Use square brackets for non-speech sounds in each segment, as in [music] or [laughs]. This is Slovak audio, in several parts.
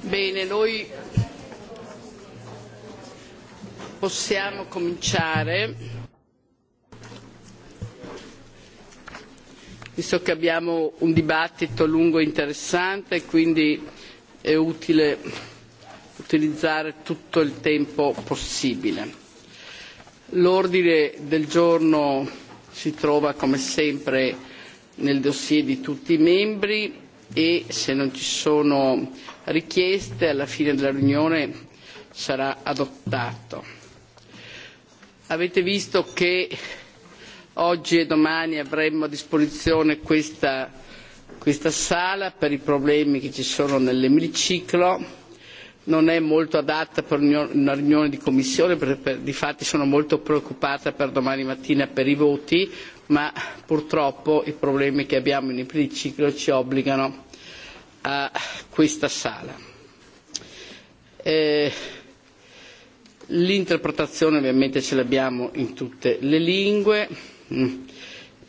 Bene, noi possiamo cominciare, visto che abbiamo un dibattito lungo e interessante, quindi è utile utilizzare tutto il tempo possibile. L'ordine del giorno si trova come sempre nel dossier di tutti i membri e se non ci sono richieste alla fine della riunione sarà adottato. Avete visto che oggi e domani avremo a disposizione questa, questa sala per i problemi che ci sono nell'emiciclo non è molto adatta per una riunione di commissione perché difatti sono molto preoccupata per domani mattina per i voti ma purtroppo i problemi che abbiamo in emiciclo ci obbligano a questa sala. Eh, l'interpretazione ovviamente ce l'abbiamo in tutte le lingue. Mm.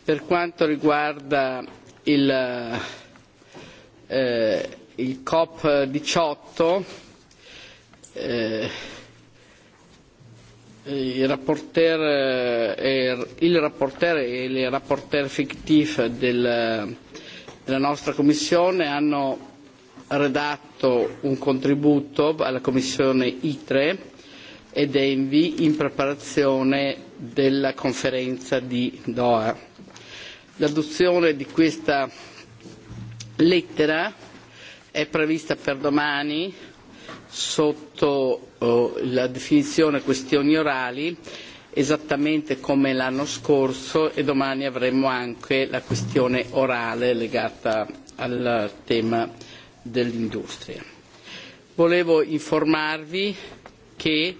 Per quanto riguarda il, eh, il COP18 il eh, rapporteur, eh, il rapporteur eh, e il rapporteur fictif del, della nostra Commissione hanno redatto un contributo alla Commissione ITRE ed ENVI in preparazione della conferenza di Doha. L'adozione di questa lettera è prevista per domani sotto eh, la definizione questioni orali esattamente come l'anno scorso e domani avremo anche la questione orale legata al tema dell'industria. Volevo informarvi che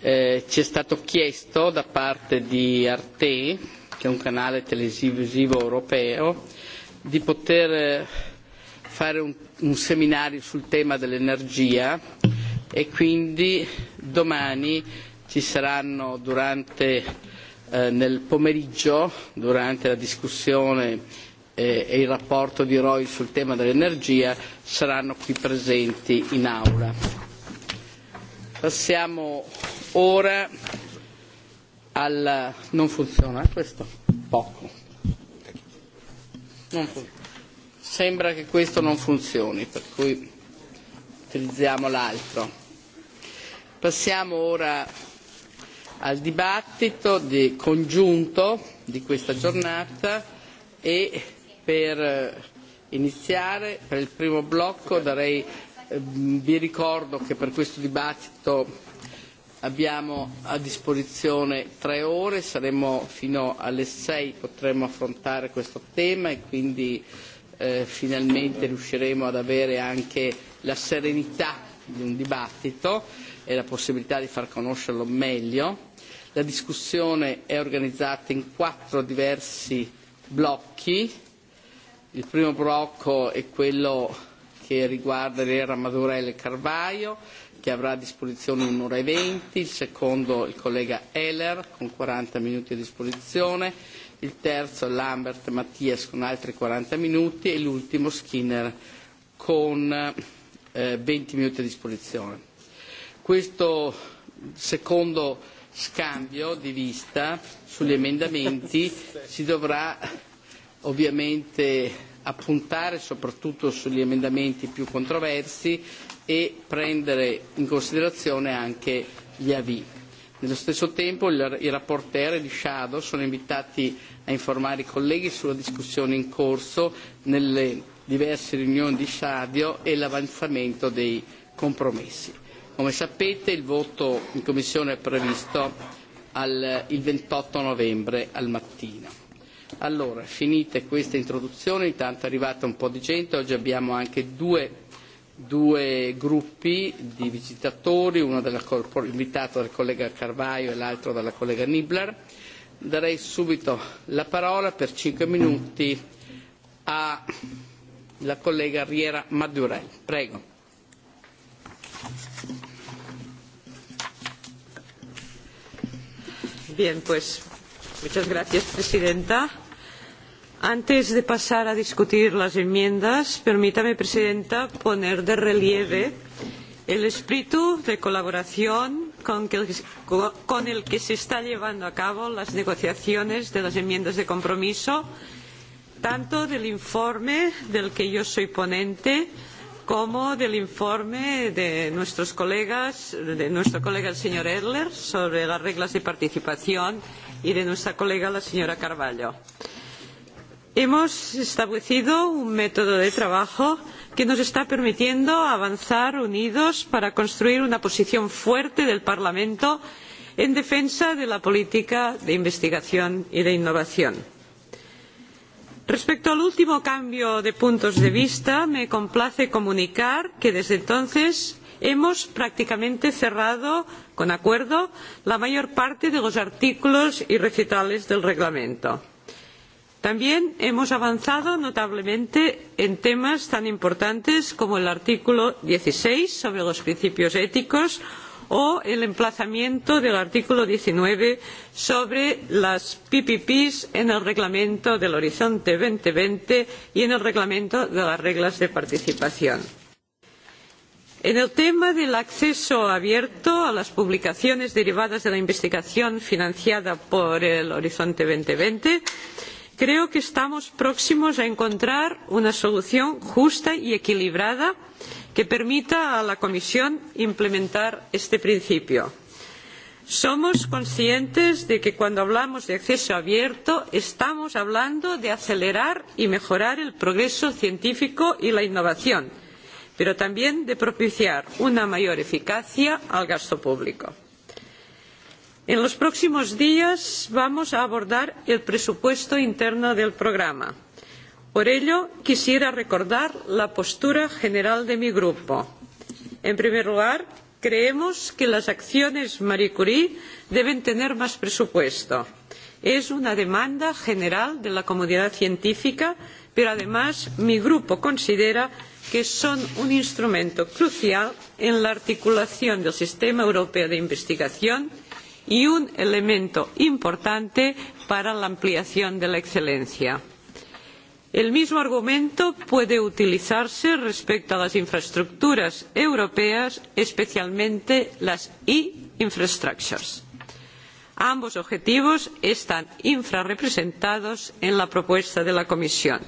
eh, ci è stato chiesto da parte di Arte, che è un canale televisivo europeo, di poter fare un, un seminario sul tema dell'energia e quindi domani ci saranno durante, eh, nel pomeriggio, durante la discussione eh, e il rapporto di Roy sul tema dell'energia, saranno qui presenti in aula. Passiamo ora al... non funziona eh, questo? Poco. Non funziona sembra che questo non funzioni, per cui utilizziamo l'altro. Passiamo ora al dibattito di congiunto di questa giornata e per iniziare per il primo blocco darei ehm, vi ricordo che per questo dibattito abbiamo a disposizione tre ore, saremo fino alle sei, potremo affrontare questo tema e quindi eh, finalmente riusciremo ad avere anche la serenità di un dibattito e la possibilità di far conoscerlo meglio. La discussione è organizzata in quattro diversi blocchi. Il primo blocco è quello che riguarda l'era Madurella e Carvaio, che avrà a disposizione un'ora e venti, il secondo il collega Heller con quaranta minuti a disposizione, il terzo Lambert Mattias con altri 40 minuti e l'ultimo Skinner con eh, 20 minuti a disposizione. Questo secondo scambio di vista sugli emendamenti si dovrà ovviamente appuntare soprattutto sugli emendamenti più controversi e prendere in considerazione anche gli avvi Nello stesso tempo i rapporter e i shadow sono invitati a informare i colleghi sulla discussione in corso nelle diverse riunioni di shadow e l'avanzamento dei compromessi. Come sapete il voto in Commissione è previsto al, il 28 novembre al mattino. Allora, finite questa introduzione, intanto è arrivata un po' di gente, oggi abbiamo anche due due gruppi di visitatori, uno della, invitato dal collega Carvaio e l'altro dalla collega Nibler. Darei subito la parola per cinque minuti alla collega Riera Madurell. Prego. Bien, pues muchas gracias, Presidenta. Antes de pasar a discutir las enmiendas, permítame, Presidenta, poner de relieve el espíritu de colaboración con, que, con el que se están llevando a cabo las negociaciones de las enmiendas de compromiso, tanto del informe del que yo soy ponente como del informe de nuestros colegas, de nuestro colega el señor Erler sobre las reglas de participación y de nuestra colega la señora Carvalho hemos establecido un método de trabajo que nos está permitiendo avanzar unidos para construir una posición fuerte del parlamento en defensa de la política de investigación y de innovación. respecto al último cambio de puntos de vista me complace comunicar que desde entonces hemos prácticamente cerrado con acuerdo la mayor parte de los artículos y recitales del reglamento también hemos avanzado notablemente en temas tan importantes como el artículo dieciseis sobre los principios éticos o el emplazamiento del artículo diecinueve sobre las ppp en el reglamento de horizonte dos mil veinte y en el reglamento de las reglas de participación. en el tema del acceso abierto a las publicaciones derivadas de la investigación financiada por horizonte dos mil veinte creo que estamos próximos a encontrar una solución justa y equilibrada que permita a la comisión implementar este principio. somos conscientes de que cuando hablamos de acceso abierto estamos hablando de acelerar y mejorar el progreso científico y la innovación pero también de propiciar una mayor eficacia al gasto público en los próximos días vamos a abordar el presupuesto interno del programa. por ello quisiera recordar la postura general de mi grupo. en primer lugar creemos que las acciones marie curie deben tener más presupuesto. es una demanda general de la comunidad científica pero además mi grupo considera que son un instrumento crucial en la articulación del sistema europeo de investigación y un elemento importante para la ampliación de la excelencia. El mismo argumento puede utilizarse respecto a las infraestructuras europeas, especialmente las e-infrastructures. Ambos objetivos están infrarrepresentados en la propuesta de la Comisión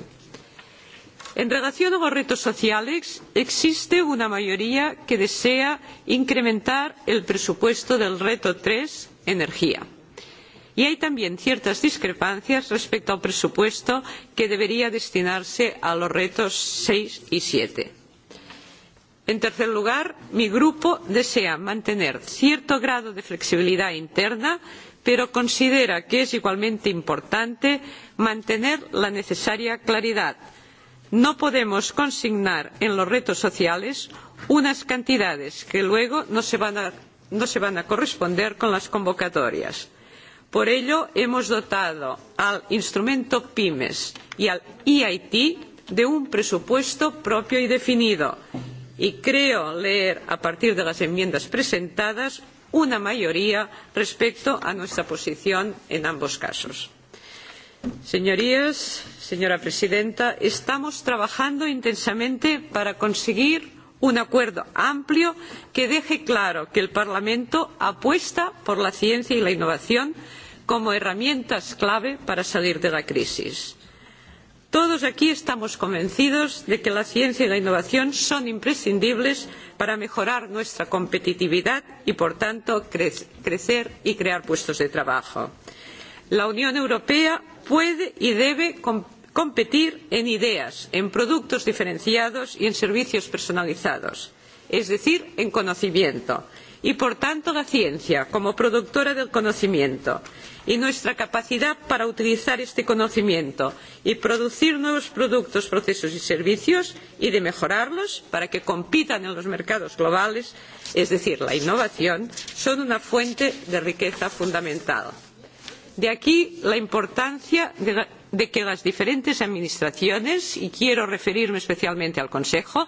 en relación con los retos sociales existe una mayoría que desea incrementar el presupuesto del reto tres energía y hay también ciertas discrepancias respecto al presupuesto que debería destinarse a los retos seis y. siete en tercer lugar mi grupo desea mantener cierto grado de flexibilidad interna pero considera que es igualmente importante mantener la necesaria claridad no podemos consignar en los retos sociales unas cantidades que luego no se van a, no corresponder con las convocatorias. por ello hemos dotado al instrumento pyme y al eit de un presupuesto propio y definido y creo leer a partir de las enmiendas presentadas una mayoría respecto a nuestra posición en ambos casos. Señorías, señora presidenta, estamos trabajando intensamente para conseguir un acuerdo amplio que deje claro que el Parlamento apuesta por la ciencia y la innovación como herramientas clave para salir de la crisis. Todos aquí estamos convencidos de que la ciencia y la innovación son imprescindibles para mejorar nuestra competitividad y, por tanto, crecer y crear puestos de trabajo. La Unión Europea puede y debe competir en ideas, en productos diferenciados y en servicios personalizados, es decir, en conocimiento. Y por tanto la ciencia, como productora del conocimiento, y nuestra capacidad para utilizar este conocimiento y producir nuevos productos, procesos y servicios y de mejorarlos para que compitan en los mercados globales, es decir, la innovación, son una fuente de riqueza fundamental de aquí la importancia de, que las diferentes administraciones y quiero referirme especialmente al consejo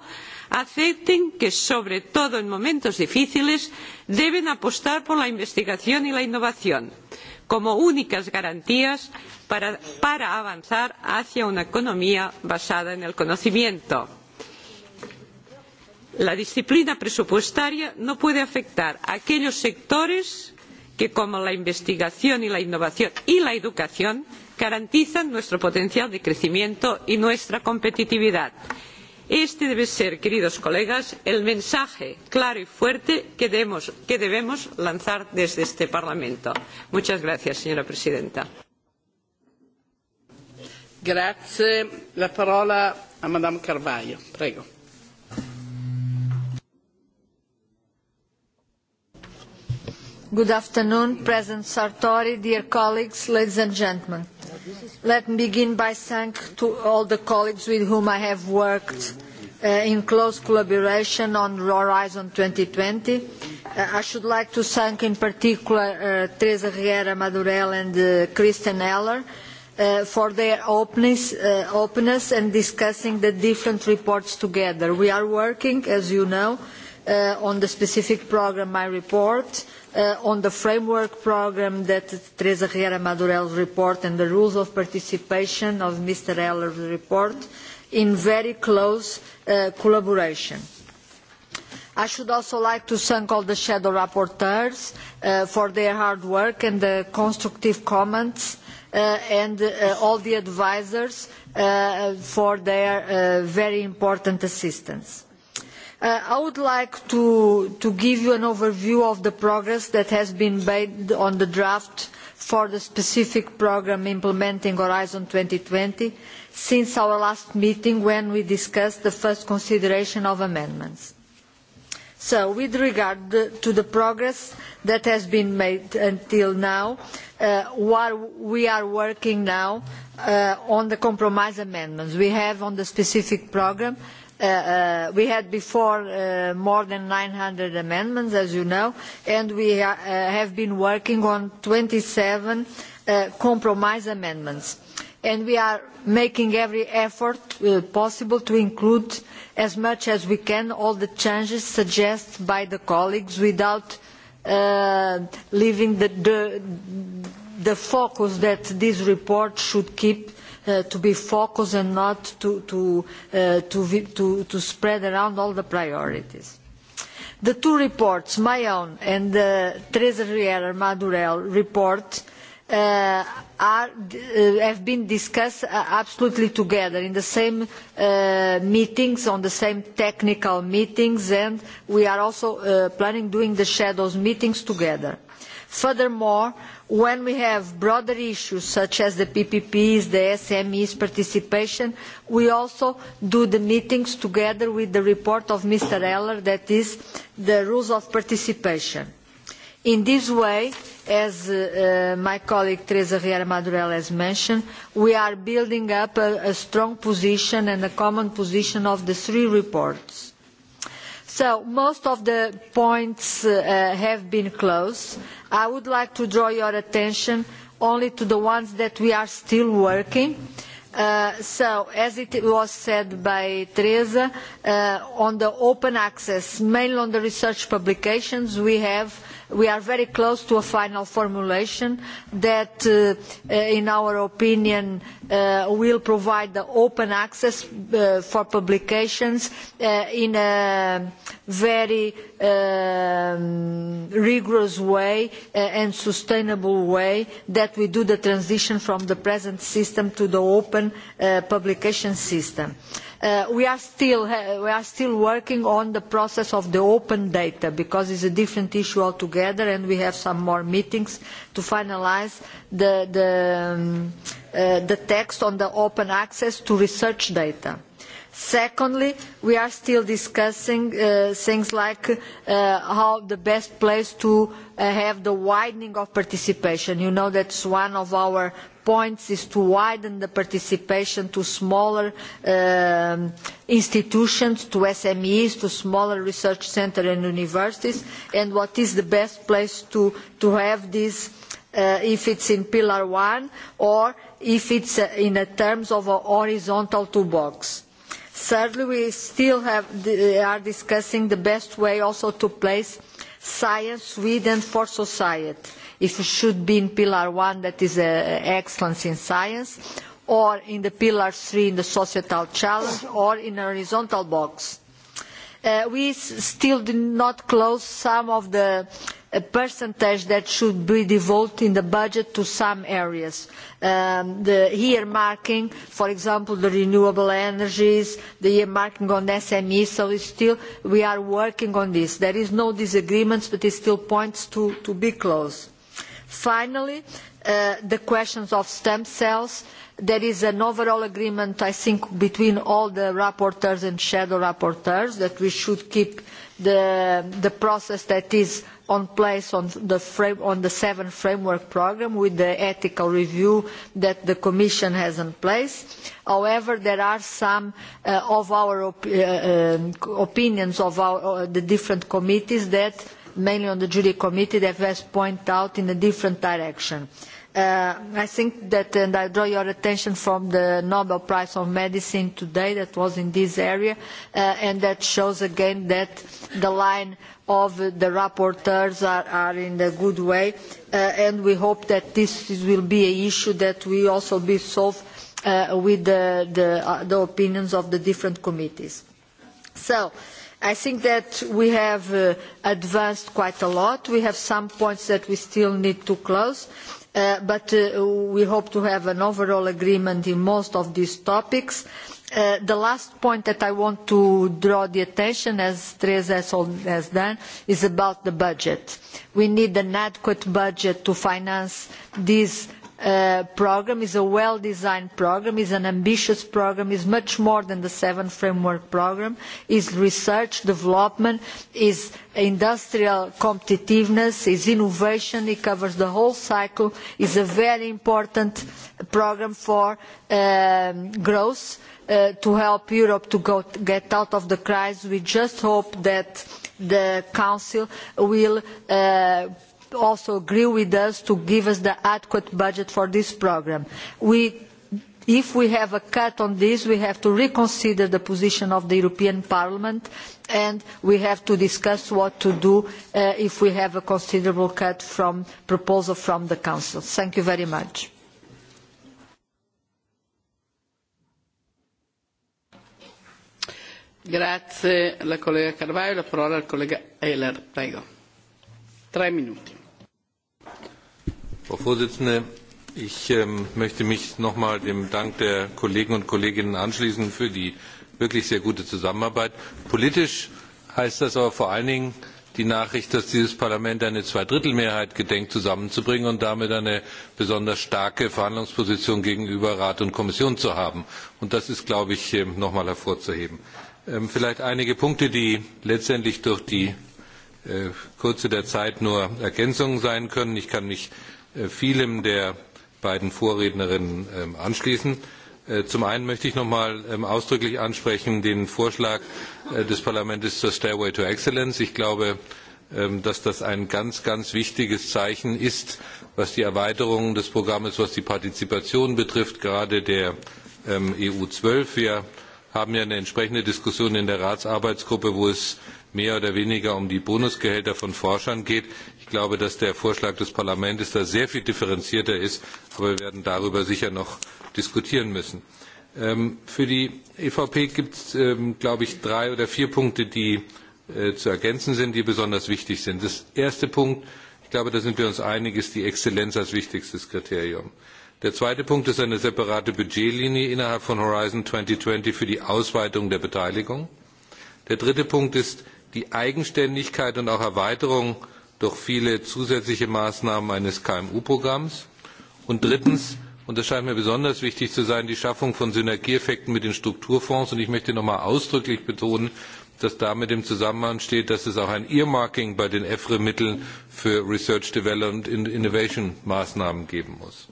acepten que sobre todo en momentos difíciles deben apostar por la investigación y la innovación como únicas garantías para avanzar hacia una economía basada en el conocimiento. la disciplina presupuestaria no puede afectar a aquellos sectores que como la investigación y la innovación y la educación garantizan nuestro potencial de crecimiento y nuestra competitividad. este debe ser queridos colegas el mensaje claro y fuerte que debemos, lanzar desde este parlamento. muchas gracias señora presidenta. La parola a Madame Carvalho. Good afternoon, President Sartori, dear colleagues, ladies and gentlemen. Let me begin by thanking to all the colleagues with whom I have worked uh, in close collaboration on Horizon twenty. Uh, I should like to thank in particular uh, Teresa Riera Madurell and uh, Kristen Eller uh, for their openness, uh, openness, and discussing the different reports together. We are working, as you know, uh, on the specific programme, my report, uh, Uh, on the framework programme that teresa riera madurell's report and the rules of participation of mr ehler's report in very close uh, collaboration. i should also like to thank all the shadow rapporteurs uh, for their hard work and the constructive comments uh, and uh, all the advisers uh, for their very important assistance Uh, I would like to, to, give you an overview of the progress that has been made on the draft for the specific programme implementing Horizon twenty since our last meeting when we discussed the first consideration of amendments. So, with regard to the progress that has been made until now, uh, while we are working now uh, on the compromise amendments we have on the specific programme, Uh, uh, we had before uh, more than nine hundred amendments, as you know, and we ha uh, have been working on twenty seven uh, compromise amendments. And we are making every effort uh, possible to include as much as we can all the changes suggested by the colleagues without leaving the, the, the focus that this report should keep Uh, to be focused and not to, to, uh, to, to, to spread around all the priorities. The two reports, my own and the Teresa Riera Madurell report, uh, are, uh, have been discussed uh, absolutely together in the same uh, meetings, on the same technical meetings, and we are also uh, planning doing the shadows meetings together Furthermore, when we have broader issues such as the PPPs, the SMEs participation, we also do the meetings together with the report of Mr. Eller, that is the rules of participation. In this way, as uh, uh, my colleague Teresa vieira Madurell has mentioned, we are building up a, a strong position and a common position of the three reports so most of the points uh, have been closed. I would like to draw your attention only to the ones that we are still working. on. Uh, so, as it was said by Teresa, uh, on the open access, mainly on the research publications, we have we are very close to a final formulation that uh, uh, in our opinion uh, will provide open access for publications in a very um, rigorous way and sustainable way that we do the transition from the present system to the open publication system. Uh, Uh, we, are still, we are still working on the process of the open data because it is a different issue altogether and we have some more meetings to finalise the, the, um, uh, the text on the open access to research data secondly we are still discussing uh, things like uh, how the best place to uh, have the widening of participation you know that is one of our points is to widen the participation to smaller um, institutions, to SMEs, to smaller research centres and universities, and what is the best place to, to have this uh, if it is in Pillar one or if it is uh, in terms of a horizontal toolbox. Thirdly, we still have, are discussing the best way also to place science with and for society if it should be in pillar one that is uh, excellence in science or in the pillar three in the societal challenge or in a horizontal box. Uh, we still did not close some of the uh, percentage that should be devoted in the budget to some areas. Um, the earmarking, for example, the renewable energies, the marking on SMEs, e, so still we are working on this. There is no disagreement, but it still points to, to be close finally uh, the question of stem cells there is an overall agreement i think between all the rapporteurs and shadow rapporteurs that we should keep the, the process that is in place on the, frame, on the framework programme with the ethical review that the commission has in place. however there are some uh, of our op uh, um, opinions of our, uh, the different committees that mainly on the juri committee that has pointed out in a different direction. Uh, i think that and i draw your attention from the nobel prize of medicine today that was in this area uh, and that shows again that the line of the rapporteurs are, are in a good way uh, and we hope that this will be an issue that will also be solved uh, with the, the, uh, the opinions of the different committees. so i think that we have uh, advanced quite a lot. We have some points that we still need to close, uh, but uh, we hope to have an overall agreement in most of these topics. Uh, the last point that I want to draw the attention, as Teresa has done, is about the budget. We need an adequate budget to finance these Uh, programme is a well designed programme is an ambitious programme is much more than the Seven framework programme is research development is industrial competitiveness is innovation it covers the whole cycle is a very important programme for um, growth uh, to help Europe to, get out of the crisis. We just hope that the Council will uh, also agree with us to give us the adequate budget for this programme. if we have a cut on this we have to reconsider the position of the european parliament and we have to discuss what to do uh, if we have a considerable cut from the proposal from the council. thank you very much. Frau Vorsitzende, ich ähm, möchte mich noch einmal dem Dank der Kollegen und Kolleginnen anschließen für die wirklich sehr gute Zusammenarbeit. Politisch heißt das aber vor allen Dingen die Nachricht, dass dieses Parlament eine Zweidrittelmehrheit gedenkt zusammenzubringen und damit eine besonders starke Verhandlungsposition gegenüber Rat und Kommission zu haben. Und das ist, glaube ich, ähm, noch einmal hervorzuheben. Ähm, vielleicht einige Punkte, die letztendlich durch die äh, Kürze der Zeit nur Ergänzungen sein können. Ich kann mich Äh, vielem der beiden Vorrednerinnen ähm, anschließen. Äh, zum einen möchte ich noch einmal ähm, ausdrücklich ansprechen den Vorschlag äh, des Parlaments zur Stairway to Excellence. Ich glaube, ähm, dass das ein ganz, ganz wichtiges Zeichen ist, was die Erweiterung des Programms, was die Partizipation betrifft, gerade der EU zwölf. Wir haben ja eine entsprechende Diskussion in der Ratsarbeitsgruppe, wo es mehr oder weniger um die Bonusgehälter von Forschern geht glaube, dass der Vorschlag des Parlaments da sehr viel differenzierter ist, aber wir werden darüber sicher noch diskutieren müssen. Ähm, für die EVP gibt es, ähm, glaube ich, drei oder vier Punkte, die äh, zu ergänzen sind, die besonders wichtig sind. Das erste Punkt, ich glaube, da sind wir uns einig, ist die Exzellenz als wichtigstes Kriterium. Der zweite Punkt ist eine separate Budgetlinie innerhalb von Horizon zweitausendzwanzig für die Ausweitung der Beteiligung. Der dritte Punkt ist die Eigenständigkeit und auch Erweiterung durch viele zusätzliche Maßnahmen eines KMU-Programms. Und drittens, und das scheint mir besonders wichtig zu sein, die Schaffung von Synergieeffekten mit den Strukturfonds. Und ich möchte nochmal ausdrücklich betonen, dass damit im Zusammenhang steht, dass es auch ein Earmarking bei den EFRE-Mitteln für Research Development und Innovation-Maßnahmen geben muss.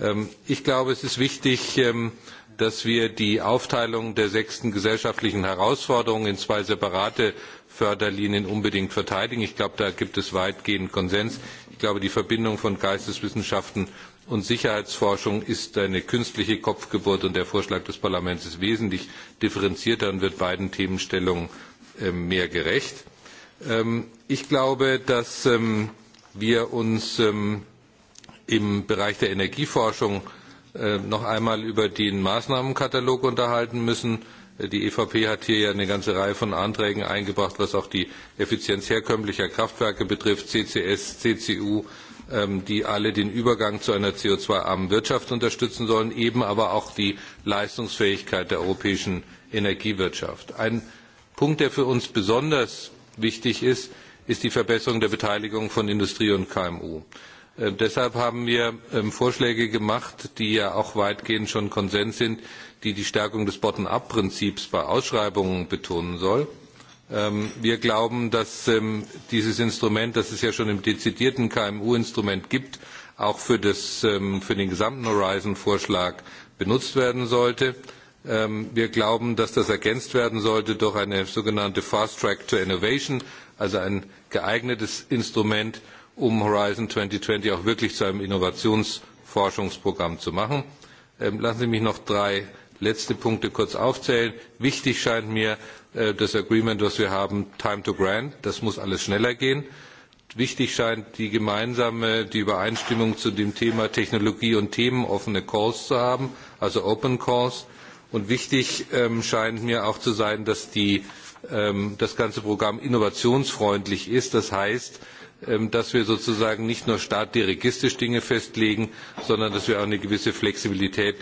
Ähm, ich glaube, es ist wichtig, ähm, dass wir die Aufteilung der sechsten gesellschaftlichen Herausforderungen in zwei separate förderlinien unbedingt verteidigen. ich glaube da gibt es weitgehend konsens. ich glaube die verbindung von geisteswissenschaften und sicherheitsforschung ist eine künstliche kopfgeburt und der vorschlag des parlaments ist wesentlich differenzierter und wird beiden themenstellungen ähm, mehr gerecht. Ähm, ich glaube dass ähm, wir uns im bereich der energieforschung äh, noch einmal über den maßnahmenkatalog unterhalten müssen Die EVP hat hier ja eine ganze Reihe von Anträgen eingebracht, was auch die Effizienz herkömmlicher Kraftwerke betrifft, CCS, CCU, ähm, die alle den Übergang zu einer co zwei armen Wirtschaft unterstützen sollen, eben aber auch die Leistungsfähigkeit der europäischen Energiewirtschaft. Ein Punkt, der für uns besonders wichtig ist, ist die Verbesserung der Beteiligung von Industrie und KMU. Äh, deshalb haben wir ähm, Vorschläge gemacht, die ja auch weitgehend schon Konsens sind, die die Stärkung des Bottom-up-Prinzips bei Ausschreibungen betonen soll. Ähm, wir glauben, dass ähm, dieses Instrument, das es ja schon im dezidierten KMU-Instrument gibt, auch für, das, ähm, für den gesamten Horizon-Vorschlag benutzt werden sollte. Wir glauben, dass das ergänzt werden sollte durch eine sogenannte Fast Track to Innovation, also ein geeignetes Instrument, um Horizon 2020 auch wirklich zu einem Innovationsforschungsprogramm zu machen. Lassen Sie mich noch drei letzte Punkte kurz aufzählen. Wichtig scheint mir äh, das Agreement, das wir haben, Time to Grant. Das muss alles schneller gehen. Wichtig scheint die gemeinsame, die Übereinstimmung zu dem Thema Technologie und Themen offene Calls zu haben, also Open Calls. Und wichtig ähm, scheint mir auch zu sein, dass die, ähm, das ganze Programm innovationsfreundlich ist. Das heißt, ähm, dass wir sozusagen nicht nur stark dirigistisch Dinge festlegen, sondern dass wir auch eine gewisse Flexibilität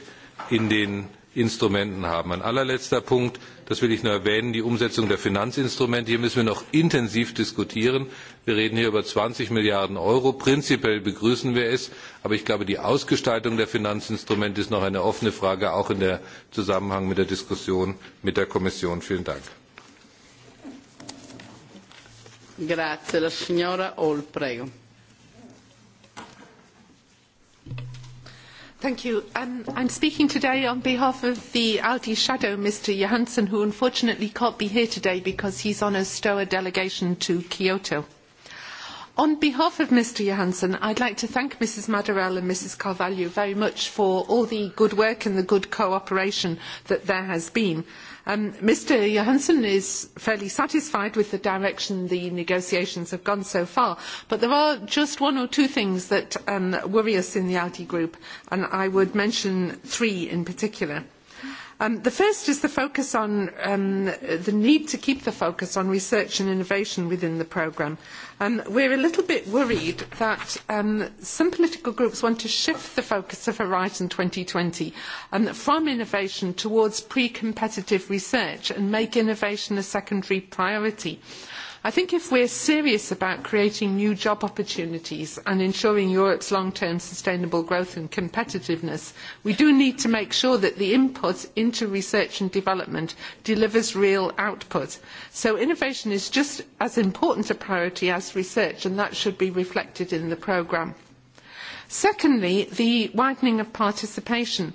in den Instrumenten haben. Ein allerletzter Punkt, das will ich nur erwähnen, die Umsetzung der Finanzinstrumente. Hier müssen wir noch intensiv diskutieren. Wir reden hier über zwanzig Milliarden Euro. Prinzipiell begrüßen wir es, aber ich glaube, die Ausgestaltung der Finanzinstrumente ist noch eine offene Frage, auch im Zusammenhang mit der Diskussion mit der Kommission. Vielen Dank. Thank you. Um, I'm speaking today on behalf of the ALDE shadow, Mr. Johansson, who unfortunately can't be here today because he's on a STOA delegation to Kyoto. On behalf of Mr. Johansson, I'd like to thank Mrs. Madarell and Mrs. Carvalho very much for all the good work and the good cooperation that there has been. Mr. Um, Johansson is fairly satisfied with the direction the negotiations have gone so far, but there are just one or two things that um, worry us in the ALDE group, and I would mention three in particular. Um, the first is the focus on um, the need to keep the focus on research and innovation within the programme we we're a little bit worried that um, some political groups want to shift the focus of Horizon 2020 um, from innovation towards pre-competitive research and make innovation a secondary priority. I think if we are serious about creating new job opportunities and ensuring Europe's long-term sustainable growth and competitiveness, we do need to make sure that the input into research and development delivers real output. So innovation is just as important a priority as research, and that should be reflected in the programme. Secondly, the widening of participation.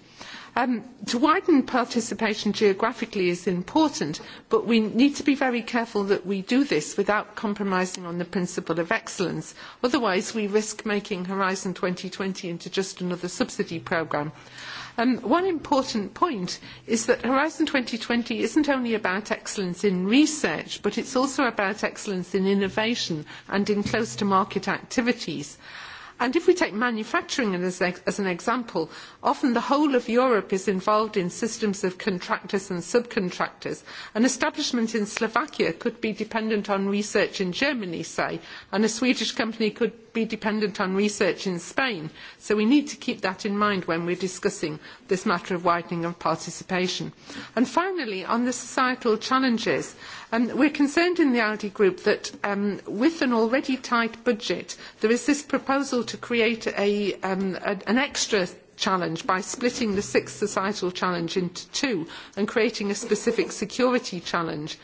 Um, to widen participation geographically is important, but we need to be very careful that we do this without compromising on the principle of excellence. Otherwise, we risk making Horizon twenty into just another subsidy programme. Um, one important point is that Horizon is not only about excellence in research, but it is also about excellence in innovation and in close-to-market activities if we take manufacturing as, as an example, often the whole of Europe is involved in systems of contractors and subcontractors. An establishment in Slovakia could be dependent on research in Germany, say, and a Swedish company could be dependent on research in Spain, so we need to keep that in mind when we are discussing this matter of widening of participation. And finally, on the societal challenges, um, we are concerned in the ALDE group that um, with an already tight budget, there is this proposal to create a, um, a, an extra challenge by splitting the sixth societal challenge into two and creating a specific security challenge.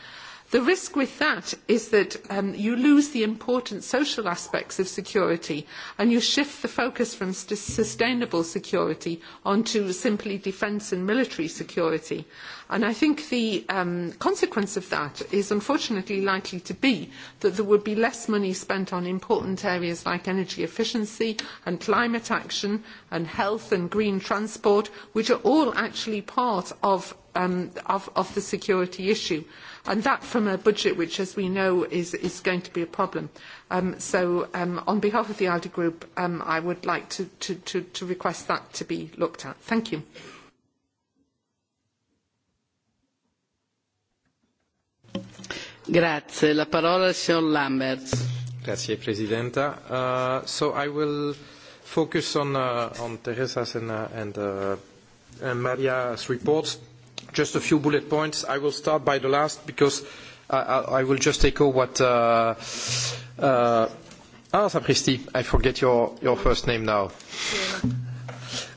The risk with that is that um, you lose the important social aspects of security and you shift the focus from sustainable security onto simply defence and military security. And I think the um, consequence of that is unfortunately likely to be that there would be less money spent on important areas like energy efficiency and climate action and health and green transport, which are all actually part of, um, of, of the security issue and that from a budget which, as we know, is, is going to be a problem. Um, so um, on behalf of the ALDE group, um, I would like to, to, to, to request that to be looked at. Thank you. Grazie. La parola al signor Lamberts. Grazie Presidenta. Uh, so I will focus on, uh, on Teresa's and, uh, and, uh, and Maria's reports Just a few bullet points. I will start by the last because I, I, I will just echo what. Uh, uh, ah, sapristi, I forget your, your first name now.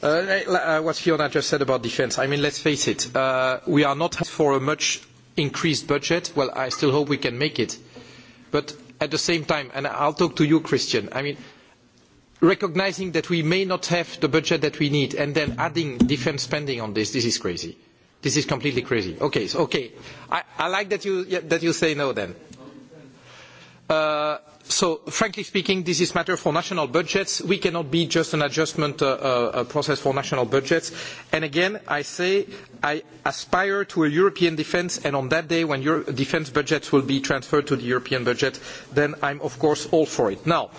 Uh, uh what Fiona just said about defense. I mean, let's face it, uh, we are not for a much increased budget. Well, I still hope we can make it. But at the same time, and I'll talk to you, Christian, I mean, recognizing that we may not have the budget that we need and then adding defense spending on this, this is crazy. This is completely crazy. Okay, so, okay. I, I like that you, that you say no then. Uh, so, frankly speaking, this is matter for national budgets. We cannot be just an adjustment uh, uh, process for national budgets. And again, I say I aspire to a European defence, and on that day when your defence budgets will be transferred to the European budget, then I'm of course all for it. Now,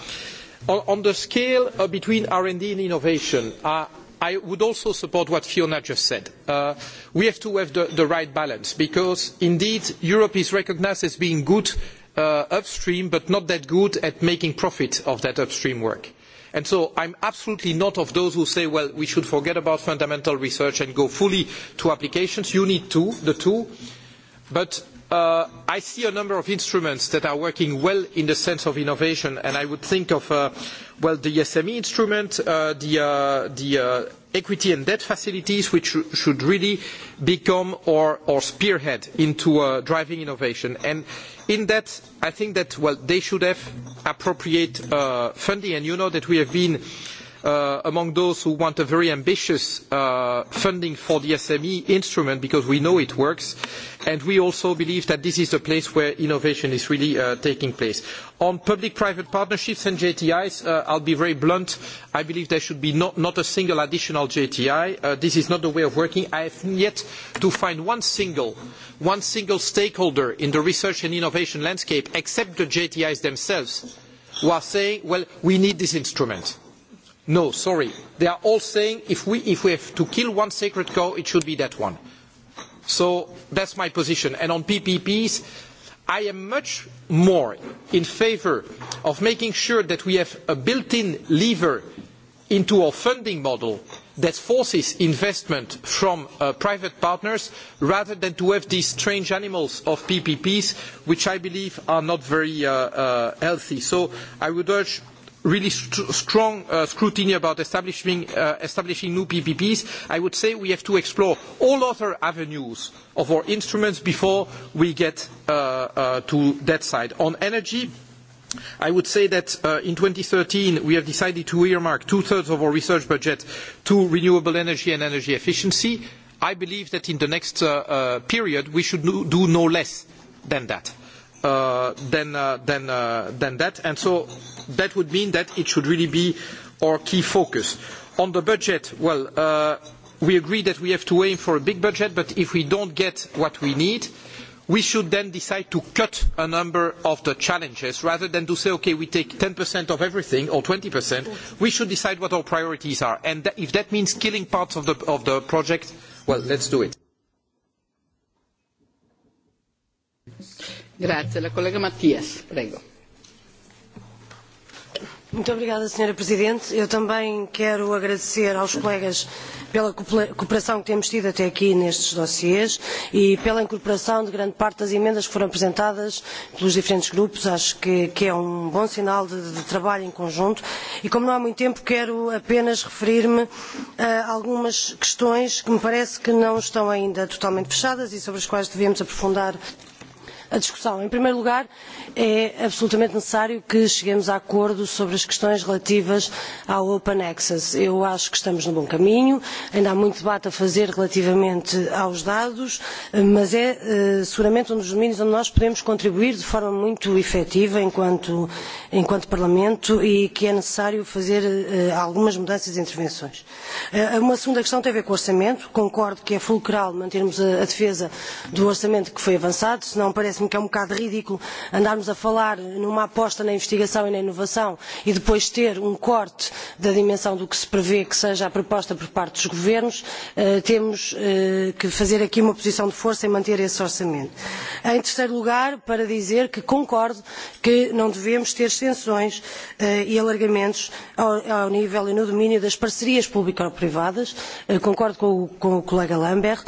on, on the scale uh, between R&D and innovation, uh, i would also support what Fiona just said. Uh, we have to have the, the, right balance because indeed Europe is recognised as being good uh, upstream but not that good at making profit of that upstream work. And so I am absolutely not of those who say, well, we should forget about fundamental research and go fully to applications. You need the two. But Uh, I see a number of instruments that are working well in the sense of innovation, and I would think of uh, well, the SME instrument, uh, the, uh, the uh, equity and debt facilities, which sh should really become or, or spearhead into driving innovation. And in that, I think that well, they should have appropriate funding, and you know that we have been uh, Uh, among those who want a very ambitious uh, funding for the SME instrument because we know it works. And we also believe that this is the place where innovation is really uh, taking place. On public-private partnerships and JTIs, I uh, will be very blunt. I believe there should be not, not a single additional JTI. Uh, this is not the way of working. I have yet to find one single, one single stakeholder in the research and innovation landscape, except the JTIs themselves, who are saying, well, we need this instrument No, sorry. They are all saying if we, if we have to kill one sacred cow, it should be that one. So that's my position. And on PPPs, I am much more in favour of making sure that we have a built-in lever into our funding model that forces investment from uh, private partners rather than to have these strange animals of PPPs, which I believe are not very uh, uh, healthy. So I would urge really st strong uh, scrutiny about establishing, uh, establishing new PPPs, I would say we have to explore all other avenues of our instruments before we get uh, uh to that side. On energy, I would say that uh, in thirteen we have decided to earmark two-thirds of our research budget to renewable energy and energy efficiency. I believe that in the next uh, uh, period we should no, do no less than that Uh, than, uh, than, uh, than that. And so that would mean that it should really be our key focus. On the budget, well, we agree that we have to aim for a big budget, but if we do not get what we need, we should then decide to cut a number of the challenges rather than to say, okay, we take 10% of everything or 20%. We should decide what our priorities are. And if that means killing parts of the, of the project, well, let's do it. Grazie, la collega prego. Muito obrigada, Sra. Presidente. Eu também quero agradecer aos colegas pela cooperação que temos tido até aqui nestes dossiês e pela incorporação de grande parte das emendas que foram apresentadas pelos diferentes grupos. Acho que, que é um bom sinal de, de, trabalho em conjunto. E como não há muito tempo, quero apenas referir-me a algumas questões que me parece que não estão ainda totalmente fechadas e sobre as quais devemos aprofundar a discussão. Em primeiro lugar, é absolutamente necessário que cheguemos a acordo sobre as questões relativas ao Open Access. Eu acho que estamos no bom caminho, ainda há muito debate a fazer relativamente aos dados, mas é eh, seguramente um dos domínios onde nós podemos contribuir de forma muito efetiva enquanto, enquanto Parlamento e que é necessário fazer eh, algumas mudanças e intervenções. Eh, uma segunda questão tem a ver com o orçamento. Concordo que é fulcral mantermos a defesa do orçamento que foi avançado, senão parece parece-me que é um bocado ridículo andarmos a falar numa aposta na investigação e na inovação e depois ter um corte da dimensão do que se prevê que seja a proposta por parte dos governos. Eh, temos eh, que fazer aqui uma posição de força e manter esse orçamento. Em terceiro lugar, para dizer que concordo que não devemos ter extensões eh, e alargamentos ao nível e no domínio das parcerias público-privadas. Concordo com o colega Lambert.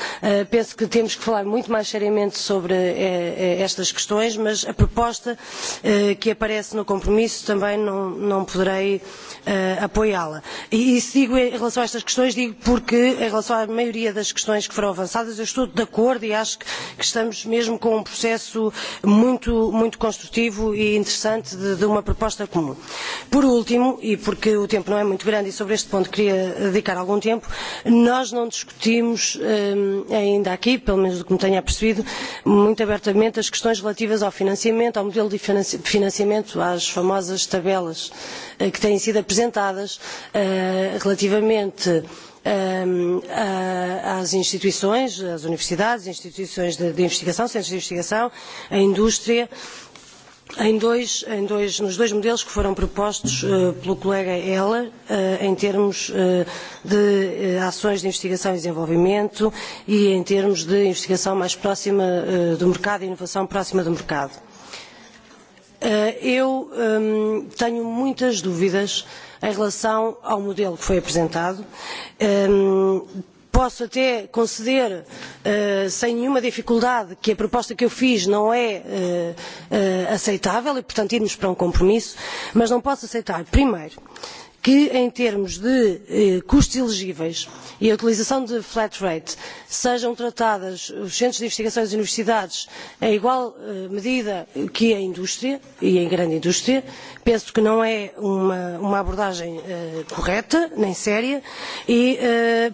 Penso que temos que falar muito mais seriamente sobre estas questões, mas a proposta eh, que aparece no compromisso também não, não poderei eh, apoiá-la. E, e sigo em relação a estas questões, digo porque em relação à maioria das questões que foram avançadas, eu estou de acordo e acho que estamos mesmo com um processo muito, muito construtivo e interessante de, de uma proposta comum. Por último, e porque o tempo não é muito grande e sobre este ponto queria dedicar algum tempo, nós não discutimos eh, ainda aqui, pelo menos do que me tenho apercebido, muito abertamente as questões relativas ao financiamento, ao modelo de financiamento, às famosas tabelas eh, que têm sido apresentadas eh, relativamente eh, às instituições, às universidades, instituições de investigação, centros de investigação, à indústria, Em dois, em dois, nos dois modelos que foram propostos uh, pelo colega Ela, uh, em termos uh, de ações de investigação e desenvolvimento e em termos de investigação mais próxima do mercado e inovação próxima do mercado. eu um, tenho muitas dúvidas em relação ao modelo que foi apresentado. Um, posso até conceder uh, sem nenhuma dificuldade que a proposta que eu fiz não é uh, aceitável e portanto irmos para um compromisso mas não posso aceitar primeiro que que em termos de eh, custos elegíveis e a utilização de flat rate sejam tratadas os centros de investigação e as universidades em igual eh, medida que a indústria e em grande indústria penso que não é uma, uma abordagem eh, correta nem séria e,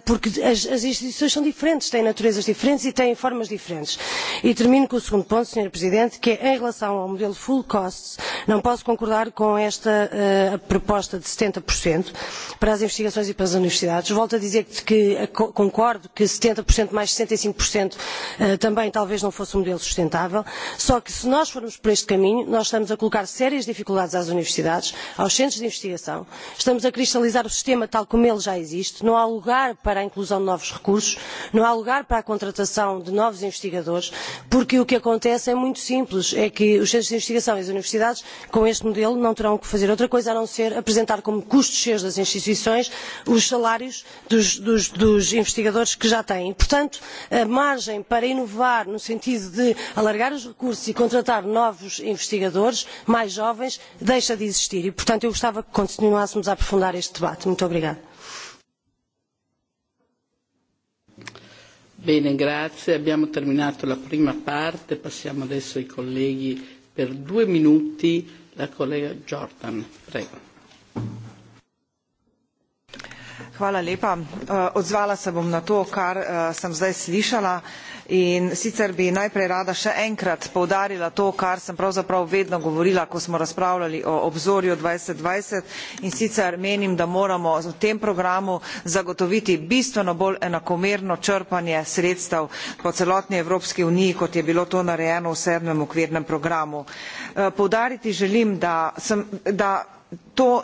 porque as, as instituições são diferentes têm naturezas diferentes e têm formas diferentes e termino com o segundo ponto Sr. presidente que é em relação ao modelo full costs não posso concordar com esta proposta de setenta para as investigações e para as universidades. Volto a dizer que eh, concordo que 70% mais 65% e eh, também talvez não fosse um modelo sustentável, só que se nós formos por este caminho, nós estamos a colocar sérias dificuldades às universidades, aos centros de investigação, estamos a cristalizar o sistema tal como ele já existe, não há lugar para a inclusão de novos recursos, não há lugar para a contratação de novos investigadores, porque o que acontece é muito simples, é que os centros de investigação e as universidades, com este modelo, não terão que fazer outra coisa a não ser apresentar como custos descer das instituições os salários dos, dos, dos investigadores que já têm. portanto a margem para inovar no sentido de alargar os recursos e contratar novos investigadores mais jovens deixa de existir e portanto eu gostava que continuássemos a aprofundar este debate. muito obrigada. Bene, grazie. Abbiamo terminato la prima parte. Passiamo adesso ai colleghi per due minuti. La collega Jordan, prego. Hvala lepa. Eh, odzvala se bom na to, kar eh, sem zdaj slišala in sicer bi najprej rada še enkrat poudarila to, kar sem pravzaprav vedno govorila, ko smo razpravljali o obzorju 2020 in sicer menim, da moramo v tem programu zagotoviti bistveno bolj enakomerno črpanje sredstev po celotni Evropski uniji, kot je bilo to narejeno v sedmem okvirnem programu. Eh, poudariti želim, da, sem, da to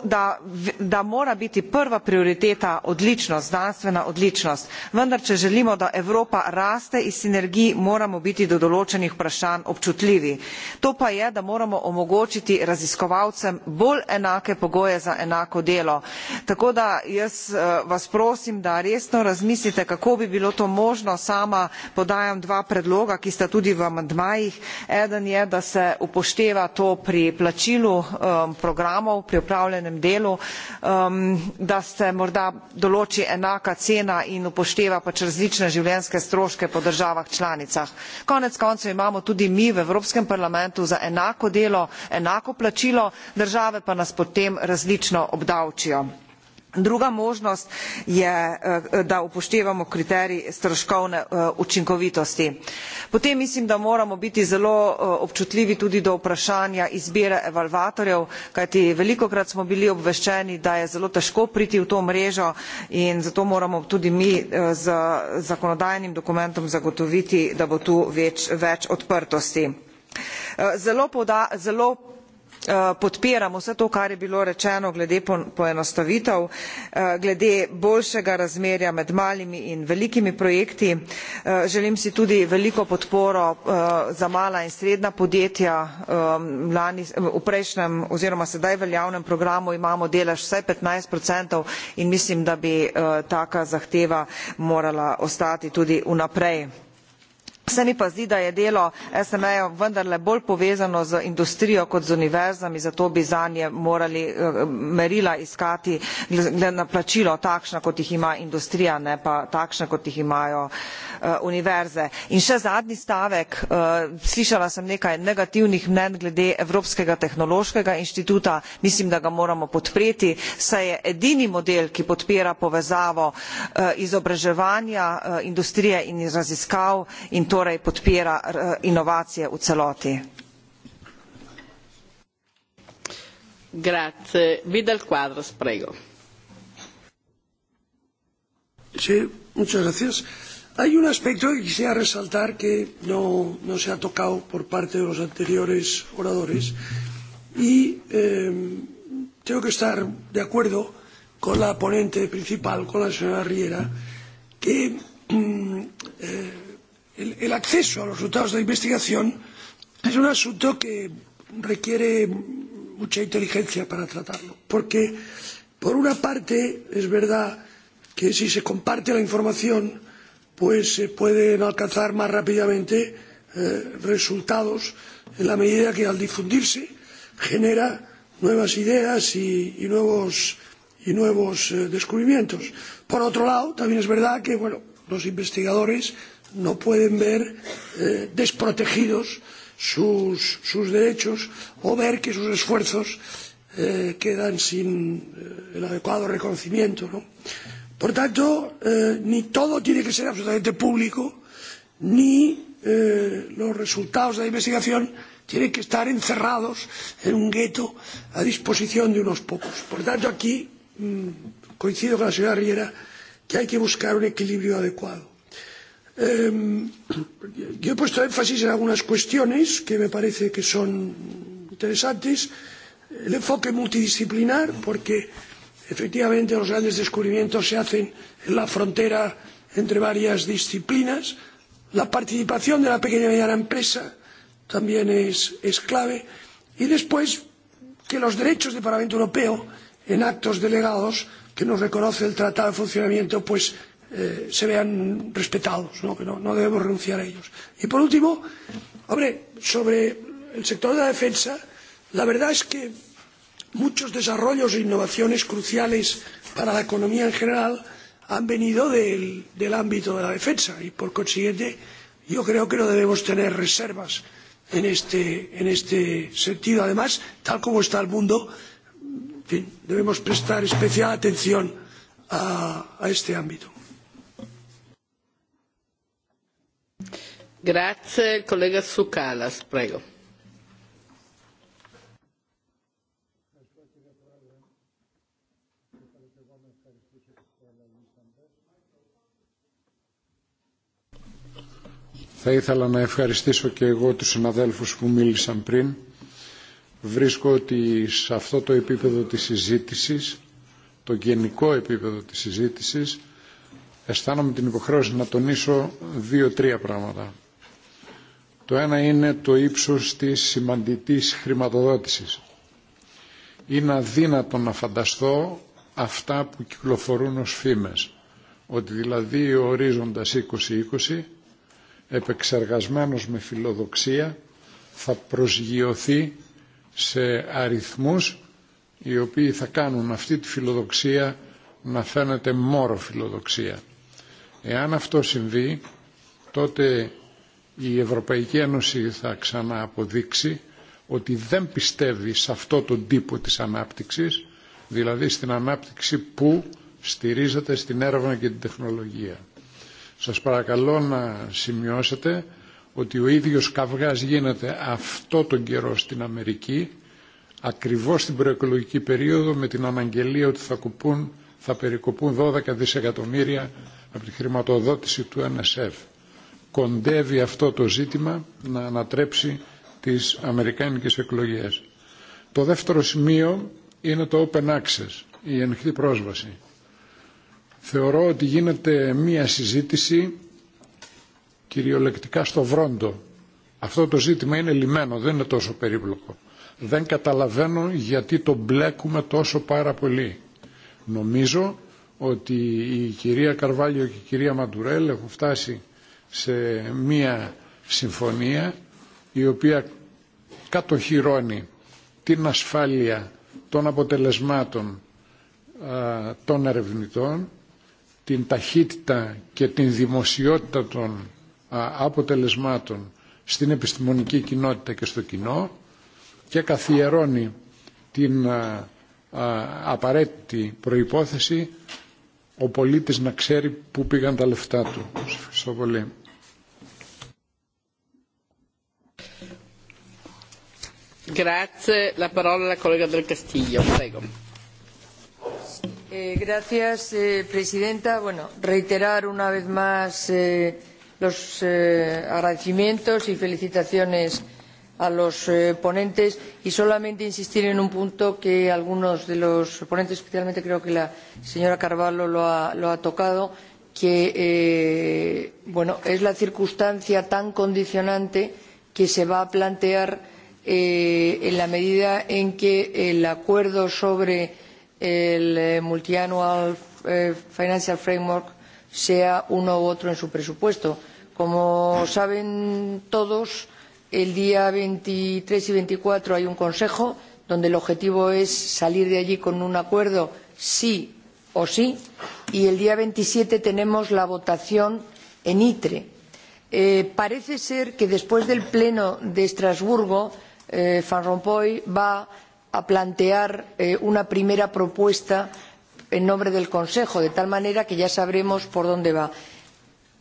da, mora biti prva prioriteta odličnost znanstvena odličnost vendar če želimo da evropa raste iz sinergij moramo biti do določenih vprašanj občutljivi to pa je da moramo omogočiti raziskovalcem bolj enake pogoje za enako delo tako da jaz eh, vas prosim da resno razmislite kako bi bilo to možno sama podajam dva predloga ki sta tudi v amandmajih eden je da se upošteva to pri plačilu eh, programov pri opravljenem delu um, da se morda določi enaka cena in upošteva pač različne življenjske stroške po državah članicah. konec koncev imamo tudi mi v evropskem parlamentu za enako delo enako plačilo države pa nas potem različno obdavčijo druga možnost je eh, da upoštevamo kriterij stroškovne eh, učinkovitosti potem mislim da moramo biti zelo eh, občutljivi tudi do vprašanja izbire evalvatorjev kajti velikokrat smo bili obveščeni da je zelo težko priti v to mrežo in zato moramo tudi mi z zakonodajnim dokumentom zagotoviti da bo tu več, odprtosti. zelo Eh, podpiram vse to kar je bilo rečeno glede poenostavitev eh, glede boljšega razmerja med malimi in velikimi projekti eh, želim si tudi veliko podporo za mala in srednja podjetja lani v prejšnjem oziroma sedaj veljavnem programu imamo delež vsaj petnajst in mislim da bi taka zahteva morala ostati tudi vnaprej se mi pa zdi da je delo SME ja vendarle bolj povezano z industrijo kot z univerzami zato bi zanje morali eh, merila iskati glede na plačilo takšna kot jih ima industrija ne pa takšna kot jih imajo eh, univerze. in še zadnji stavek eh, slišala sem nekaj negativnih mnenj glede evropskega tehnološkega inštituta mislim da ga moramo podpreti saj je edini model ki podpira povezavo izobraževanja industrije in raziskav in torej podpira inovacije v celoti. hay un aspecto que quisiera resaltar que no, no, se ha tocado por parte de los anteriores oradores y eh, tengo que estar de acuerdo con la ponente principal, con la señora Riera, que eh, el, acceso a los resultados de la investigación es un asunto que requiere mucha inteligencia para tratarlo porque por una parte es verdad que si se comparte la información pues se pueden alcanzar más rápidamente eh, resultados en la medida que al difundirse genera nuevas ideas y, y nuevos, y nuevos eh, descubrimientos. por otro lado también es verdad que bueno, los investigadores no pueden ver eh, desprotegidos sus, sus derechos o ver que sus esfuerzos eh, quedan sin eh, el adecuado reconocimiento. ¿no? Por tanto, eh, ni todo tiene que ser absolutamente público, ni eh, los resultados de la investigación tienen que estar encerrados en un gueto a disposición de unos pocos. Por tanto, aquí mmm, coincido con la señora Riera que hay que buscar un equilibrio adecuado yo he puesto énfasis en algunas cuestiones que me parece que son interesantes. El enfoque multidisciplinar, porque efectivamente los grandes descubrimientos se hacen en la frontera entre varias disciplinas. La participación de la pequeña y mediana empresa también es, es clave. Y después, que los derechos del Parlamento Europeo en actos delegados que nos reconoce el Tratado de Funcionamiento, pues eh, se vean respetados, ¿no? que no, no debemos renunciar a ellos. Y por último, hombre, sobre el sector de la defensa, la verdad es que muchos desarrollos e innovaciones cruciales para la economía en general han venido del, del ámbito de la defensa y por consiguiente yo creo que no debemos tener reservas en este, en este sentido. Además, tal como está el mundo, en fin, debemos prestar especial atención a, a este ámbito. Θα ήθελα να ευχαριστήσω και εγώ τους συναδέλφους που μίλησαν πριν. Βρίσκω ότι σε αυτό το επίπεδο της συζήτησης, το γενικό επίπεδο της συζήτησης, αισθάνομαι την υποχρέωση να τονίσω δύο-τρία πράγματα. Το ένα είναι το ύψος της σημαντικής χρηματοδότησης. Είναι αδύνατο να φανταστώ αυτά που κυκλοφορούν ως φήμες, ότι δηλαδή ο ορίζοντας 2020, επεξεργασμένος με φιλοδοξία, θα προσγειωθεί σε αριθμούς οι οποίοι θα κάνουν αυτή τη φιλοδοξία να φαίνεται μόρο φιλοδοξία. Εάν αυτό συμβεί, τότε η Ευρωπαϊκή Ένωση θα ξανααποδείξει ότι δεν πιστεύει σε αυτό τον τύπο της ανάπτυξης, δηλαδή στην ανάπτυξη που στηρίζεται στην έρευνα και την τεχνολογία. Σας παρακαλώ να σημειώσετε ότι ο ίδιος καυγάς γίνεται αυτό τον καιρό στην Αμερική, ακριβώς στην προεκλογική περίοδο με την αναγγελία ότι θα, κουπούν, θα περικοπούν 12 δισεκατομμύρια από τη χρηματοδότηση του NSF κοντεύει αυτό το ζήτημα να ανατρέψει τις αμερικάνικες εκλογές. Το δεύτερο σημείο είναι το open access, η ανοιχτή πρόσβαση. Θεωρώ ότι γίνεται μία συζήτηση κυριολεκτικά στο βρόντο. Αυτό το ζήτημα είναι λιμένο, δεν είναι τόσο περίπλοκο. Δεν καταλαβαίνω γιατί το μπλέκουμε τόσο πάρα πολύ. Νομίζω ότι η κυρία Καρβάλιο και η κυρία Μαντουρέλ έχουν φτάσει σε μία συμφωνία η οποία κατοχυρώνει την ασφάλεια των αποτελεσμάτων α, των ερευνητών, την ταχύτητα και την δημοσιότητα των α, αποτελεσμάτων στην επιστημονική κοινότητα και στο κοινό και καθιερώνει την α, α, απαραίτητη προϋπόθεση ο πολίτης να ξέρει πού πήγαν τα λεφτά του. Σας ευχαριστώ πολύ. Señora eh, eh, presidenta. quiero reiterar una vez más eh, los agradecimientos y felicitaciones a los ponentes y solamente insistir en un punto que algunos de los ponentes, especialmente creo que la señora Carvalho lo ha, tocado, que es la circunstancia tan condicionante que se va a plantear eh, en la medida en que el acuerdo sobre el eh, multiannual eh, financial framework sea uno u otro en su presupuesto. Como saben todos, el día veintitrés y veinticuatro hay un consejo donde el objetivo es salir de allí con un acuerdo sí o sí y el día veintisiete tenemos la votación en itre. Eh, parece ser que después del pleno de estrasburgo Eh, Van Rompuy va a plantear eh, una primera propuesta en nombre del Consejo, de tal manera que ya sabremos por dónde va.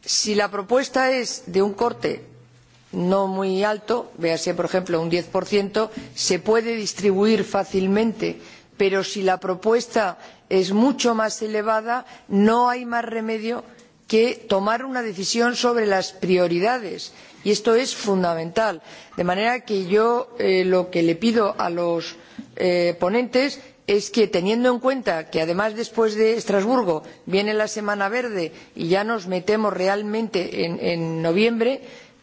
Si la propuesta es de un corte no muy alto, véase por ejemplo un diez se puede distribuir fácilmente, pero si la propuesta es mucho más elevada, no hay más remedio que tomar una decisión sobre las prioridades y esto es fundamental de manera que yo eh, lo que le pido a los eh, ponentes es que teniendo en cuenta que además después de estrasburgo viene la semana verde y ya nos metemos realmente en, en noviembre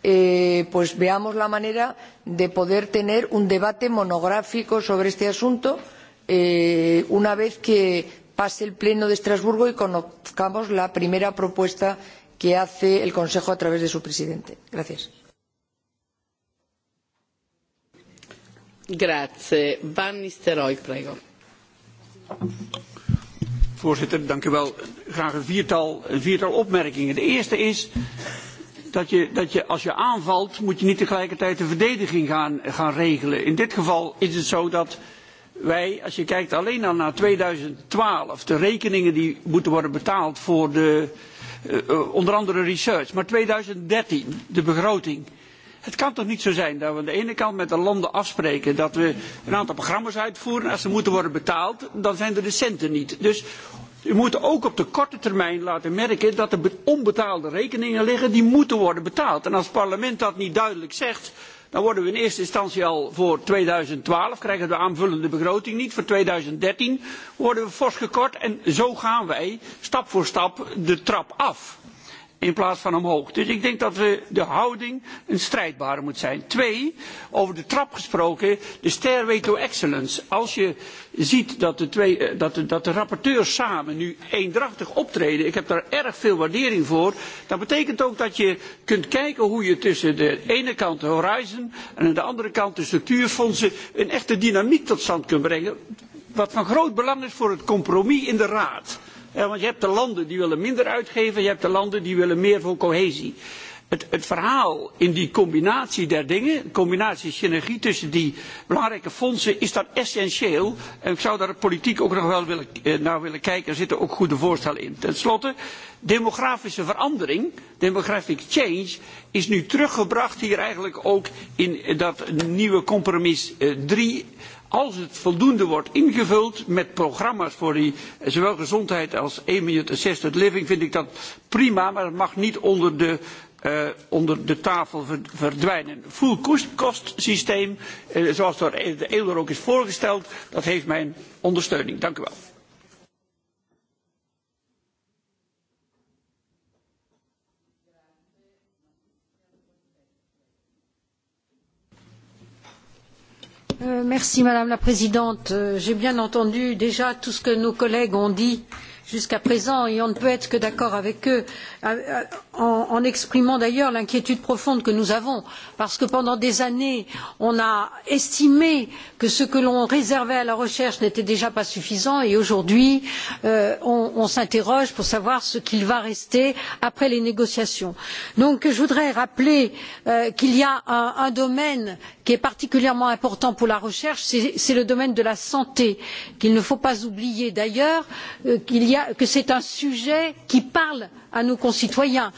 eh, pues veamos la manera de poder tener un debate monográfico sobre este asunto eh, una vez que pase el pleno de estrasburgo y conozcamos la primera propuesta que hace el Consejo a través de su presidente. Gracias. Grazie. Van Nistelrooy, prego. Voorzitter, dank u wel. Graag een viertal, een viertal opmerkingen. De eerste is dat je, dat je als je aanvalt, moet je niet tegelijkertijd de verdediging gaan, gaan regelen. In dit geval is het zo dat wij, als je kijkt alleen al naar 2012, de rekeningen die moeten worden betaald voor de, uh, Eh, eh, onder andere research. Maar 2013, de begroting. Het kan toch niet zo zijn dat we aan de ene kant met de landen afspreken dat we een aantal programma's uitvoeren. Als ze moeten worden betaald, dan zijn er de centen niet. Dus we moeten ook op de korte termijn laten merken dat er onbetaalde rekeningen liggen die moeten worden betaald. En als het parlement dat niet duidelijk zegt, dan worden we in eerste instantie al voor tweeduizendtwaalf krijgen we de aanvullende begroting niet voor tweeduizenddertien worden we fors gekort en zo gaan wij stap voor stap de trap af in plaats van omhoog. Dus ik denk dat we de houding een strijdbare moet zijn. Twee, over de trap gesproken, de stairway to excellence. Als je ziet dat de, twee, eh, dat de, dat de rapporteurs samen nu eendrachtig optreden, ik heb daar erg veel waardering voor, dat betekent ook dat je kunt kijken hoe je tussen de ene kant de horizon en aan de andere kant de structuurfondsen een echte dynamiek tot stand kunt brengen, wat van groot belang is voor het compromis in de Raad Eh, want je hebt de landen die willen minder uitgeven, je hebt de landen die willen meer voor cohesie. Het, het verhaal in die combinatie der dingen, de combinatie synergie tussen die belangrijke fondsen, is dat essentieel. En ik zou daar politiek ook nog wel willen, eh, naar willen kijken. Er zitten ook goede voorstellen in. Ten slotte, demografische verandering, demographic change, is nu teruggebracht hier eigenlijk ook in dat nieuwe compromis eh, drie als het voldoende wordt ingevuld met programma's voor die, eh, zowel gezondheid als minute assisted living, vind ik dat prima, maar het mag niet onder de, uh, onder de tafel verdwijnen. full cost, cost systeem, uh, eh, zoals door de Eelder ook is voorgesteld, dat heeft mijn ondersteuning. Dank u wel. Euh, merci, Madame la Présidente. Euh, j'ai bien entendu déjà tout ce que nos collègues ont dit euh, jusqu'à présent et on ne peut être que d'accord avec eux en, en exprimant d'ailleurs l'inquiétude profonde que nous avons parce que pendant des années on a estimé que ce que l'on réservait à la recherche n'était déjà pas suffisant et aujourd'hui euh, on, on s'interroge pour savoir ce qu'il va rester après les négociations. Donc, je voudrais rappeler euh, qu'il y a un, un domaine qui est particulièrement important pour la recherche c'est le domaine de la santé qu'il ne faut pas oublier d'ailleurs euh, qu'il que c'est un sujet qui parle à nos concitoyens.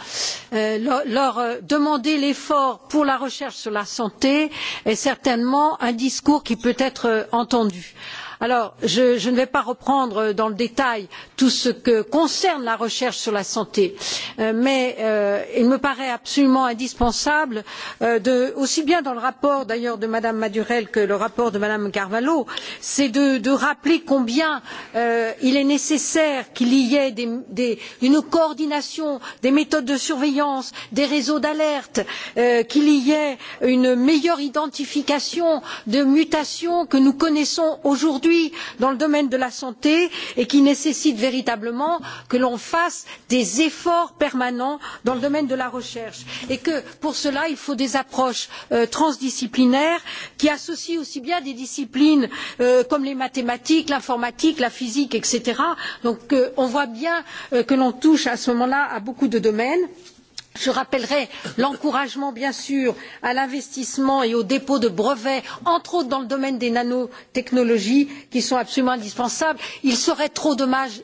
Euh, leur, euh, demander l'effort pour la recherche sur la santé est certainement un discours qui peut être euh, entendu. Alors, je, ne vais pas reprendre dans le détail tout ce qui concerne la recherche sur la santé euh, mais euh, il me paraît absolument indispensable euh, aussi bien dans le rapport d'ailleurs de mme madurell que dans le rapport de mme carvalho de, de rappeler combien il est nécessaire qu'il y ait une coordination des méthodes de surveillance des réseaux d'alerte qu'il y ait une meilleure identification de mutations que nous connaissons aujourd'hui aujourd'hui dans le domaine de la santé et qui nécessite véritablement que l'on fasse des efforts permanents dans le domaine de la recherche et que pour cela il faut des approches euh, transdisciplinaires qui associent aussi bien des disciplines euh, comme les mathématiques l'informatique la physique etc. donc euh, on voit bien que l'on touche à ce moment là à beaucoup de domaines je rappellerai l'encouragement bien sûr à l'investissement et au dépôt de brevets entre autres dans le domaine des nanotechnologies qui sont absolument indispensables. il serait trop dommage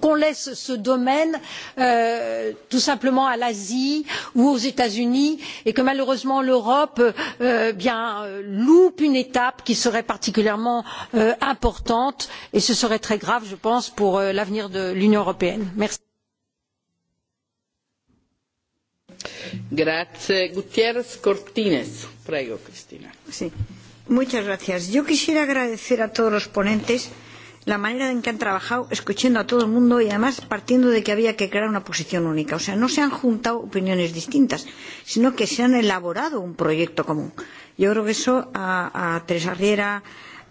qu'on laisse ce domaine euh, tout simplement à l'asie ou aux états unis et que malheureusement l'europe euh, euh, loupe une étape qui serait particulièrement euh, importante et ce serait très grave je pense pour euh, l'avenir de l'union européenne. Merci. Grazie. Gutiérrez Cortines. Prego, Cristina. Sí. Muchas gracias. Yo quisiera agradecer a todos los ponentes la manera en que han trabajado, escuchando a todo el mundo y además partiendo de que había que crear una posición única. O sea, no se han juntado opiniones distintas, sino que se han elaborado un proyecto común. Yo creo que eso a, a Teresa Riera,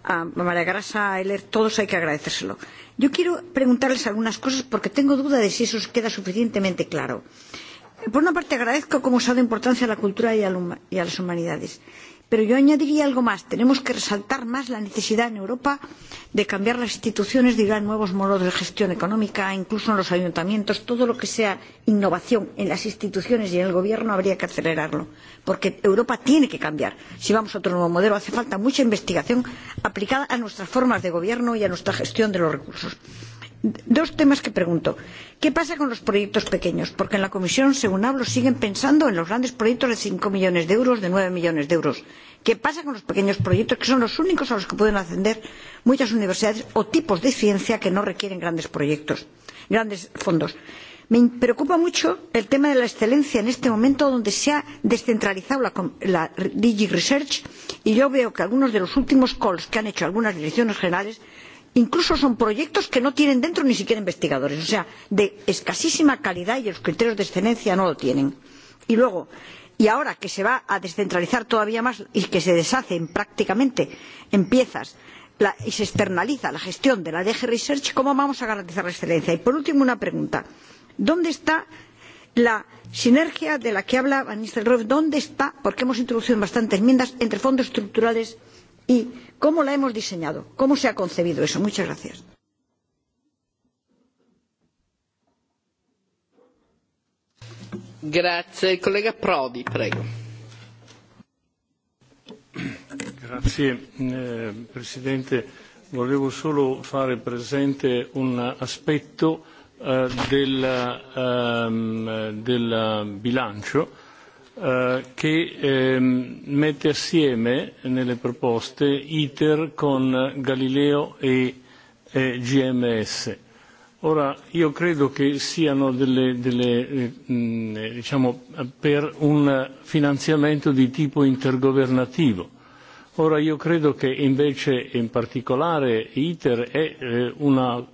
a María Grasa, a Eler todos hay que agradecérselo. Yo quiero preguntarles algunas cosas porque tengo duda de si eso queda suficientemente claro por una parte agradezco cómo se ha dado importancia a la cultura y a, la, y a las humanidades pero yo añadiría algo más tenemos que resaltar más la necesidad en europa de cambiar las instituciones de ir a nuevos modos de gestión económica incluso en los ayuntamientos todo lo que sea innovación en las instituciones y en el gobierno habría que acelerarlo porque europa tiene que cambiar si vamos a otro nuevo modelo hace falta mucha investigación aplicada a nuestras formas de gobierno y a nuestra gestión de los recursos dos temas que pregunto. ¿Qué pasa con los proyectos pequeños? Porque en la Comisión, según hablo, siguen pensando en los grandes proyectos de cinco millones de euros, de nueve millones de euros. ¿Qué pasa con los pequeños proyectos, que son los únicos a los que pueden ascender muchas universidades o tipos de ciencia que no requieren grandes proyectos, grandes fondos? Me preocupa mucho el tema de la excelencia en este momento donde se ha descentralizado la, la DG Research y yo veo que algunos de los últimos calls que han hecho algunas direcciones generales incluso son proyectos que no tienen dentro ni siquiera investigadores, o sea, de escasísima calidad y los criterios de excelencia no lo tienen. Y luego, y ahora que se va a descentralizar todavía más y que se deshacen prácticamente en piezas la, y se externaliza la gestión de la DG Research, ¿cómo vamos a garantizar la excelencia? Y por último, una pregunta. ¿Dónde está la sinergia de la que habla Van Nistelrooy? ¿Dónde está, porque hemos introducido bastantes enmiendas, entre fondos estructurales y cómo la hemos diseñado, cómo se ha concebido eso. Muchas gracias. Grazie, collega Prodi, prego. Grazie, eh, Presidente. Volevo solo fare presente un aspetto eh, del, ehm, del bilancio Eh, che ehm, mette assieme nelle proposte ITER con Galileo e, e GMS. Ora, io credo che siano delle, delle eh, eh, diciamo, per un finanziamento di tipo intergovernativo. Ora, io credo che invece in particolare ITER è una,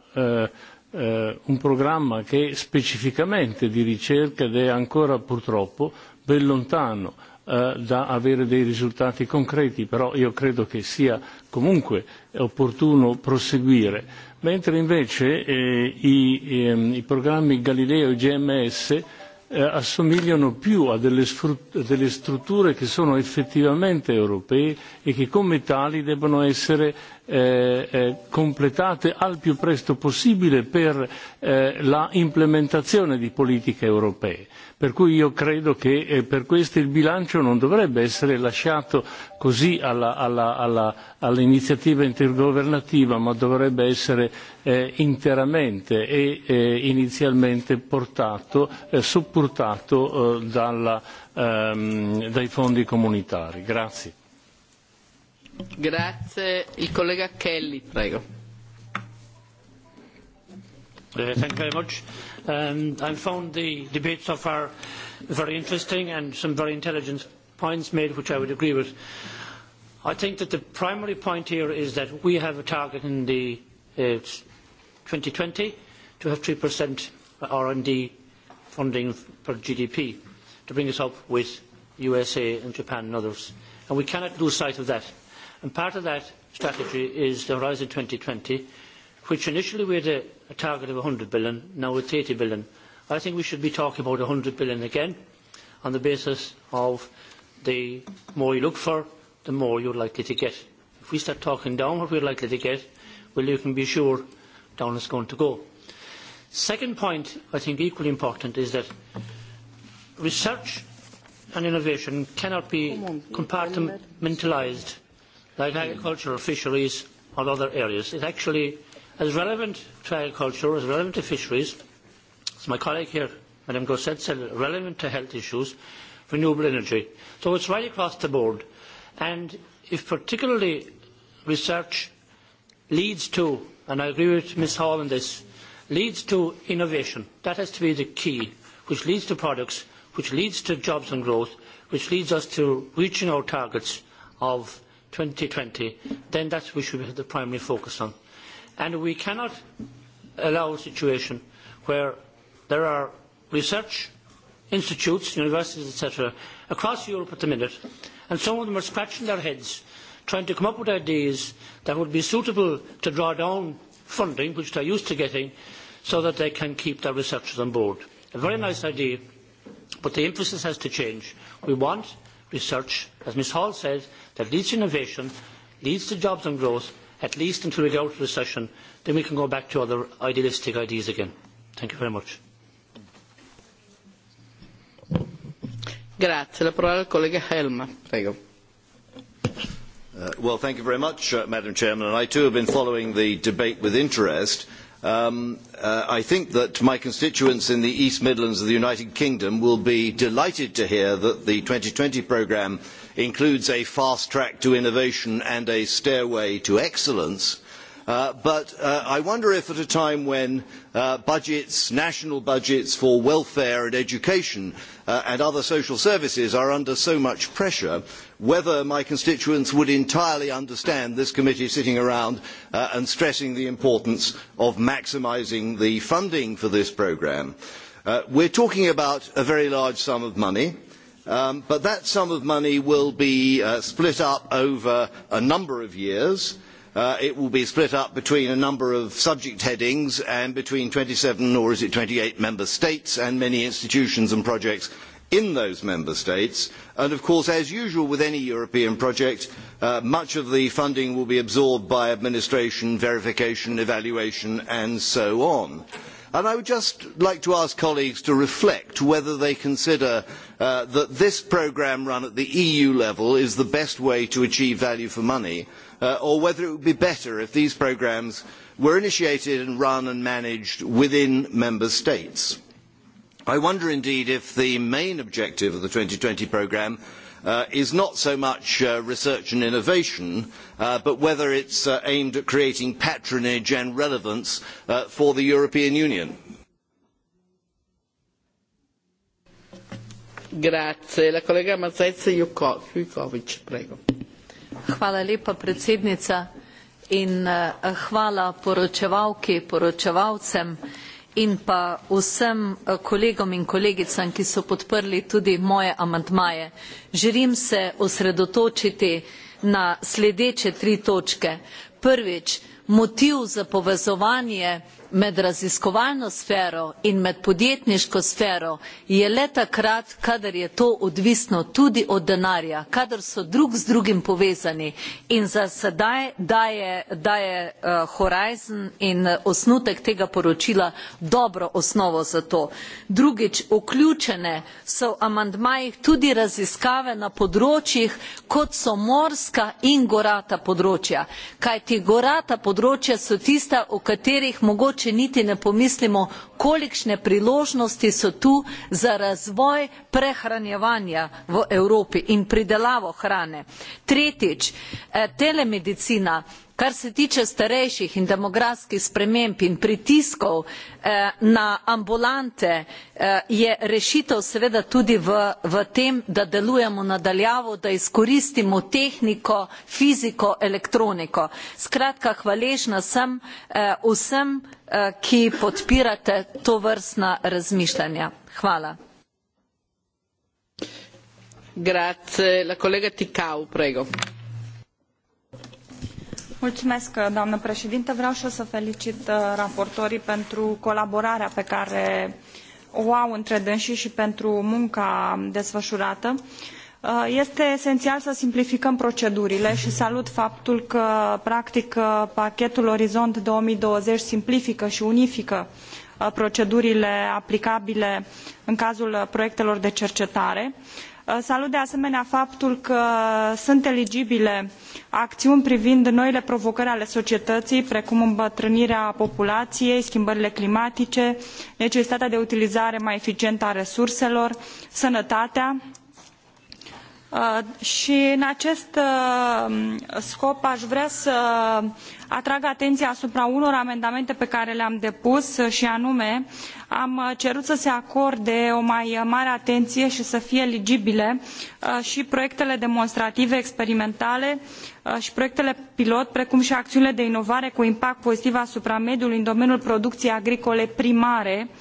un programma che è specificamente di ricerca ed è ancora purtroppo ben lontano eh, da avere dei risultati concreti, però io credo che sia comunque opportuno proseguire, mentre invece eh, i, ehm, i programmi Galileo e GMS eh, assomigliano più a delle, a delle strutture che sono effettivamente europee e che come tali debbono essere eh, eh, completate al più presto possibile per eh, la implementazione di politiche europee Per cui io credo che eh, per questo il bilancio non dovrebbe essere lasciato così all'iniziativa intergovernativa, ma dovrebbe essere eh, interamente e eh, inizialmente portato, eh, supportato eh, dalla, ehm, dai fondi comunitari. Grazie. Grazie. Il collega Kelly, prego. Eh, thank you very much i um, I found the debate so far very interesting and some very intelligent points made which I would agree with. I think that the primary point here is that we have a target in the uh, 2020 to have 3% R&D funding per GDP to bring us up with USA and Japan and others. And we cannot lose sight of that. And part of that strategy is the Horizon 2020, which initially we had a a target of EUR hundred billion, now it is EUR eighty billion. I think we should be talking about EUR hundred billion again on the basis of the more you look for, the more you are likely to get. If we start talking down what we are likely to get, well, you can be sure down it is going to go. Second point, I think equally important, is that research and innovation cannot be compartmentalised like agriculture or fisheries or other areas. It actually as relevant to agriculture, as relevant to fisheries, as my colleague here, Madame Gosset, said, relevant to health issues, renewable energy. So it's right across the board. And if particularly research leads to, and I agree with Ms Hall on this, leads to innovation, that has to be the key, which leads to products, which leads to jobs and growth, which leads us to reaching our targets of 2020, then that's what we should have the primary focus on and we cannot allow a situation where there are research institutes, universities, etc., across Europe at the minute, and some of them are scratching their heads trying to come up with ideas that would be suitable to draw down funding, which they are used to getting, so that they can keep their researchers on board. A very nice idea, but the emphasis has to change. We want research, as Ms Hall said, that leads to innovation, leads to jobs and growth, at least until we get out of recession, then we can go back to other idealistic ideas again. Thank you very much. Uh, well, thank you very much, uh, Madam Chairman. And I too have been following the debate with interest. Um, uh, I think that my constituents in the East Midlands of the United Kingdom will be delighted to hear that the twenty programme includes a fast track to innovation and a stairway to excellence. Uh, but uh, I wonder if at a time when uh, budgets, national budgets for welfare and education uh, and other social services are under so much pressure, whether my constituents would entirely understand this committee sitting around uh, and stressing the importance of maximising the funding for this programme. Uh, we are talking about a very large sum of money. Um, but that sum of money will be uh, split up over a number of years. Uh, it will be split up between a number of subject headings and between twenty seven or is it twenty eight member states and many institutions and projects in those member states. And of course, as usual with any European project, uh, much of the funding will be absorbed by administration, verification, evaluation, and so on. And I would just like to ask colleagues to reflect whether they consider uh, that this programme run at the EU level is the best way to achieve value for money, uh, or whether it would be better if these programmes were initiated and run and managed within member states. I wonder indeed if the main objective of the twenty programme Uh, is not so much uh, research and innovation, uh, but whether it is aimed at creating patronage and relevance for the European Union. in eh, hvala poročevalki, poročevalcem in pa vsem eh, kolegom in kolegicam, ki so podprli tudi moje amandmaje Želim se osredotočiti na sledeče tri točke. Prvič, motiv za povezovanje med raziskovalno sfero in med podjetniško sfero je le takrat, kadar je to odvisno tudi od denarja, kadar so drug z drugim povezani in za sedaj daje, daje uh, Horizon in eh, osnutek tega poročila dobro osnovo za to. Drugič, vključene so v amandmajih tudi raziskave na področjih, kot so morska in gorata področja, kajti gorata področja so tista, o katerih mogoče mogoče niti ne pomislimo, kolikšne priložnosti so tu za razvoj prehranjevanja v Evropi in pridelavo hrane. Tretjič, eh, telemedicina Kar se tiče starejših in demografskih sprememb in pritiskov eh, na ambulante, eh, je rešitev seveda tudi v, tem, da delujemo nadaljavo, da izkoristimo tehniko, fiziko, elektroniko. Skratka, hvaležna sem eh, vsem, ki podpirate to vrstna razmišljanja. Hvala. Grazie, la collega Ticau, prego. Vreau și eu să felicit uh, raportorii pentru colaborarea pe care o au între dânsii și pentru munca desfășurată. Uh, este esențial să simplificăm procedurile și salut faptul că, practic, uh, pachetul Orizont 2020 simplifică și unifică procedurile aplicabile în cazul proiectelor de cercetare. Uh, salut de asemenea faptul că sunt eligibile aciuni privind noile provocări ale societăii precum îmbătrânirea populaiei schimbările climatice necesitatea de utilizare mai eficientă a resurselor sănătatea Uh, și în acest uh, scop aș vrea să atrag atenția asupra unor amendamente pe care le-am depus și anume am cerut să se acorde o mai mare atenție și să fie eligibile uh, și proiectele demonstrative experimentale și proiectele pilot, precum și acțiunile de inovare cu impact pozitiv asupra mediului în domeniul producției agricole primare, uh,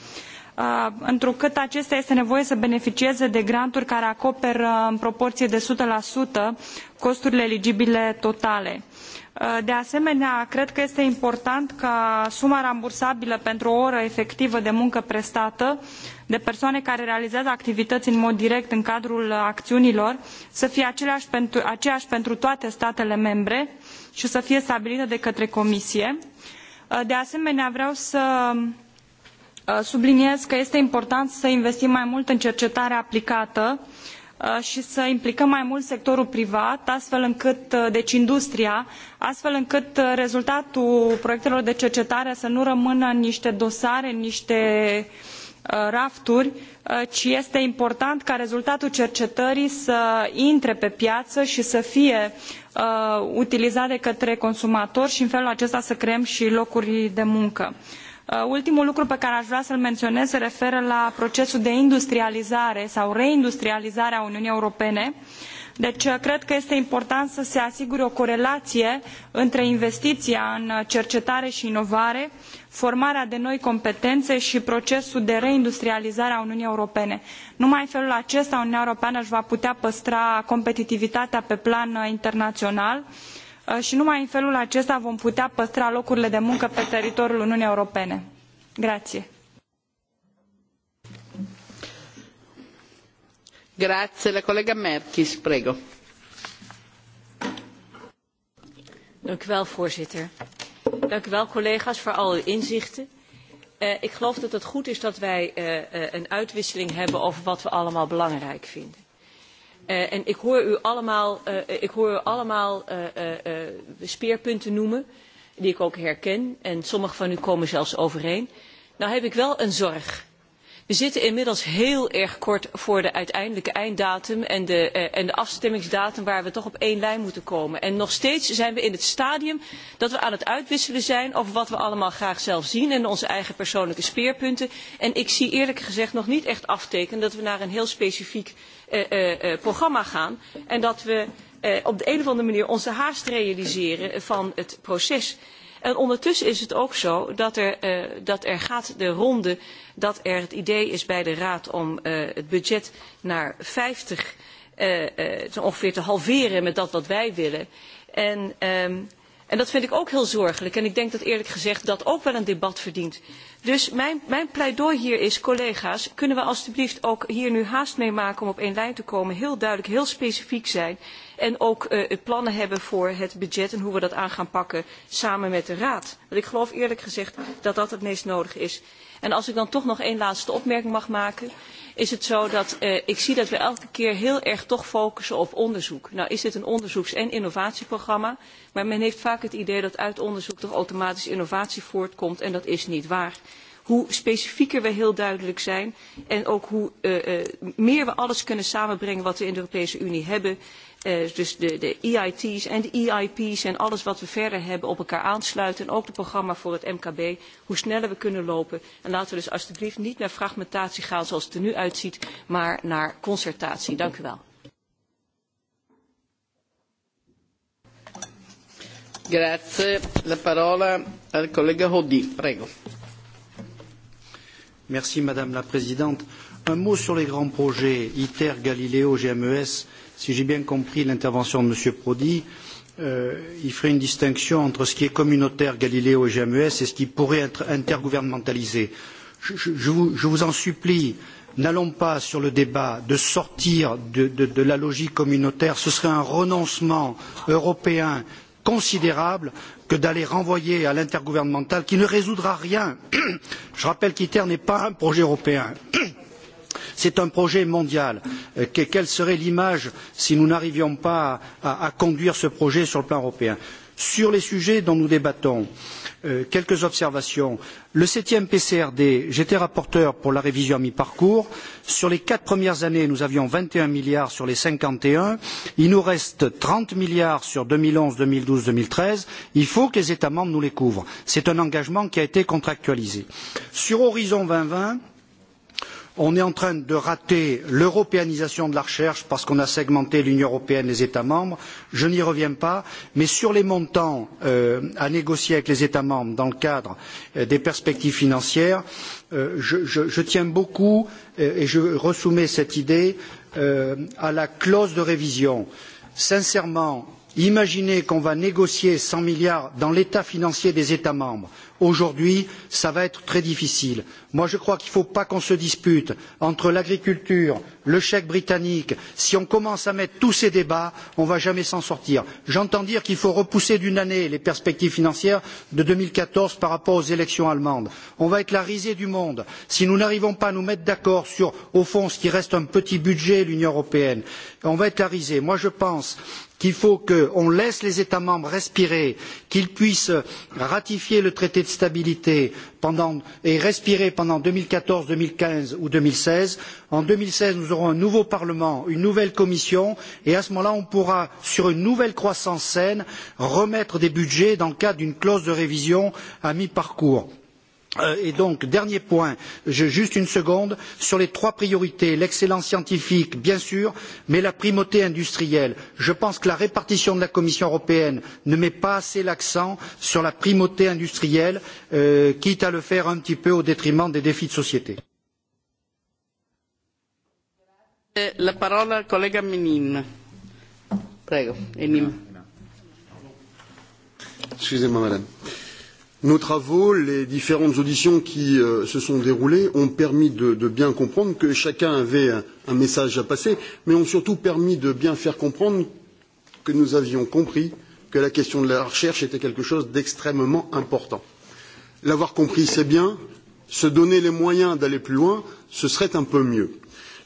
Uh, întrucât acesta este nevoie să beneficieze de granturi care acoperă în proporie de o sută costurile eligibile totale. Uh, de asemenea, cred că este important ca suma rambursabilă pentru o oră efectivă de muncă prestată de persoane care realizează activități în mod direct în cadrul acțiunilor să fie aceleași pentru, aceeași pentru toate statele membre și să fie stabilită de către Comisie. Uh, de asemenea, vreau să uh, subliniez că este important să investim mai mult în cercetare aplicată i să implicăm mai mult sectorul privat astfel încât deci industria astfel încât rezultatul proiectelor de cercetare să nu rămână în nite dosare în nite rafturi ci este important ca rezultatul cercetării să intre pe piaă i să fie utilizat de către consumatori i în felul acesta să creăm i locuri de muncă. Uh, ultimul lucru pe care a vrea să l menionez se referă la procesul de industrializare sau reindustrializare a uniunii europene deci uh, cred că este important să se asigure o corelaie între investiia în cercetare i inovare formarea de noi competene i procesul de reindustrializare a uniunii europene. numai în felul acesta uniunea europeană îi va putea păstra competitivitatea pe plan uh, internaional i Uh, i numai în felul acesta vom putea păstra locurile de muncă pe teritoriul Uniunii Europene. Grazie. Uh, ik geloof dat het goed is dat wij uh, uh, een uitwisseling hebben over wat we allemaal belangrijk vinden. Eh, en ik hoor u allemaal, uh, ik hoor u allemaal uh, speerpunten noemen, die ik ook herken. En sommige van u komen zelfs overeen. Nou heb ik wel een zorg We zitten inmiddels heel erg kort voor de uiteindelijke einddatum eh, en de, afstemmingsdatum waar we toch op één lijn moeten komen. En nog steeds zijn we in het stadium dat we aan het uitwisselen zijn over wat we allemaal graag zelf zien en onze eigen persoonlijke speerpunten. En ik zie eerlijk gezegd nog niet echt aftekenen dat we naar een heel specifiek uh, uh, programma gaan en dat we op de een of andere manier onze haast realiseren van het proces. En ondertussen is het ook zo dat er, uh, dat er gaat de ronde dat er het idee is bij de Raad om uh, het budget naar 50 uh, uh, ongeveer te halveren met dat wat wij willen. En, um, en dat vind ik ook heel zorgelijk. En ik denk dat eerlijk gezegd dat ook wel een debat verdient. Dus mijn, mijn pleidooi hier is, collega's, kunnen we alstublieft ook hier nu haast mee maken om op één lijn te komen, heel duidelijk, heel specifiek zijn. En ook uh, plannen hebben voor het budget en hoe we dat aan gaan pakken samen met de Raad. Want ik geloof eerlijk gezegd dat dat het meest nodig is. En als ik dan toch nog één laatste opmerking mag maken, is het zo dat uh, ik zie dat we elke keer heel erg toch focussen op onderzoek. Nou is dit een onderzoeks- en innovatieprogramma, maar men heeft vaak het idee dat uit onderzoek toch automatisch innovatie voortkomt en dat is niet waar hoe specifieker we heel duidelijk zijn en ook hoe uh, uh, meer we alles kunnen samenbrengen wat we in de Europese Unie hebben, Eh, dus de, de EIT's en de EIP's en alles wat we verder hebben op elkaar aansluiten. En ook het programma voor het MKB, hoe sneller we kunnen lopen. En laten we dus alstublieft niet naar fragmentatie gaan zoals het er nu uitziet, maar naar concertatie. Dank u wel. Grazie. La parola al collega prego. Merci madame la présidente. Un mot sur les grands projets ITER, Galileo, GMES. Si j'ai bien compris l'intervention de M. Prodi, euh, il ferait une distinction entre ce qui est communautaire, Galileo et GMES, et ce qui pourrait être intergouvernementalisé. Je, je, je, vous, je vous en supplie, n'allons pas sur le débat de sortir de, de, de la logique communautaire. Ce serait un renoncement européen considérable que d'aller renvoyer à l'intergouvernemental qui ne résoudra rien. je rappelle qu'iter n'est pas un projet européen c'est un projet mondial. Euh, quelle serait l'image si nous n'arrivions pas à, à, conduire ce projet sur le plan européen? sur les sujets dont nous débattons euh, quelques observations le septième pcrd j'étais rapporteur pour la révision à mi parcours sur les quatre premières années nous avions vingt et un milliards sur les cinquante et un il nous reste trente milliards sur deux mille onze deux mille douze deux mille treize il faut que les états membres nous les couvrent c'est un engagement qui a été contractualisé. sur horizon deux mille vingt on est en train de rater l'européanisation de la recherche parce qu'on a segmenté l'union européenne les états membres je n'y reviens pas mais sur les montants euh, à négocier avec les états membres dans le cadre euh, des perspectives financières euh, je, je, je, tiens beaucoup euh, et je resoumets cette idée euh, à la clause de révision. sincèrement imaginez qu'on va négocier cent milliards dans l'état financier des états membres aujourd'hui cela va être très difficile. je crois qu'il ne faut pas qu'on se dispute entre l'agriculture le chèque britannique si on commence à mettre tous ces débats on ne va jamais s'en sortir. j'entends dire qu'il faut repousser d'une année les perspectives financières de deux mille quatorze par rapport aux élections allemandes. on va être la risée du monde si nous n'arrivons pas à nous mettre d'accord sur au fond ce qui reste un petit budget de l'union européenne. on va être la risée. je pense qu'il faut qu'on laisse les États membres respirer, qu'ils puissent ratifier le traité de stabilité et respirer pendant deux mille quatorze, deux mille quinze ou deux mille seize. En deux mille seize, nous aurons un nouveau Parlement, une nouvelle Commission, et à ce moment-là, on pourra, sur une nouvelle croissance saine, remettre des budgets dans le cadre d'une clause de révision à mi-parcours Euh, et donc dernier point juste une seconde sur les trois priorités l'excellence scientifique bien sûr mais la primauté industrielle je pense que la répartition de la commission européenne ne met pas assez l'accent sur la primauté industrielle euh, quitte à le faire un petit peu au détriment des défis de société eh, Excusez-moi, madame. Euh, Nos travaux, les différentes auditions qui euh, se sont déroulées ont permis de, de, bien comprendre que chacun avait un, un message à passer, mais ont surtout permis de bien faire comprendre que nous avions compris que la question de la recherche était quelque chose d'extrêmement important. L'avoir compris, c'est bien. Se donner les moyens d'aller plus loin, ce serait un peu mieux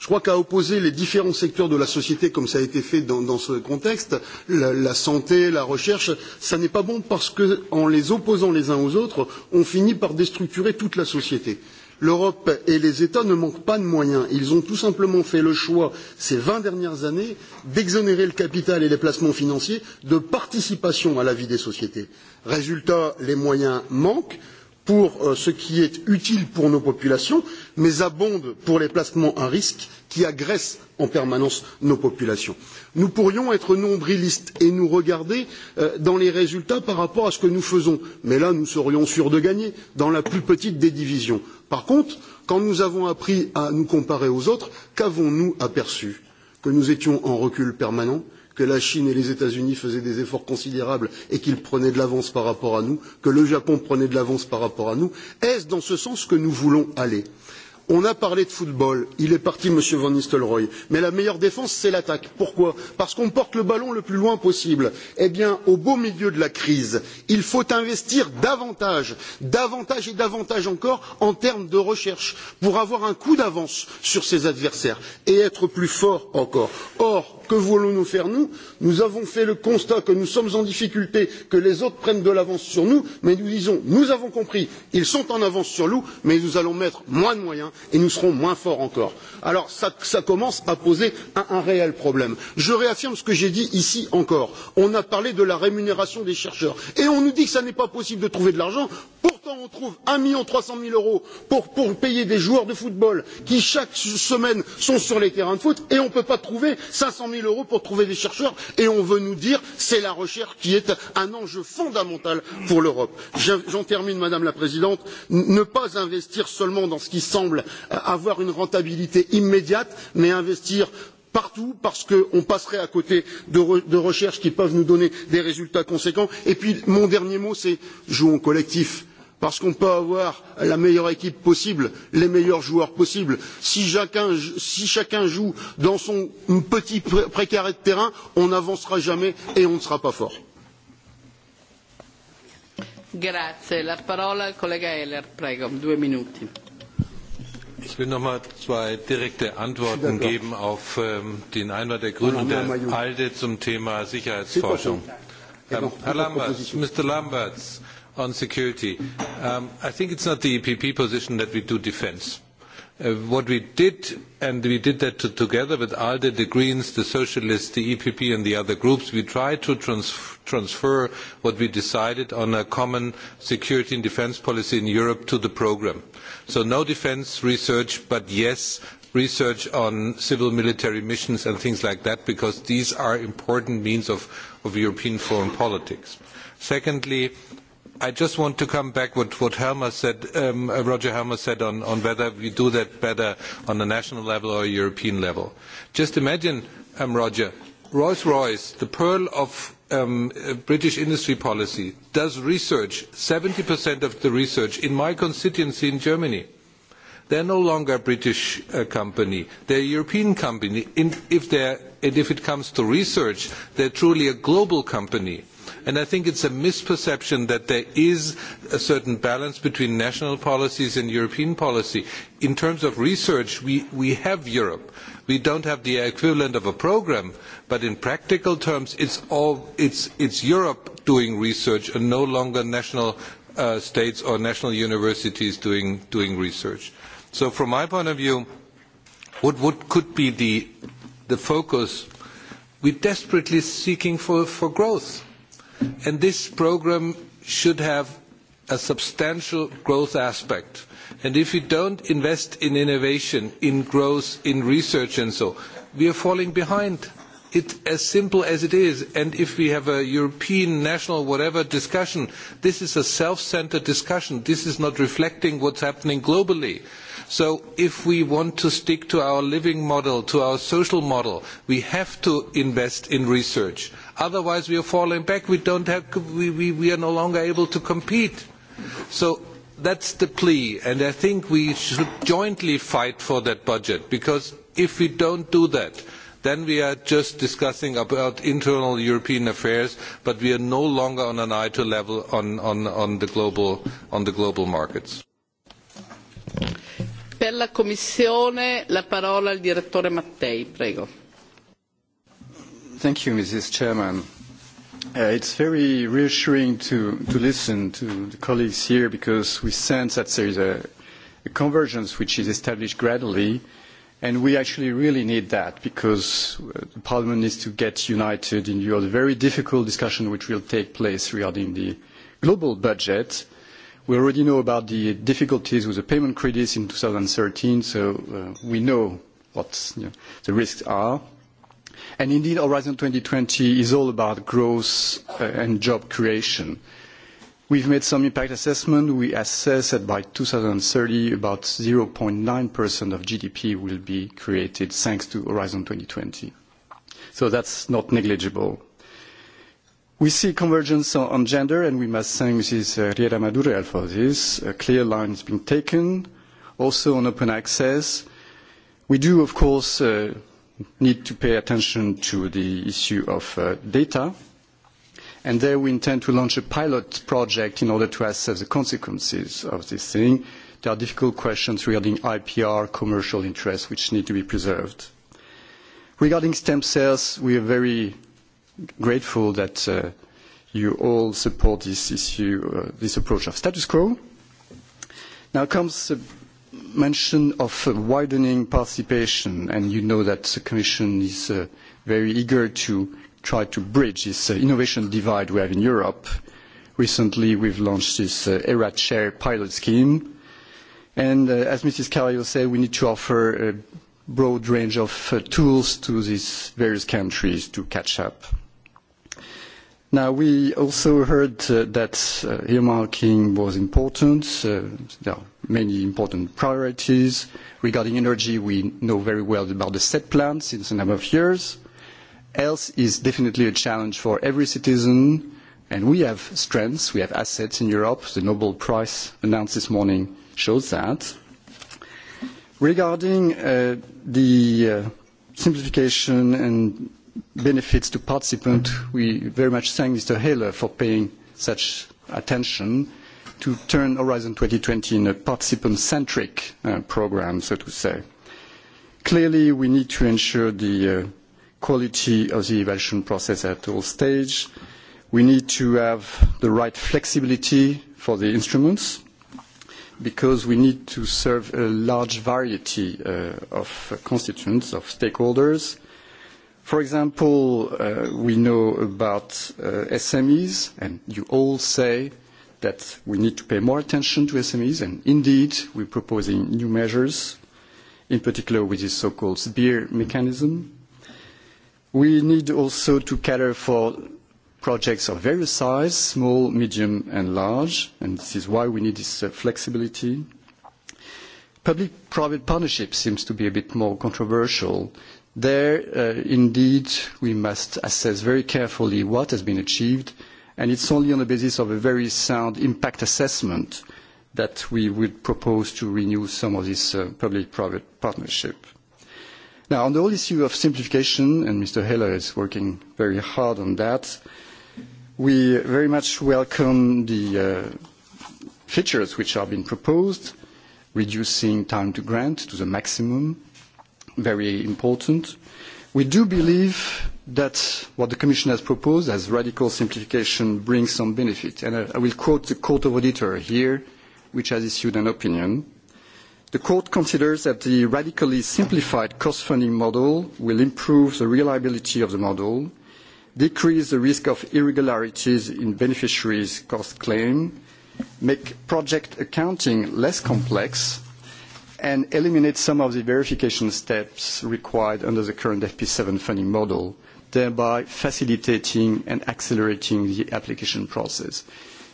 je crois qu'à opposer les différents secteurs de la société, comme cela a été fait dans, dans ce contexte, la, la, santé, la recherche, ce n'est pas bon parce que, en les opposant les uns aux autres, on finit par déstructurer toute la société. L'Europe et les États ne manquent pas de moyens. Ils ont tout simplement fait le choix, ces vingt dernières années, d'exonérer le capital et les placements financiers de participation à la vie des sociétés. Résultat, les moyens manquent pour euh, ce qui est utile pour nos populations mais abondent pour les placements à risque qui agressent en permanence nos populations. Nous pourrions être nombrilistes et nous regarder euh, dans les résultats par rapport à ce que nous faisons, mais là nous serions sûrs de gagner dans la plus petite des divisions. Par contre, quand nous avons appris à nous comparer aux autres, qu'avons-nous aperçu Que nous étions en recul permanent, que la Chine et les États-Unis faisaient des efforts considérables et qu'ils prenaient de l'avance par rapport à nous, que le Japon prenait de l'avance par rapport à nous. Est-ce dans ce sens que nous voulons aller on a parlé de football, il est parti M. Van Nistelrooy, mais la meilleure défense, c'est l'attaque. Pourquoi Parce qu'on porte le ballon le plus loin possible. Eh bien, au beau milieu de la crise, il faut investir davantage, davantage et davantage encore en termes de recherche, pour avoir un coup d'avance sur ses adversaires et être plus fort encore. Or, que voulons nous faire nous? Nous avons fait le constat que nous sommes en difficulté, que les autres prennent de l'avance sur nous, mais nous disons nous avons compris, ils sont en avance sur nous, mais nous allons mettre moins de moyens et nous serons moins forts encore. alors cela commence à poser un, un réel problème. je réaffirme ce que j'ai dit ici encore on a parlé de la rémunération des chercheurs et on nous dit que ce n'est pas possible de trouver de l'argent pourtant on trouve un million trois cents euros pour, pour payer des joueurs de football qui chaque semaine sont sur les terrains de foot et on ne peut pas trouver cinq cents euros pour trouver des chercheurs et on veut nous dire que c'est la recherche qui est un enjeu fondamental pour l'europe. j'en termine madame la présidente ne pas investir seulement dans ce qui semble avoir une rentabilité immédiate mais investir partout parce qu'on passerait à côté de, re, de, recherches qui peuvent nous donner des résultats conséquents. Et puis mon dernier mot, c'est jouons collectif. Parce qu'on peut avoir la meilleure équipe possible, les meilleurs joueurs possibles. Si chacun, si chacun joue dans son petit précaré de terrain, on n'avancera jamais et on ne sera pas fort. Grazie. La parola al collega Heller, prego, due minuti. Ich will noch mal zwei direkte Antworten geben auf ähm, den Einwand der Grünen und der ALDE zum Thema Sicherheitsforschung. Um, Herr Lamberts, Mr. Lamberts, on security, um, I think it's not the EPP position that we do defense. Uh, what we did, and we did that to, together with ALDE, the Greens, the Socialists, the EPP and the other groups, we tried to trans transfer what we decided on a common security and defence policy in Europe to the programme. So no defence research, but yes, research on civil military missions and things like that, because these are important means of, of European foreign politics. Secondly, i just want to come back to what Helmer said, um, uh, Roger Helmer said on, on whether we do that better on a national level or a European level. Just imagine, um, Roger, Rolls-Royce, the pearl of um, uh, British industry policy, does research, 70% of the research in my constituency in Germany. They are no longer a British uh, company. they are a European company. In, if, and if it comes to research, they are truly a global company And I think it is a misperception that there is a certain balance between national policies and European policy. In terms of research, we, we have Europe. We do not have the equivalent of a programme, but in practical terms, it is Europe doing research and no longer national uh, states or national universities doing, doing research. So from my point of view, what, what could be the, the focus? We are desperately seeking for, for growth And this programme should have a substantial growth aspect. And if we don't invest in innovation, in growth, in research and so, we are falling behind. It's as simple as it is. And if we have a European, national, whatever discussion, this is a self-centered discussion. This is not reflecting what's happening globally. So if we want to stick to our living model, to our social model, we have to invest in research Otherwise, we are falling back. We, don't have, we, we, we are no longer able to compete. So that's the plea. And I think we should jointly fight for that budget because if we don't do that, then we are just discussing about internal European affairs, but we are no longer on an eye to level on, on, on, the, global, on the global markets. Per la Commissione la parola al direttore Mattei, prego. Thank you, Mrs. Chairman. Uh, it's very reassuring to, to listen to the colleagues here because we sense that there is a, a convergence which is established gradually, and we actually really need that because uh, the Parliament needs to get united in view of the very difficult discussion which will take place regarding the global budget. We already know about the difficulties with the payment credits in thirteen, so uh, we know what you know, the risks are indeed, Horizon 2020 is all about growth uh, and job creation. We've made some impact assessment. We assess that by 2030, about 0.9% of GDP will be created thanks to Horizon 2020. So that's not negligible. We see convergence on gender, and we must thank Mrs. Uh, Riera Madurell for this. A clear line has been taken. Also on open access, we do, of course, uh, need to pay attention to the issue of uh, data. And there we intend to launch a pilot project in order to assess the consequences of this thing. There are difficult questions regarding IPR, commercial interests, which need to be preserved. Regarding stem cells, we are very grateful that uh, you all support this issue, uh, this approach of status quo. Now comes the mention of widening participation, and you know that the Commission is uh, very eager to try to bridge this uh, innovation divide we have in Europe. Recently, we've launched this uh, ERA Chair pilot scheme. And uh, as Mrs. Carrillo said, we need to offer a broad range of uh, tools to these various countries to catch up. Now, we also heard uh, that uh, earmarking was important. Uh, there are many important priorities. Regarding energy, we know very well about the set plan since a number of years. Health is definitely a challenge for every citizen, and we have strengths, we have assets in Europe. The Nobel Prize announced this morning shows that. Regarding uh, the simplification and benefits to participants, we very much thank Mr. Haler for paying such attention to turn Horizon twenty in a participant-centric uh, programme, so to say. Clearly, we need to ensure the uh, quality of the evaluation process at all stages. We need to have the right flexibility for the instruments because we need to serve a large variety uh, of constituents, of stakeholders, uh, For example, uh, we know about uh, SMEs, and you all say that we need to pay more attention to SMEs, and indeed, we're proposing new measures, in particular with this so-called SBIR mechanism. We need also to cater for projects of various size, small, medium, and large, and this is why we need this uh, flexibility. Public-private partnership seems to be a bit more controversial There, uh, indeed, we must assess very carefully what has been achieved, and it's only on the basis of a very sound impact assessment that we would propose to renew some of this uh, public-private partnership. Now, on the whole issue of simplification, and Mr. Heller is working very hard on that, we very much welcome the uh, features which are being proposed, reducing time to grant to the maximum, very important. We do believe that what the Commission has proposed as radical simplification brings some benefit. And I, will quote the Court of Auditor here, which has issued an opinion. The Court considers that the radically simplified cost funding model will improve the reliability of the model, decrease the risk of irregularities in beneficiaries' cost claim, make project accounting less complex, and eliminate some of the verification steps required under the current FP7 funding model, thereby facilitating and accelerating the application process.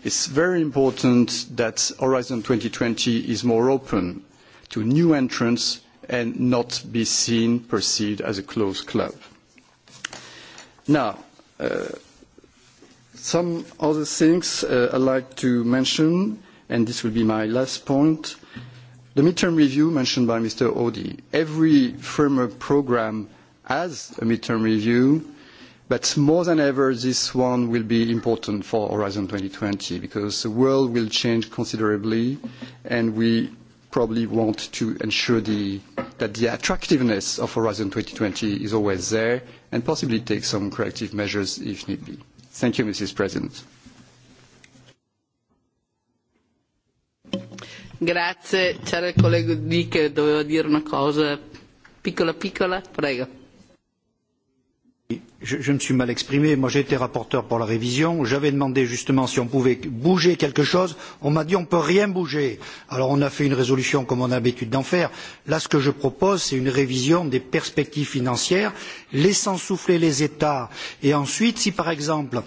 It's very important that Horizon 2020 is more open to new entrants and not be seen, perceived as a closed club. Now, uh, some other things I uh, I'd like to mention, and this will be my last point The midterm review mentioned by Mr. Audy. Every framework programme has a midterm review, but more than ever, this one will be important for Horizon twenty because the world will change considerably, and we probably want to ensure the, that the attractiveness of Horizon twenty is always there, and possibly take some corrective measures if need be. Thank you, Mrs. President. Grazie, c'era il collega Di che doveva dire una cosa piccola piccola, prego. Je, je me suis mal exprimé, moi j'ai été rapporteur pour la révision, j'avais demandé justement si on pouvait bouger quelque chose, on m'a dit on ne peut rien bouger. Alors on a fait une résolution comme on a l'habitude d'en faire. Là ce que je propose c'est une révision des perspectives financières, laissant souffler les États et ensuite si par exemple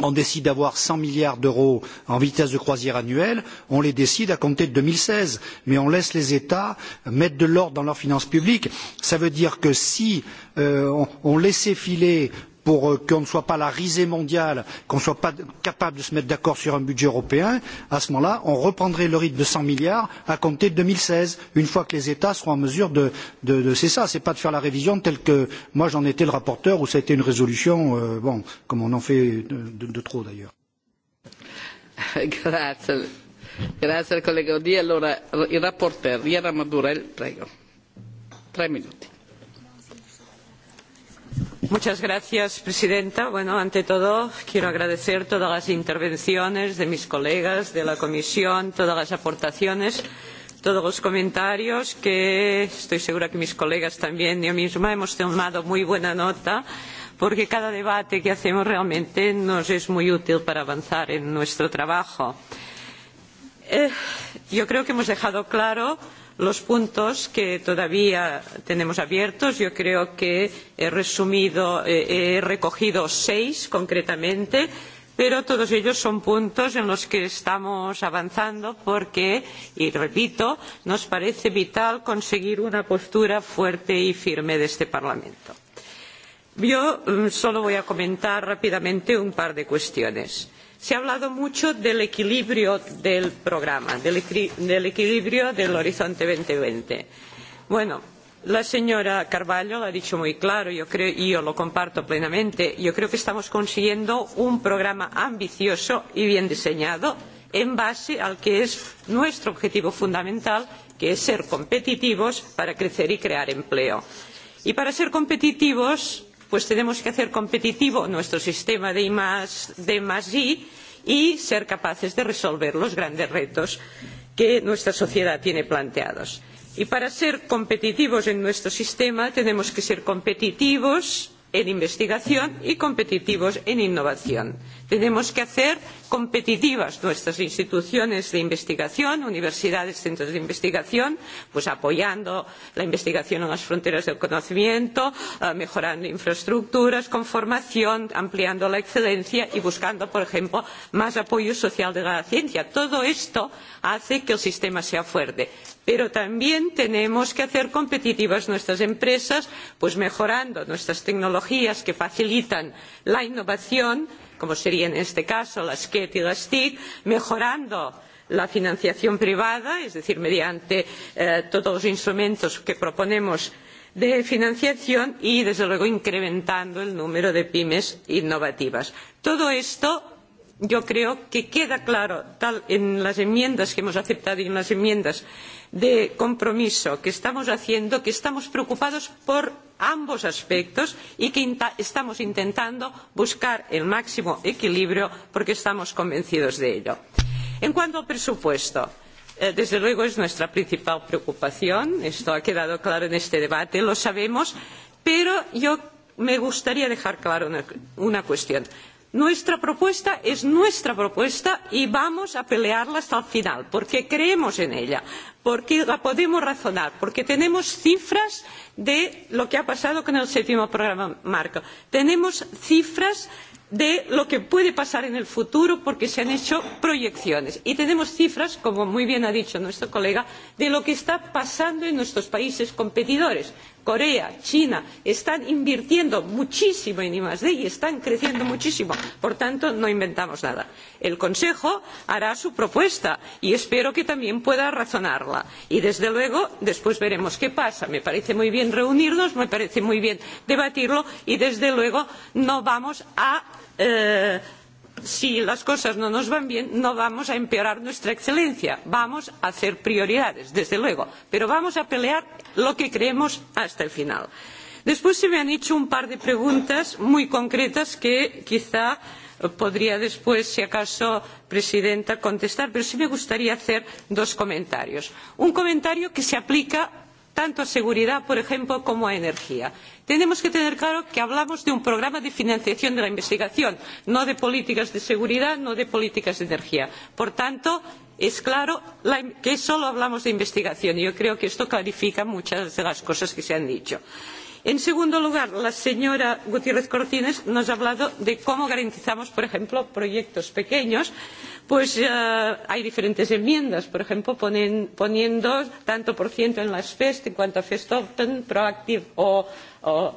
on décide d'avoir cent milliards d'euros en vitesse de croisière annuelle, on les décide à compter de deux mille seize, mais on laisse les États mettre de l'ordre dans leurs finances publiques. Cela veut dire que si euh, on, on laissait filer pour euh, qu'on ne soit pas la risée mondiale, qu'on ne soit pas capable de se mettre d'accord sur un budget européen, à ce moment-là, on reprendrait le rythme de cent milliards à compter de deux mille seize, une fois que les États seront en mesure de... de, de c'est ça, c'est pas de faire la révision telle que moi j'en étais le rapporteur ou ça a été une résolution, euh, bon, comme on en fait de, de trop d'ailleurs. [laughs] Grazie al collega Odì. Allora, il rapporteur, Riera Madurel, prego. Tre minuti señora presidenta ante todo quiero agradecer todas las intervenciones de mis colegas de la comisión todas las aportaciones todos los comentarios que estoy segura de que mis colegas también y yo misma hemos tomado muy buena nota porque cada debate que hacemos realmente nos es muy útil para avanzar en nuestro trabajo. Eh, yo creo que hemos dejado claro que los puntos que todavía tenemos abiertos. Yo creo que he resumido, eh, he recogido seis concretamente pero todos ellos son puntos en los que estamos avanzando porque y repito nos parece vital conseguir una postura fuerte y firme de este parlamento. yo mm, solo voy a comentar rápidamente un par de cuestiones se ha hablado mucho del equilibrio del programa del, equi del equilibrio del horizonte dos mil veinte bueno la señora carvalho lo ha dicho muy claro yo y yo lo comparto plenamente yo creo que estamos consiguiendo un programa ambicioso y bien diseñado en base al que es nuestro objetivo fundamental que es ser competitivos para crecer y crear empleo. y para ser competitivos pues tenemos que hacer competitivo nuestro sistema de más de y ser capaces de resolver los grandes retos que nuestra sociedad tiene planteados. Y para ser competitivos en nuestro sistema tenemos que ser competitivos en investigación y competitivos en innovación tenemos que hacer competitivas nuestras instituciones de investigación universidades centros de investigación pues apoyando la investigación en las fronteras del conocimiento eh, mejorando infraestructuras con formación ampliando la excelencia y buscando por ejemplo más apoyo social de la ciencia. todo esto hace que el sistema sea fuerte pero también tenemos que hacer competitivas nuestras empresas pues mejorando nuestras tecnologías que facilitan la innovación como sería en este caso las TIC y las TIC, mejorando la financiación privada, es decir, mediante eh, todos los instrumentos que proponemos de financiación y, desde luego, incrementando el número de pymes innovativas. Todo esto yo creo que queda claro tal en las enmiendas que hemos aceptado y en las enmiendas que de compromiso que estamos haciendo que estamos preocupados por ambos aspectos y que estamos intentando buscar el máximo equilibrio porque estamos convencidos de ello. en cuanto al presupuesto eh, desde luego es nuestra principal preocupación esto ha quedado claro en este debate lo sabemos pero yo me gustaría dejar clara una, una, cuestión nuestra propuesta es nuestra propuesta y vamos a pelearla hasta el final porque creemos en ella porque la podemos razonar, porque tenemos cifras de lo que ha pasado con el séptimo programa marco. Tenemos cifras de lo que puede pasar en el futuro porque se han hecho proyecciones y tenemos cifras como muy bien ha dicho nuestro colega de lo que está pasando en nuestros países competidores Corea, China, están invirtiendo muchísimo en I+D y están creciendo muchísimo. Por tanto, no inventamos nada. El Consejo hará su propuesta y espero que también pueda razonarla. Y desde luego, después veremos qué pasa. Me parece muy bien reunirnos, me parece muy bien debatirlo y desde luego no vamos a eh, si las cosas no nos van bien no vamos a empeorar nuestra excelencia vamos a hacer prioridades desde luego pero vamos a pelear lo que creemos hasta el final. después se me han hecho un par de preguntas muy concretas que quizá podría después si acaso presidenta contestar pero sí me gustaría hacer dos comentarios un comentario que se aplica tanto a seguridad por ejemplo como a energía. tenemos que tener claro que hablamos de un programa de financiación de la investigación no de políticas de seguridad no de políticas de energía. por tanto es claro que solo hablamos de investigación y yo creo que esto clarifica muchas de las cosas que se han dicho. en en segundo lugar la señora gutiérrez cortines nos ha hablado de cómo garantizamos por ejemplo proyectos pequeños pues eh, hay diferentes enmiendas por ejemplo poniendo tanto por ciento en las fest en cuanto a fest open proactive o,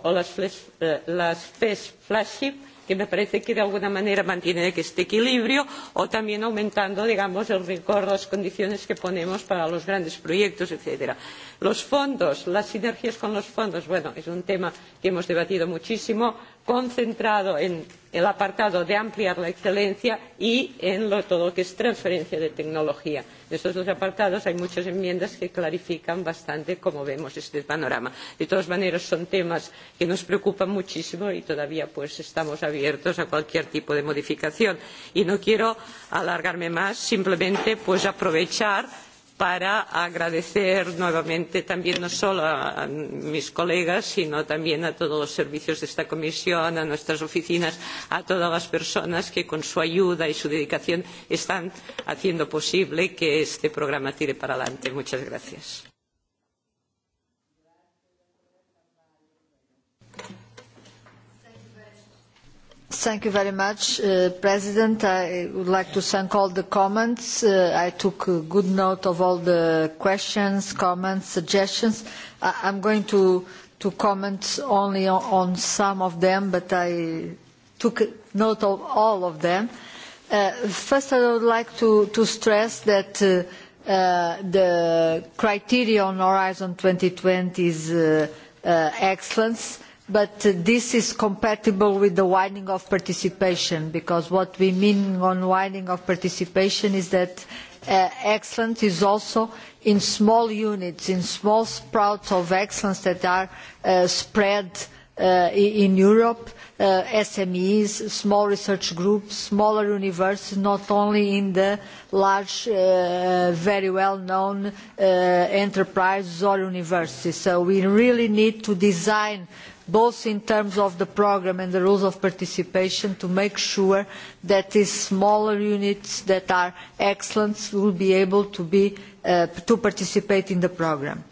las, flash, e eh, las fest flagship que me parece que de alguna manera mantienen este equilibrio o también aumentando digamos el rigor las condiciones que ponemos para los grandes proyectos etc. los fondos las sinergias con los fondos bueno es un tema que hemos debatido muchísimo concentrado en el apartado de ampliar la excelencia y en lo, todo lo que es transferencia de tecnología. En estos dos apartados hay muchas enmiendas que clarifican bastante cómo vemos este panorama. De todas maneras, son temas que nos preocupan muchísimo y todavía pues, estamos abiertos a cualquier tipo de modificación. Y no quiero alargarme más, simplemente pues, aprovechar para agradecer nuevamente también no solo a mis colegas sino también a todos los servicios de esta comisión a nuestras oficinas a todas las personas que con su ayuda y su dedicación están haciendo posible que este programa tire para adelante. muchas gracias. Thank you very much, uh, President. I would like to thank all the comments. Uh, I took good note of all the questions, comments, suggestions. I am going to, to comment only on, on some of them, but I took note of all of them. Uh, first, I would like to, to stress that uh, uh, the criteria on Horizon 2020 is uh, excellence but this is compatible with the widening of participation because what we mean on widening of participation is that uh, excellence is also in small units, in small sprouts of excellence that are uh, spread uh, in Europe, SMEs, small research groups, smaller universities, not only in the large, very well-known enterprises or universities. So we really need to design both in terms of the programme and the rules of participation to make sure that these smaller units that are excellent will be able to, be, uh, to participate in the programme.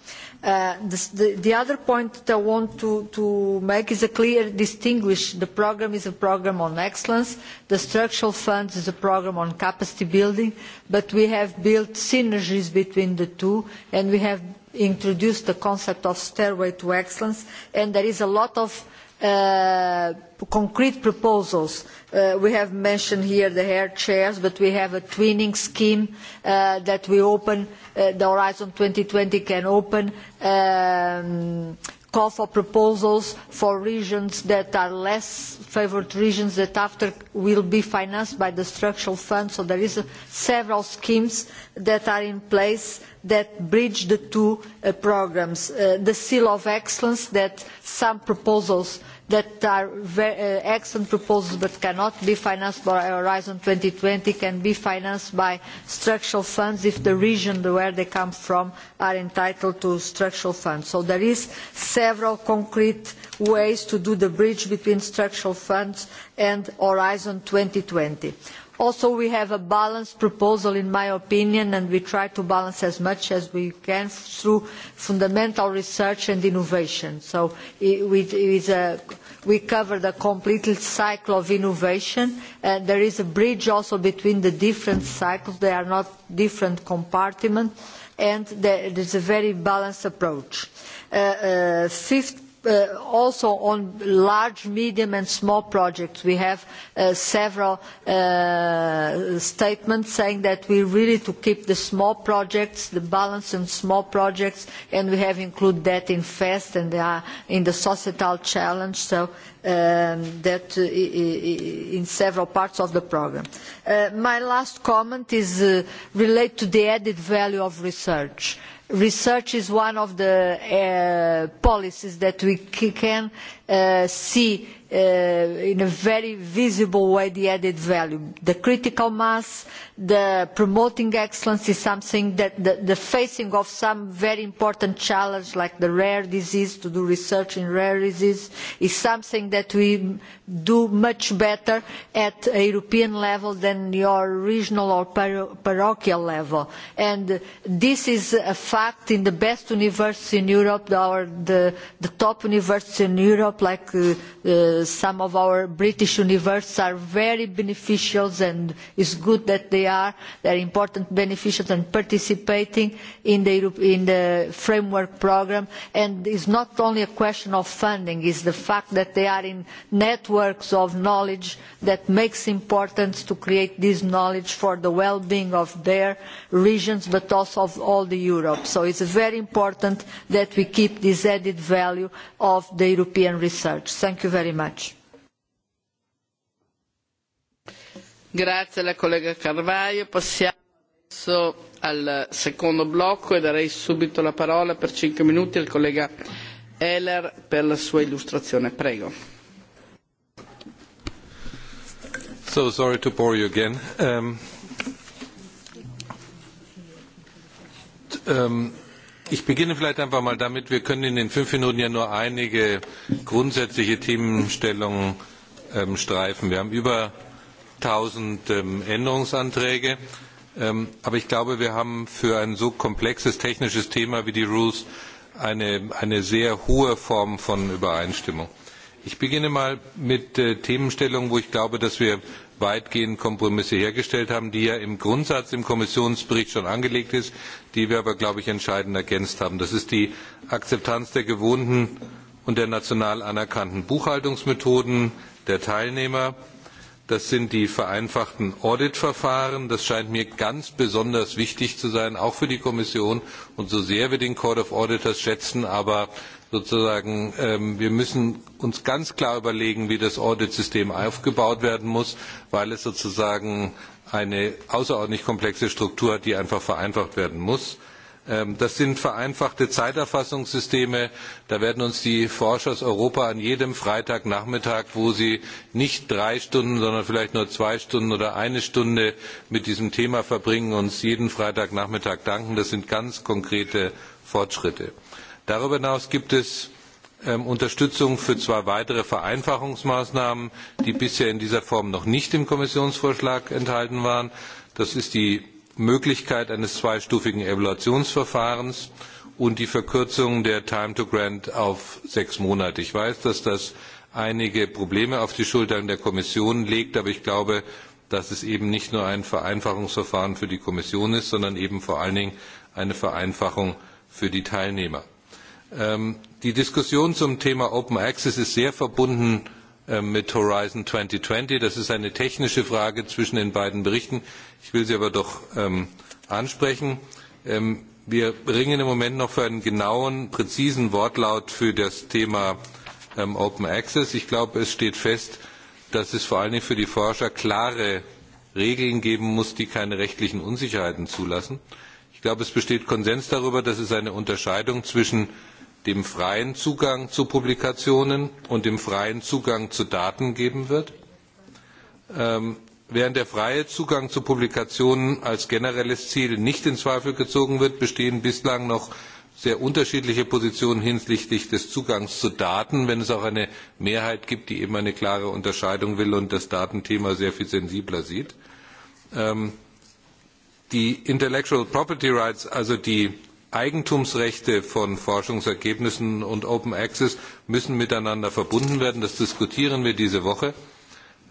Uh, the, the other point that i want to, to make is a clear distinction the programme is a programme on excellence the structural funds is a programme on capacity building but we have built synergies between the two and we have introduced the concept of stairway to excellence and there is a lot of Uh, concrete proposals. Uh, we have mentioned here the hair chairs, but we have a twinning scheme uh, that we open, uh, the Horizon twenty can open. Um, call for proposals for regions that are less favoured regions that after will be financed by the structural funds so there are several schemes that are in place that bridge the two uh, programmes. Uh, the seal of excellence that some proposals that are uh, excellent proposals but cannot be financed by horizon two thousand and twenty can be financed by structural funds if the region where they come from are entitled to structural funds. so there are several concrete ways to do the bridge between structural funds and horizon two thousand and twenty also we have a balanced proposal in my opinion and we try to balance as much as we can through fundamental research and innovation so it is a, we cover the complete cycle of innovation and there is a bridge also between the different cycles they are not different compartments and there is a very balanced approach. Uh, uh, fifth Uh, also on large medium and small projects we have uh, several uh, statements saying that we really need to keep the small projects the balance on small projects and we have included that in fest and in the societal challenge so Um, that uh, in several parts of the programme. Uh, my last comment is uh, related to the added value of research. Research is one of the uh, policies that we can Uh, see uh, in a very visible way the added value. The critical mass, the promoting excellence is something that the, the facing of some very important challenge like the rare disease, to do research in rare disease, is something that we do much better at a European level than your regional or parochial level. And this is a fact in the best universities in Europe, or the, the top universities in Europe Europe, like uh, uh, some of our British universities are very beneficial and it is good that they are. They are important beneficiaries and participating in the, framework programme. And it is not only a question of funding, it is the fact that they are in networks of knowledge that makes it important to create this knowledge for the well-being of their regions, but also of all Europe. So it is very important that we keep this added value of the European research. Thank you very much. Grazie alla collega Carvaio. Passiamo adesso al secondo blocco e darei subito la parola per cinque minuti al collega Ehler per la sua illustrazione. Prego. So sorry to bore you again. Um, um, ich beginne vielleicht einfach mal damit, wir können in den fünf Minuten ja nur einige grundsätzliche Themenstellungen ähm, streifen. Wir haben über tausend ähm, Änderungsanträge, ähm, aber ich glaube, wir haben für ein so komplexes technisches Thema wie die Rules eine sehr hohe Form von Übereinstimmung. Ich beginne mal mit äh, Themenstellungen, wo ich glaube, dass wir weitgehend Kompromisse hergestellt haben, die ja im Grundsatz im Kommissionsbericht schon angelegt ist, die wir aber, glaube ich, entscheidend ergänzt haben. Das ist die Akzeptanz der gewohnten und der national anerkannten Buchhaltungsmethoden der Teilnehmer. Das sind die vereinfachten Auditverfahren. Das scheint mir ganz besonders wichtig zu sein, auch für die Kommission. Und so sehr wir den Court of Auditors schätzen, aber äh, sozusagen, ähm, wir müssen uns ganz klar überlegen, wie das Auditsystem aufgebaut werden muss, weil es sozusagen eine außerordentlich komplexe Struktur hat, die einfach vereinfacht werden muss. Ähm, das sind vereinfachte Zeiterfassungssysteme. Da werden uns die Forscher aus Europa an jedem Freitagnachmittag, wo sie nicht drei Stunden, sondern vielleicht nur zwei Stunden oder eine Stunde mit diesem Thema verbringen, uns jeden Freitagnachmittag danken. Das sind ganz konkrete Fortschritte darüber hinaus gibt es ähm, unterstützung für zwei weitere vereinfachungsmaßnahmen die bisher in dieser form noch nicht im kommissionsvorschlag enthalten waren das ist die möglichkeit eines zweistufigen evaluationsverfahrens und die verkürzung der time to grant auf sechs monate. ich weiß dass das einige probleme auf die schultern der kommission legt aber ich glaube dass es eben nicht nur ein vereinfachungsverfahren für die kommission ist sondern eben vor allen dingen eine vereinfachung für die teilnehmer. Ähm, die Diskussion zum Thema Open Access ist sehr verbunden ähm, mit Horizon 2020. Das ist eine technische Frage zwischen den beiden Berichten. Ich will sie aber doch ähm, ansprechen. wir ringen im Moment noch für einen genauen, präzisen Wortlaut für das Thema Open Access. Ich glaube, es steht fest, dass es vor allen Dingen für die Forscher klare Regeln geben muss, die keine rechtlichen Unsicherheiten zulassen. Ich glaube, es besteht Konsens darüber, dass es eine Unterscheidung zwischen dem freien Zugang zu Publikationen und dem freien Zugang zu Daten geben wird, ähm, während der freie Zugang zu Publikationen als generelles Ziel nicht in Zweifel gezogen wird, bestehen bislang noch sehr unterschiedliche Positionen hinsichtlich des Zugangs zu Daten, wenn es auch eine Mehrheit gibt, die eben eine klare Unterscheidung will und das Datenthema sehr viel sensibler sieht. Ähm, die Intellectual Property Rights, also die Eigentumsrechte von Forschungsergebnissen und Open Access müssen miteinander verbunden werden. Das diskutieren wir diese Woche.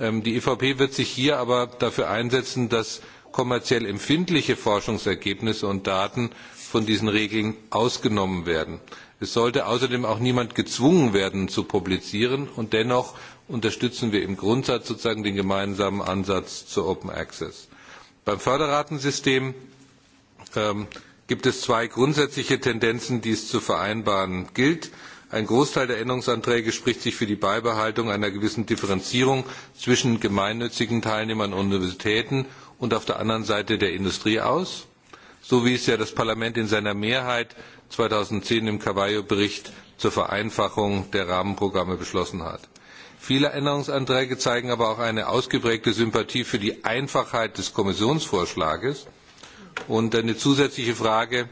Ähm, die EVP wird sich hier aber dafür einsetzen, dass kommerziell empfindliche Forschungsergebnisse und Daten von diesen Regeln ausgenommen werden. Es sollte außerdem auch niemand gezwungen werden, zu publizieren. Und dennoch unterstützen wir im Grundsatz sozusagen den gemeinsamen Ansatz zu Open Access. Beim Förderratensystem ähm, gibt es zwei grundsätzliche Tendenzen, die es zu vereinbaren gilt. Ein Großteil der Änderungsanträge spricht sich für die Beibehaltung einer gewissen Differenzierung zwischen gemeinnützigen Teilnehmern und Universitäten und auf der anderen Seite der Industrie aus, so wie es ja das Parlament in seiner Mehrheit zweitausendzehn im Cavallo-Bericht zur Vereinfachung der Rahmenprogramme beschlossen hat. Viele Änderungsanträge zeigen aber auch eine ausgeprägte Sympathie für die Einfachheit des Kommissionsvorschlags. Und eine zusätzliche Frage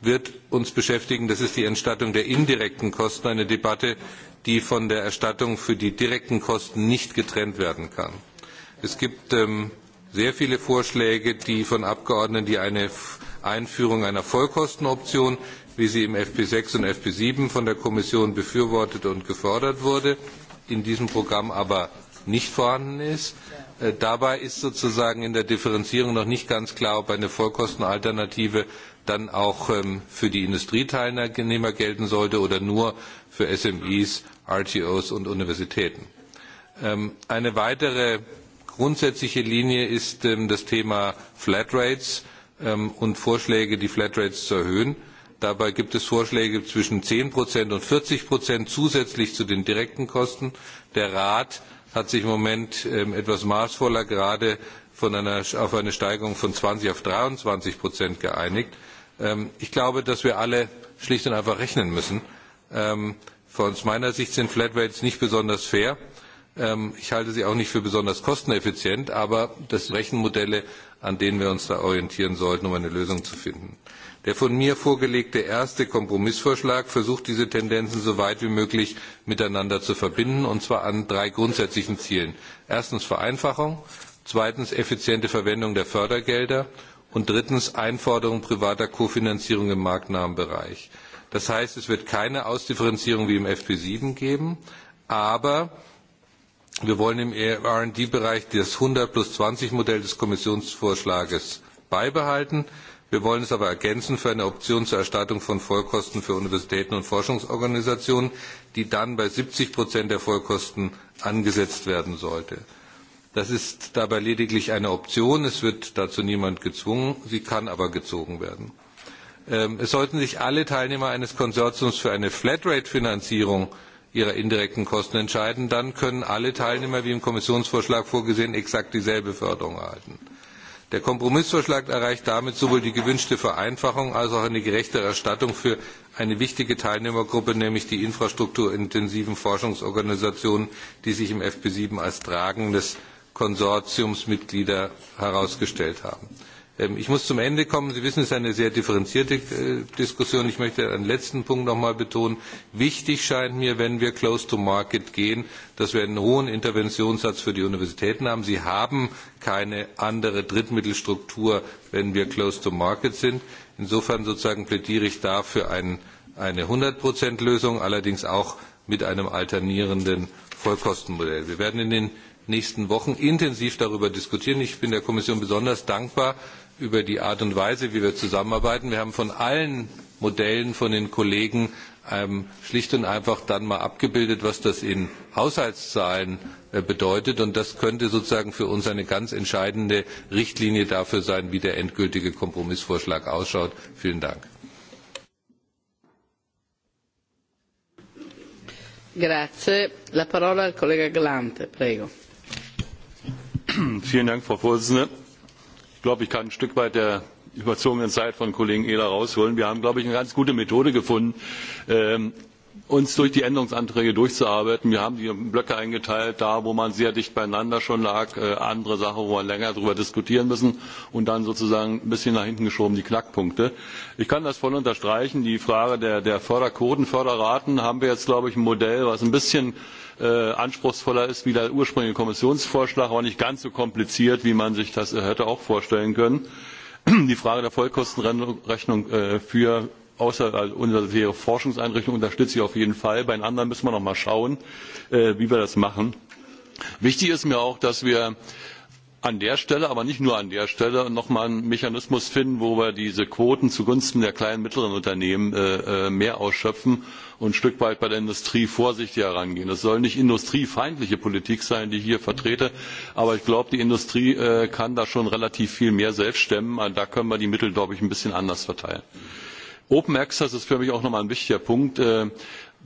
wird uns beschäftigen, das ist die Entstattung der indirekten Kosten, eine Debatte, die von der Erstattung für die direkten Kosten nicht getrennt werden kann. Es gibt ähm, sehr viele Vorschläge die von Abgeordneten, die eine Einführung einer Vollkostenoption, wie sie im fp sechs und fp sieben von der Kommission befürwortet und gefördert wurde, in diesem Programm aber nicht vorhanden ist. Äh, dabei ist sozusagen in der Differenzierung noch nicht ganz klar, ob eine Vollkostenalternative dann auch ähm, für die Industrieteilnehmer gelten sollte oder nur für SMEs, RTOs und Universitäten. Ähm, eine weitere grundsätzliche Linie ist ähm, das Thema Flatrates und Vorschläge, die Flatrates zu erhöhen. Dabei gibt es Vorschläge zwischen 10% und 40% zusätzlich zu den direkten Kosten. Der Rat hat sich im Moment ähm, etwas maßvoller gerade einer, auf eine Steigerung von zwanzig auf 23 Prozent geeinigt. Ähm, ich glaube, dass wir alle schlicht und einfach rechnen müssen. Ähm, aus meiner Sicht sind Flatrates nicht besonders fair. Ich halte sie auch nicht für besonders kosteneffizient, aber das sind Rechenmodelle, an denen wir uns da orientieren sollten, um eine Lösung zu finden. Der von mir vorgelegte erste Kompromissvorschlag versucht, diese Tendenzen so weit wie möglich miteinander zu verbinden, und zwar an drei grundsätzlichen Zielen. Erstens Vereinfachung, zweitens effiziente Verwendung der Fördergelder und drittens Einforderung privater Kofinanzierung im marktnahen Bereich. Das heißt, es wird keine Ausdifferenzierung wie im fp sieben geben, aber wir wollen im R&D-Bereich das 100 plus 20 Modell des Kommissionsvorschlages beibehalten. Wir wollen es aber ergänzen für eine Option zur Erstattung von Vollkosten für Universitäten und Forschungsorganisationen, die dann bei siebzig der Vollkosten angesetzt werden sollte. Das ist dabei lediglich eine Option. Es wird dazu niemand gezwungen. Sie kann aber gezogen werden. Ähm, es sollten sich alle Teilnehmer eines Konsortiums für eine Flatrate-Finanzierung ihrer indirekten Kosten entscheiden. Dann können alle Teilnehmer, wie im Kommissionsvorschlag vorgesehen, exakt dieselbe Förderung erhalten. Der Kompromissvorschlag erreicht damit sowohl die gewünschte Vereinfachung als auch eine gerechte Erstattung für eine wichtige Teilnehmergruppe, nämlich die infrastrukturintensiven Forschungsorganisationen, die sich im fp sieben als tragendes Konsortiumsmitglieder herausgestellt haben. Ähm, ich muss zum Ende kommen. Sie wissen, es ist eine sehr differenzierte äh, Diskussion. Ich möchte einen letzten Punkt noch einmal betonen. Wichtig scheint mir, wenn wir close to market gehen, dass wir einen hohen Interventionssatz für die Universitäten haben. Sie haben keine andere Drittmittelstruktur, wenn wir close to market sind. Insofern sozusagen plädiere ich dafür ein, eine 100 Lösung, allerdings auch mit einem alternierenden Vollkostenmodell. Wir werden in den nächsten Wochen intensiv darüber diskutieren. Ich bin der Kommission besonders dankbar, über die Art und Weise, wie wir zusammenarbeiten. Wir haben von allen Modellen von den Kollegen ähm, schlicht und einfach dann mal abgebildet, was das in Haushaltszahlen äh, bedeutet. Und das könnte sozusagen für uns eine ganz entscheidende Richtlinie dafür sein, wie der endgültige Kompromissvorschlag ausschaut. Vielen Dank. Dank, frau glaube, ich kann ein Stück weit der überzogenen Zeit von Kollegen Ehler herausholen. Wir haben, glaube ich, eine ganz gute Methode gefunden, ähm, uns durch die Änderungsanträge durchzuarbeiten. Wir haben die Blöcke eingeteilt, da wo man sehr dicht beieinander schon lag, äh, andere Sachen, wo wir länger darüber diskutieren müssen und dann sozusagen ein bisschen nach hinten geschoben die Knackpunkte. Ich kann das voll unterstreichen. Die Frage der, der Förderquoten, Förderraten haben wir jetzt, glaube ich, ein Modell, was ein bisschen äh, anspruchsvoller ist wie der ursprüngliche Kommissionsvorschlag, aber nicht ganz so kompliziert, wie man sich das hätte auch vorstellen können. Die Frage der Vollkostenrechnung äh, für außer universitäre Forschungseinrichtungen unterstütze ich auf jeden Fall. Bei den anderen müssen wir noch mal schauen, äh, wie wir das machen. Wichtig ist mir auch, dass wir an der Stelle, aber nicht nur an der Stelle, noch mal einen Mechanismus finden, wo wir diese Quoten zugunsten der kleinen und mittleren Unternehmen äh, äh, mehr ausschöpfen und ein Stück weit bei der Industrie vorsichtiger herangehen. Das soll nicht industriefeindliche Politik sein, die ich hier vertrete, aber ich glaube, die Industrie kann da schon relativ viel mehr selbst stemmen. Da können wir die Mittel, glaube ich, ein bisschen anders verteilen. Open Access ist für mich auch nochmal ein wichtiger Punkt, äh,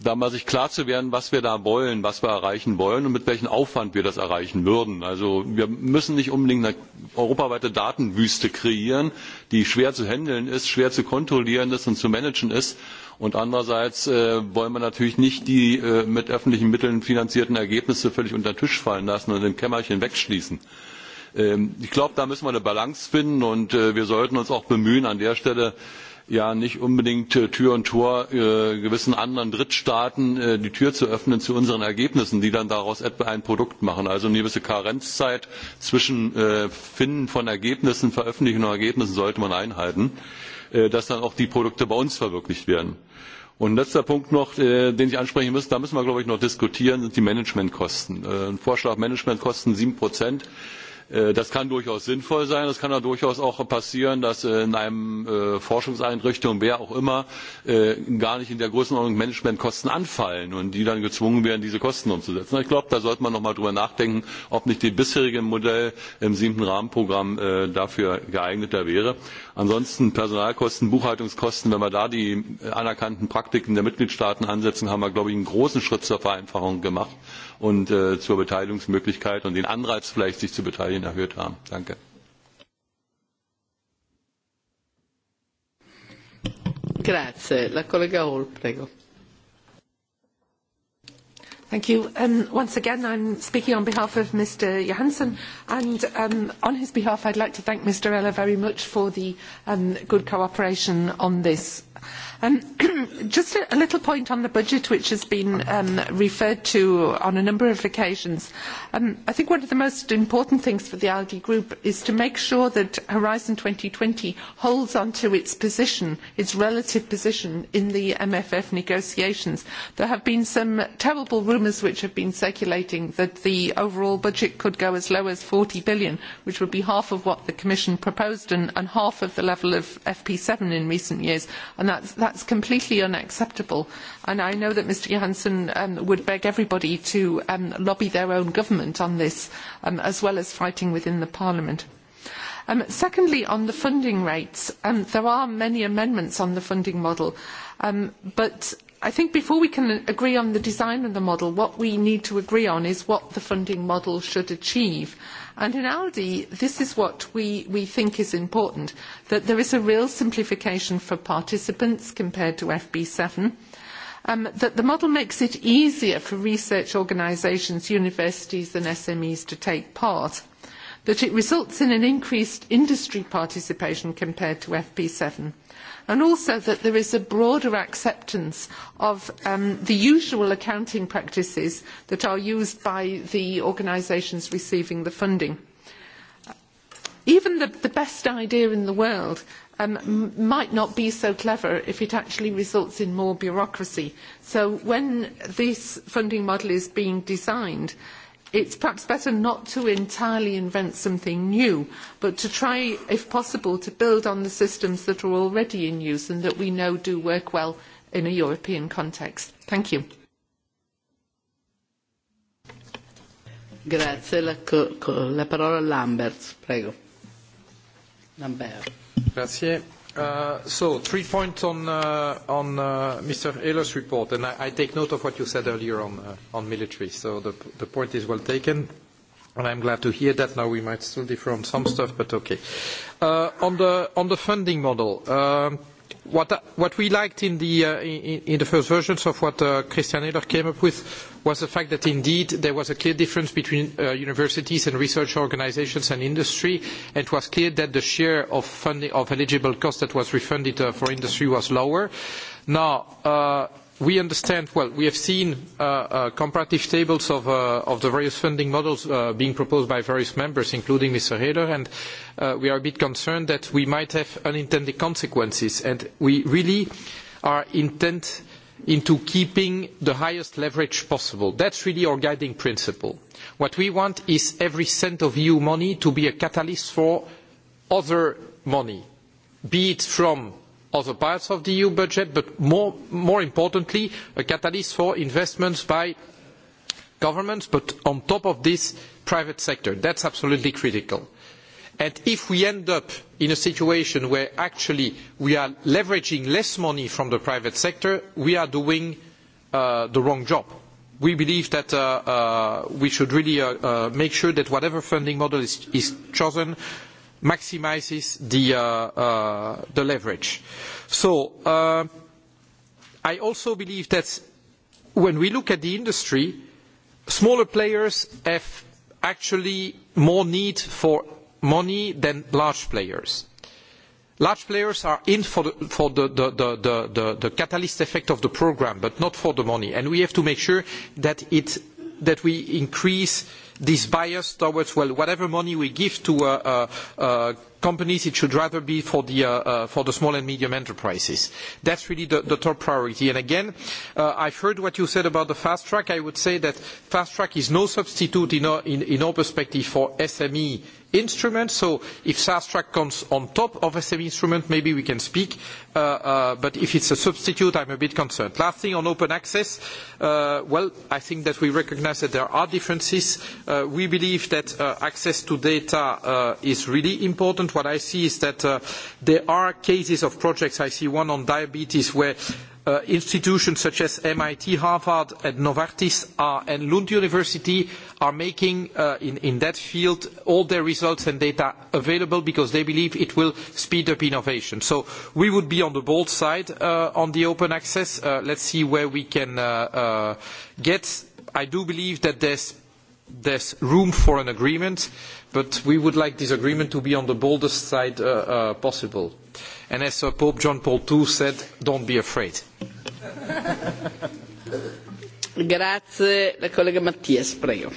da mal sich klar zu werden, was wir da wollen, was wir erreichen wollen und mit welchem Aufwand wir das erreichen würden. Also wir müssen nicht unbedingt eine europaweite Datenwüste kreieren, die schwer zu handeln ist, schwer zu kontrollieren ist und zu managen ist. Und andererseits äh, wollen wir natürlich nicht die äh, mit öffentlichen Mitteln finanzierten Ergebnisse völlig unter den Tisch fallen lassen und im Kämmerchen wegschließen. Ähm, ich glaube, da müssen wir eine Balance finden und äh, wir sollten uns auch bemühen, an der Stelle äh, ja nicht unbedingt äh, Tür und Tor äh, gewissen anderen Drittstaaten äh, die Tür zu öffnen zu unseren Ergebnissen, die dann daraus etwa ein Produkt machen. Also eine gewisse Karenzzeit zwischen äh, Finden von Ergebnissen, Veröffentlichen von Ergebnissen sollte man einhalten, äh, dass dann auch die Produkte bei uns verwirklicht werden. Und ein letzter Punkt noch, äh, den ich ansprechen muss, da müssen wir, glaube ich, noch diskutieren, sind die Managementkosten. Ein Vorschlag Managementkosten sieben Prozent Äh, das kann durchaus sinnvoll sein. Es kann aber durchaus auch passieren, dass äh, in einer äh, Forschungseinrichtung, wer auch immer, gar nicht in der Größenordnung Managementkosten anfallen und die dann gezwungen werden, diese Kosten umzusetzen. Ich glaube, da sollte man noch mal drüber nachdenken, ob nicht das bisherige Modell im siebten Rahmenprogramm dafür geeigneter wäre. Ansonsten Personalkosten, Buchhaltungskosten, wenn wir da die anerkannten Praktiken der Mitgliedstaaten ansetzen, haben wir, glaube ich, einen großen Schritt zur Vereinfachung gemacht und äh, zur Beteiligungsmöglichkeit und den Anreiz vielleicht, sich zu beteiligen, erhöht haben. Danke. Grazie. La collega Hall, prego. Thank you. Um, once again, I'm speaking on behalf of Mr. Johansson, and um, on his behalf, I'd like to thank Mr. Eller very much for the um, good cooperation on this Um, [clears throat] just a, little point on the budget, which has been um, referred to on a number of occasions. Um, I think one of the most important things for the ALDE group is to make sure that Horizon twenty holds on to its position, its relative position in the MFF negotiations. There have been some terrible rumours which have been circulating that the overall budget could go as low as EUR forty billion, which would be half of what the Commission proposed and, and half of the level of fp seven in recent years. And that's, that that is completely unacceptable. And I know that Mr Johansson um, would beg everybody to um, lobby their own government on this, um, as well as fighting within Parliament. secondly, on the funding rates, there are many amendments on the funding model, but i think before we can agree on the design of the model, what we need to agree on is what the funding model should achieve. And in Aldi, this is what we, we think is important, that there is a real simplification for participants compared to FB7, um, that the model makes it easier for research organisations, universities and SMEs to take part, that it results in an increased industry participation compared to FP7, and also that there is a broader acceptance of um, the usual accounting practices that are used by the organisations receiving the funding. Uh, even the, the best idea in the world um, might not be so clever if it actually results in more bureaucracy. So when this funding model is being designed, It is perhaps better not to entirely invent something new, but to try, if possible, to build on the systems that are already in use and that we know do work well in a European context. Thank you. Grazie, la, la parola Lambert, prego. Lambert. Grazie. Uh, so three points on, uh, on uh, Mr. Ehler's report, and I, I take note of what you said earlier on, uh, on military. So the, the point is well taken, and I'm glad to hear that. Now, we might still differ on some stuff, but okay. Uh, on the, on the funding model, um, What, uh, what we liked in the, uh, in, in the first versions of what uh, Christian Ehler came up with was the fact that indeed there was a clear difference between uh, universities and research organisations and industry, and it was clear that the share of, funding, of eligible costs that was refunded uh, for industry was lower. Now, uh, we understand, well, we have seen uh, uh, comparative tables of, uh, of the various funding models uh, being proposed by various members, including Mr. Ehler, and uh, we are a bit concerned that we might have unintended consequences. And we really are intent into keeping the highest leverage possible. That's really our guiding principle. What we want is every cent of EU money to be a catalyst for other money, be it from other parts of the EU budget, but more, more importantly, a catalyst for investments by governments, but on top of this, private sector. That is absolutely critical. And if we end up in a situation where actually we are leveraging less money from the private sector, we are doing uh, the wrong job. We believe that uh, uh, we should really uh, uh, make sure that whatever funding model is, is chosen, maximises uh, uh, the, leverage. So uh, I also believe that when we look at the industry, smaller players have actually more need for money than large players. Large players are in for the, for the, the, the, the catalyst effect of the programme, but not for the money. And we have to make sure that, we increase this bias towards, well, whatever money we give to uh, uh, uh, companies, it should rather be for the, uh, uh, for the small and medium enterprises. That's really the, the top priority. And again, uh, I've heard what you said about the fast track. I would say that fast track is no substitute in our, uh, in, in our perspective for SME instruments, So if fast track comes on top of SME instrument, maybe we can speak. Uh, uh, but if it's a substitute, I'm a bit concerned. Last thing on open access, uh, well, I think that we recognize that there are differences. Uh, we believe that uh, access to data is really important moment, What I see is that uh, there are cases of projects, I see one on diabetes, where uh, institutions such as MIT, Harvard, and Novartis are, and Lund University are making uh, in, in that field all their results and data available because they believe it will speed up innovation. So we would be on the bold side uh, on the open access. Uh, let's see where we can uh, uh, get. I do believe that there's, there's room for an agreement. Uh, but we would like this agreement to be on the boldest side uh, uh, possible. And as uh, Pope John Paul II said, don't be afraid. [laughs] Grazie, la collega Mattias, prego.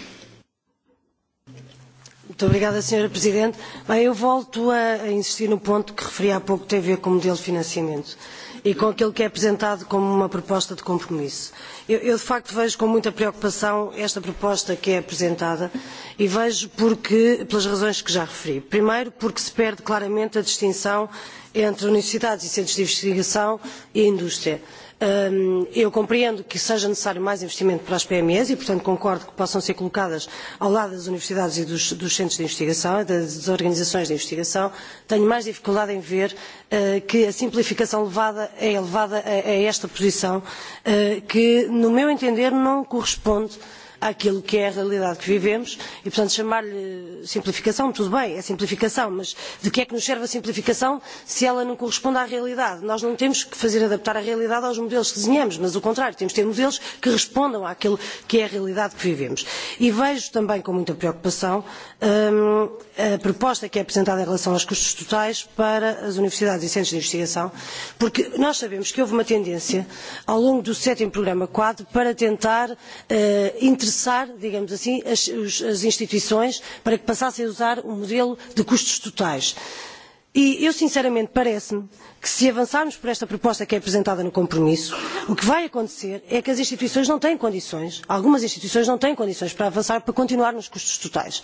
Muito obrigada, Presidente. Bem, eu volto a insistir no ponto que referi há pouco, que tem a ver com o modelo de financiamento. Uh, e com aquilo que é apresentado como uma proposta de compromisso. Eu, eu de facto vejo com muita preocupação esta proposta que é apresentada e vejo porque, pelas razões que já referi. Primeiro, porque se perde claramente a distinção entre universidades e centros de investigação e indústria Ehm, eu compreendo que seja necessário mais investimento para as PMEs e, portanto, concordo que possam ser colocadas ao lado das universidades e dos, dos centros de investigação, das organizações de investigação. Tenho mais dificuldade em ver uh, que a simplificação levada é elevada a, a esta posição, uh, que, no meu entender, não corresponde uh, àquilo que é a realidade que vivemos e, portanto, chamar-lhe simplificação, tudo bem, é simplificação, mas de que é que nos serve a simplificação se ela não corresponde à realidade? Nós não temos que fazer adaptar a realidade aos modelos que desenhamos, mas o contrário, temos que ter modelos que respondam àquilo que é a realidade que vivemos. E vejo também com muita preocupação hum, a proposta que é apresentada em relação aos custos totais para as universidades e centros de investigação, porque nós sabemos que houve uma tendência ao longo do sétimo programa quadro para tentar uh, engessar digamos assim as, as instituições para que passassem a usar um modelo de custos totais. E eu sinceramente parece-me que se avançarmos por esta proposta que é apresentada no compromisso, o que vai acontecer é que as instituições não têm condições, algumas instituições não têm condições para avançar para continuar nos custos totais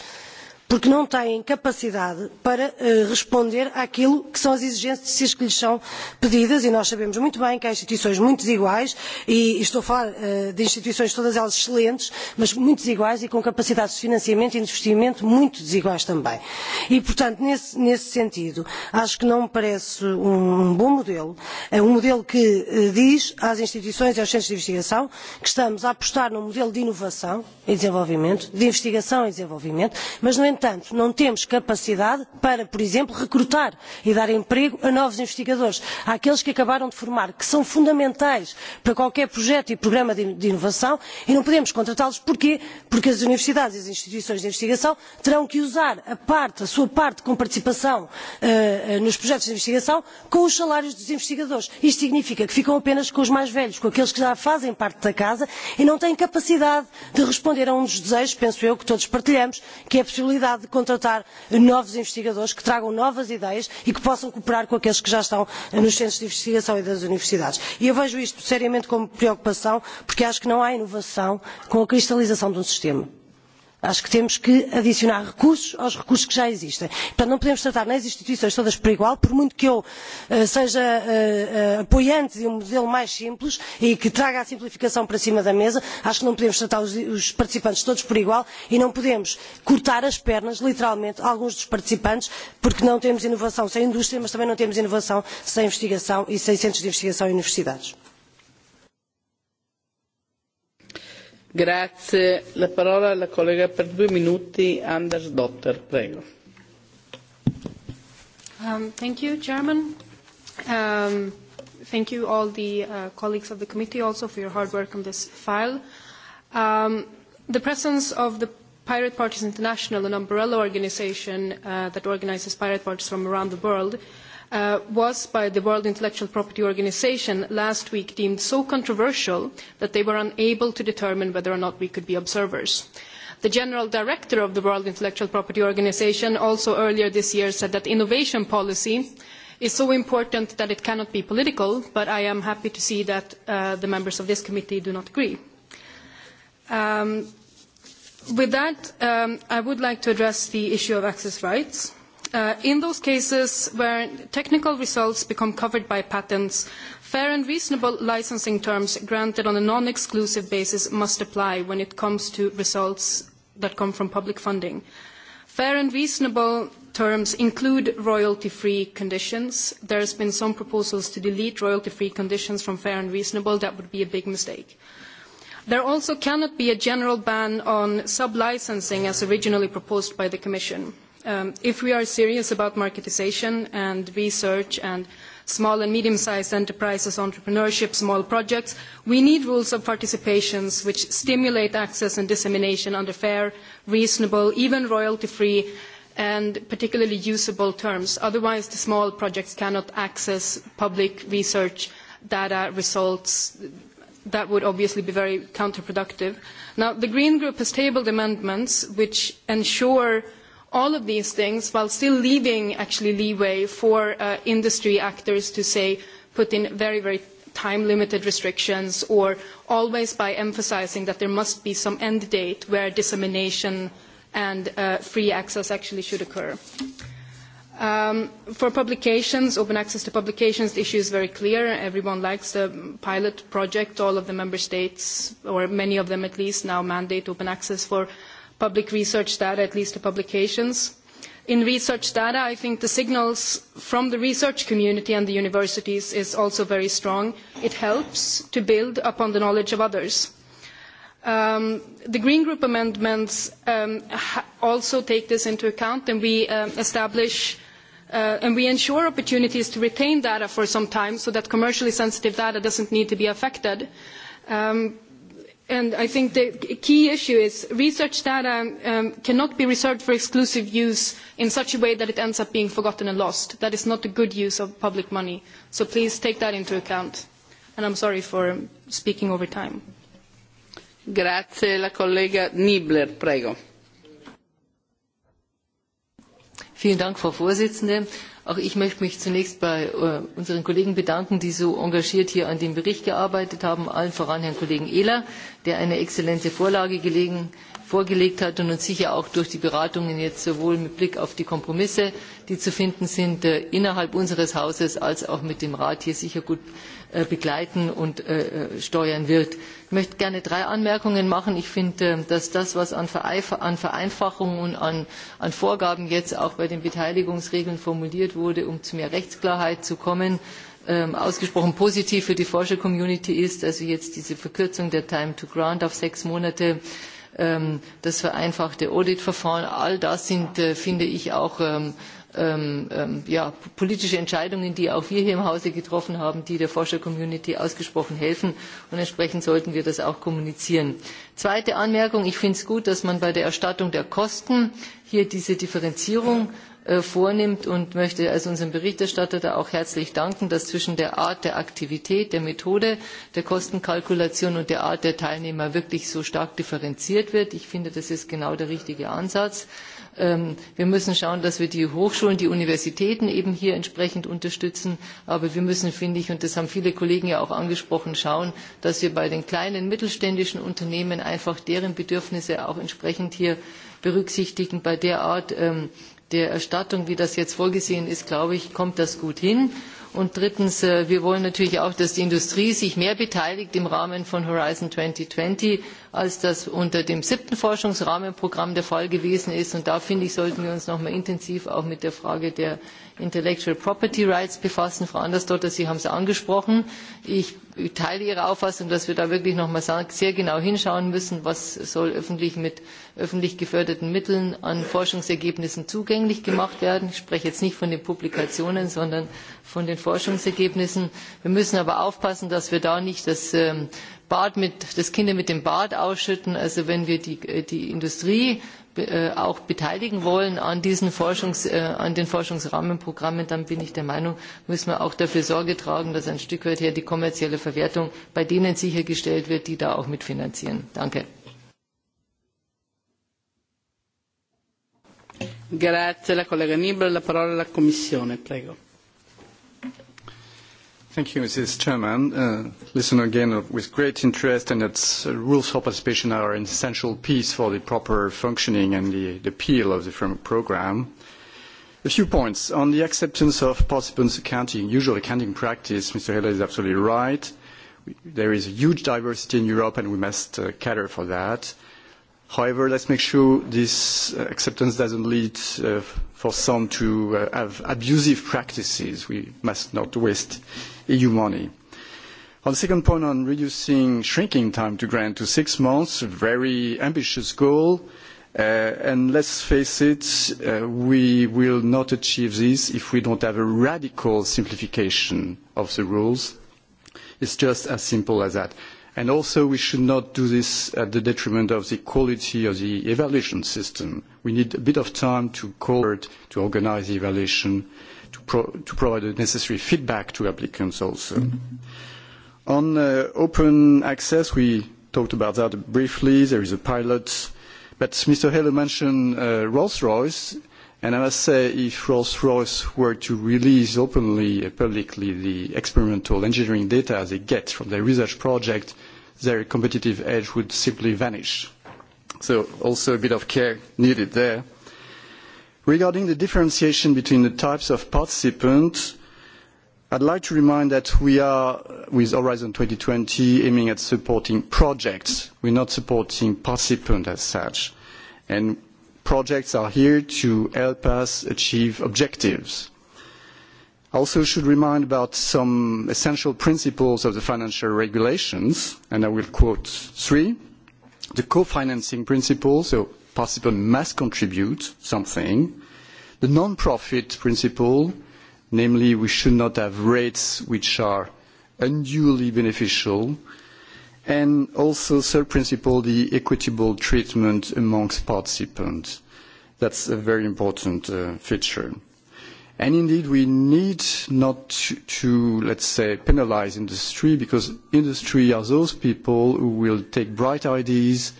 porque não têm capacidade para eh, responder àquilo que são as exigências que lhes são pedidas e nós sabemos muito bem que há instituições muito desiguais e, e estou a falar eh, de instituições todas elas excelentes, mas muito desiguais e com capacidades de financiamento e de investimento muito desiguais também. E, portanto, nesse, nesse sentido, acho que não me parece um, um bom modelo, é um modelo que eh, diz às instituições e aos centros de investigação que estamos a apostar num modelo de inovação e desenvolvimento, de investigação e desenvolvimento, mas, no entanto, entanto não temos capacidade para por exemplo recrutar e dar emprego a novos investigadores àqueles que acabaram de formar que são fundamentais para qualquer projeto e programa de inovação e não podemos contratá los porquê? porque as universidades e as instituições de investigação terão que usar a parte a sua parte com participação uh, nos projetos de investigação com os salários dos investigadores isto significa que ficam apenas com os mais velhos com aqueles que já fazem parte da casa e não têm capacidade de responder a um dos desejos penso eu que todos partilhamos que é a possibilidade necessidade de contratar novos investigadores que tragam novas ideias e que possam cooperar com aqueles que já estão nos centros de investigação e das universidades. E eu vejo isto seriamente como preocupação porque acho que não há inovação com a cristalização de um sistema. Acho que temos que adicionar recursos aos recursos que já existem. Portanto, não podemos tratar nas instituições todas por igual, por muito que eu eh, seja eh, eh, apoiante de um modelo mais simples e que traga a simplificação para cima da mesa, acho que não podemos tratar os, os participantes todos por igual e não podemos cortar as pernas, literalmente, a alguns dos participantes, porque não temos inovação sem indústria, mas também não temos inovação sem investigação e sem centros de investigação e universidades. La parola collega per due minuti, Anders prego. Um, thank you, Chairman. Um, thank you all the uh, colleagues of the committee also for your hard work on this file. Um, the presence of the Pirate Parties International, an umbrella organisation uh, that organises pirate parties from around the world, Uh, was by the World Intellectual Property Organisation last week deemed so controversial that they were unable to determine whether or not we could be observers. The General Director of the World Intellectual Property Organisation also earlier this year said that innovation policy is so important that it cannot be political, but I am happy to see that uh, the members of this committee do not agree. Um, with that, um, I would like to address the issue of access rights. Uh, in those cases where technical results become covered by patents, fair and reasonable licensing terms granted on a non-exclusive basis must apply when it comes to results that come from public funding. Fair and reasonable terms include royalty-free conditions. There have been some proposals to delete royalty-free conditions from fair and reasonable. That would be a big mistake. There also cannot be a general ban on sub-licensing as originally proposed by the Commission um, if we are serious about marketisation and research and small and medium-sized enterprises, entrepreneurship, small projects, we need rules of participation which stimulate access and dissemination under fair, reasonable, even royalty-free and particularly usable terms. Otherwise, the small projects cannot access public research data results. That would obviously be very counterproductive. Now, the Green Group has tabled amendments which ensure all of these things while still leaving actually leeway for uh, industry actors to say put in very very time limited restrictions or always by emphasising that there must be some end date where dissemination and uh, free access actually should occur. Um, for publications, open access to publications, the issue is very clear. Everyone likes the pilot project. All of the member states, or many of them at least, now mandate open access for public research data, at least the publications. In research data, I think the signals from the research community and the universities is also very strong. It helps to build upon the knowledge of others. Um, the Green Group amendments um, also take this into account, and we um, establish uh, and we ensure opportunities to retain data for some time so that commercially sensitive data does not need to be affected. Um, and I think the key issue is research data um, cannot be reserved for exclusive use in such a way that it ends up being forgotten and lost. That is not a good use of public money. So please take that into account. And I'm sorry for speaking over time. Grazie, Frau Vorsitzende. Auch ich möchte mich zunächst bei äh, unseren Kollegen bedanken, die so engagiert hier an dem Bericht gearbeitet haben, allen voran Herrn Kollegen Ehler, der eine exzellente Vorlage gelegen, vorgelegt hat und uns sicher auch durch die Beratungen jetzt sowohl mit Blick auf die Kompromisse, die zu finden sind, äh, innerhalb unseres Hauses als auch mit dem Rat hier sicher gut äh, begleiten und äh, steuern wird. Ich möchte gerne drei Anmerkungen machen. Ich finde, ähm, dass das, was an Vereinfachung und an, an Vorgaben jetzt auch bei den Beteiligungsregeln formuliert wurde, um zu mehr Rechtsklarheit zu kommen, ähm, ausgesprochen positiv für die Forscher-Community ist, also jetzt diese Verkürzung der Time to Grant auf sechs Monate Ähm, das vereinfachte Auditverfahren. All das sind, äh, finde ich, auch ähm, ähm, ja, politische Entscheidungen, die auch wir hier im Hause getroffen haben, die der Forscher-Community ausgesprochen helfen. Und entsprechend sollten wir das auch kommunizieren. Zweite Anmerkung. Ich finde es gut, dass man bei der Erstattung der Kosten hier diese Differenzierung Äh, vornimmt und möchte also unserem Berichterstatter da auch herzlich danken, dass zwischen der Art der Aktivität, der Methode, der Kostenkalkulation und der Art der Teilnehmer wirklich so stark differenziert wird. Ich finde, das ist genau der richtige Ansatz. Ähm, wir müssen schauen, dass wir die Hochschulen, die Universitäten eben hier entsprechend unterstützen. Aber wir müssen, finde ich, und das haben viele Kollegen ja auch angesprochen, schauen, dass wir bei den kleinen mittelständischen Unternehmen einfach deren Bedürfnisse auch entsprechend hier berücksichtigen bei der Art ähm, der Erstattung, wie das jetzt vorgesehen ist, glaube ich, kommt das gut hin. Und drittens, äh, wir wollen natürlich auch, dass die Industrie sich mehr beteiligt im Rahmen von Horizon 2020, als das unter dem siebten Forschungsrahmenprogramm der Fall gewesen ist. Und da, finde ich, sollten wir uns noch mal intensiv auch mit der Frage der Intellectual Property Rights befassen. Frau Andersdotter, Sie haben es angesprochen. Ich teile Ihre Auffassung, dass wir da wirklich noch einmal sehr genau hinschauen müssen, was soll öffentlich mit öffentlich geförderten Mitteln an Forschungsergebnissen zugänglich gemacht werden. Ich spreche jetzt nicht von den Publikationen, sondern von den Forschungsergebnissen. Wir müssen aber aufpassen, dass wir da nicht das ähm, Bad mit, das Kinder mit dem Bad ausschütten. Also wenn wir die, äh, die Industrie Äh, auch beteiligen wollen an, diesen äh, an den Forschungsrahmenprogrammen, dann bin ich der Meinung, müssen wir auch dafür Sorge tragen, dass ein Stück weit her die kommerzielle Verwertung bei denen sichergestellt wird, die da auch mitfinanzieren. Danke. Thank you, Mrs. Chairman. Uh, listen again uh, with great interest, and that uh, rules for participation are an essential piece for the proper functioning and the, appeal of the framework programme. A few points. On the acceptance of participants' accounting, usual accounting practice, Mr. Heller is absolutely right. There is a huge diversity in Europe, and we must cater for that. However, let's make sure this acceptance doesn't lead uh, for some to uh, have abusive practices. We must not waste EU money. On the second point on reducing shrinking time to grant to six months, a very ambitious goal. Uh, and let's face it, uh, we will not achieve this if we don't have a radical simplification of the rules. It's just as simple as that. And also, we should not do this at the detriment of the quality of the evaluation system. We need a bit of time to court, to organise the evaluation, to, pro to provide the necessary feedback to applicants also. Mm-hmm. On uh, open access, we talked about that briefly. There is a pilot. But Mr. Heller mentioned uh, Rolls-Royce, and I must say, if Rolls-Royce were to release openly, uh, publicly, the experimental engineering data they get from their research project, their competitive edge would simply vanish. So also a bit of care needed there. Regarding the differentiation between the types of participants, I'd like to remind that we are, with Horizon 2020, aiming at supporting projects. We're not supporting participants as such. And projects are here to help us achieve objectives. I also should remind about some essential principles of the financial regulations, and I will quote three. The co-financing principle, so participants must contribute something. The non-profit principle, namely we should not have rates which are unduly beneficial. And also, third principle, the equitable treatment amongst participants. That's a very important uh, feature. And indeed, we need not to, let's say, penalise industry, because industry are those people who will take bright ideas,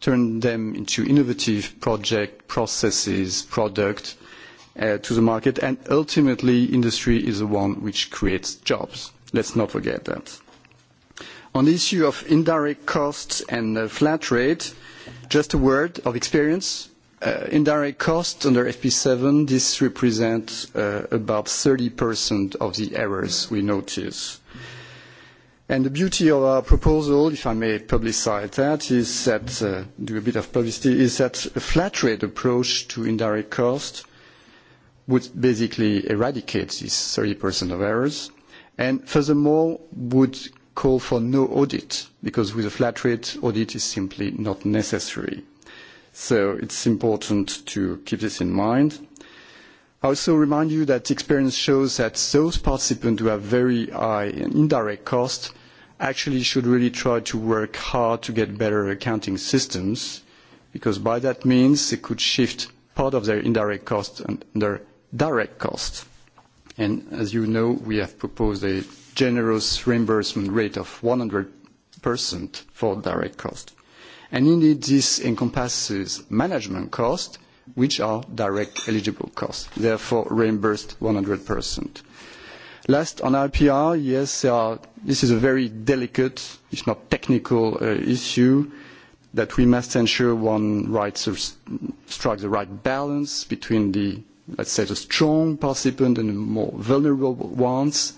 turn them into innovative project processes, product uh, to the market, and ultimately, industry is the one which creates jobs. Let's not forget that. On the issue of indirect costs and uh, flat rate, just a word of experience Uh, indirect costs under FP7, this represents uh, about 30% of the errors we notice. And The beauty of our proposal, if I may publicize that, is that, uh, do a bit of publicity, is that a flat rate approach to indirect costs would basically eradicate these 30% of errors, and furthermore, would call for no audit, because with a flat rate, audit is simply not necessary. So it's important to keep this in mind. I also remind you that experience shows that those participants who have very high indirect costs actually should really try to work hard to get better accounting systems, because by that means they could shift part of their indirect costs and their direct costs. And as you know, we have proposed a generous reimbursement rate of 100% for direct costs. And indeed, this encompasses management costs, which are direct eligible costs, therefore reimbursed 100%. Last, on IPR, yes, this is a very delicate, if not technical, uh, issue that we must ensure one strikes the right balance between the, let's say, the strong participant and the more vulnerable ones.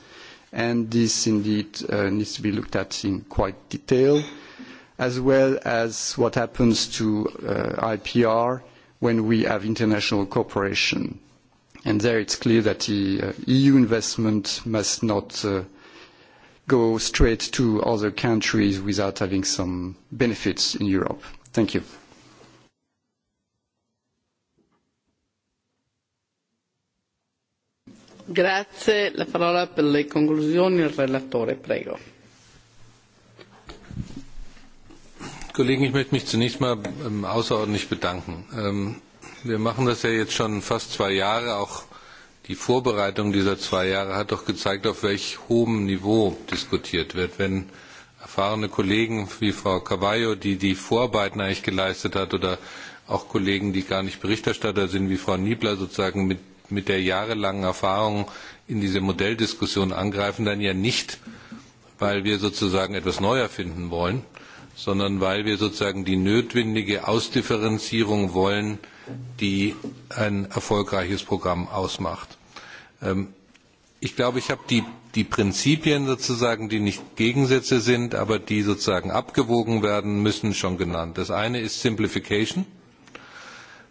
And this indeed uh, needs to be looked at in quite detail as well as what happens to uh, IPR when we have international cooperation. And there it's clear that the uh, EU investment must not uh, go straight to other countries without having some benefits in Europe. Thank you. Grazie. La parola per le conclusioni il relatore, prego. Kollegen, ich möchte mich zunächst mal ähm, außerordentlich bedanken. Ähm, wir machen das ja jetzt schon fast zwei Jahre. Auch die Vorbereitung dieser zwei Jahre hat doch gezeigt, auf welch hohem Niveau diskutiert wird. Wenn erfahrene Kollegen wie Frau Cavallo, die die Vorarbeiten eigentlich geleistet hat, oder auch Kollegen, die gar nicht Berichterstatter sind, wie Frau Niebler sozusagen mit, mit der jahrelangen Erfahrung in diese Modelldiskussion angreifen, dann ja nicht, weil wir sozusagen etwas neu erfinden wollen, sondern weil wir sozusagen die notwendige Ausdifferenzierung wollen, die ein erfolgreiches Programm ausmacht. Ähm, ich glaube, ich habe die, die Prinzipien sozusagen, die nicht Gegensätze sind, aber die sozusagen abgewogen werden müssen, schon genannt. Das eine ist Simplification.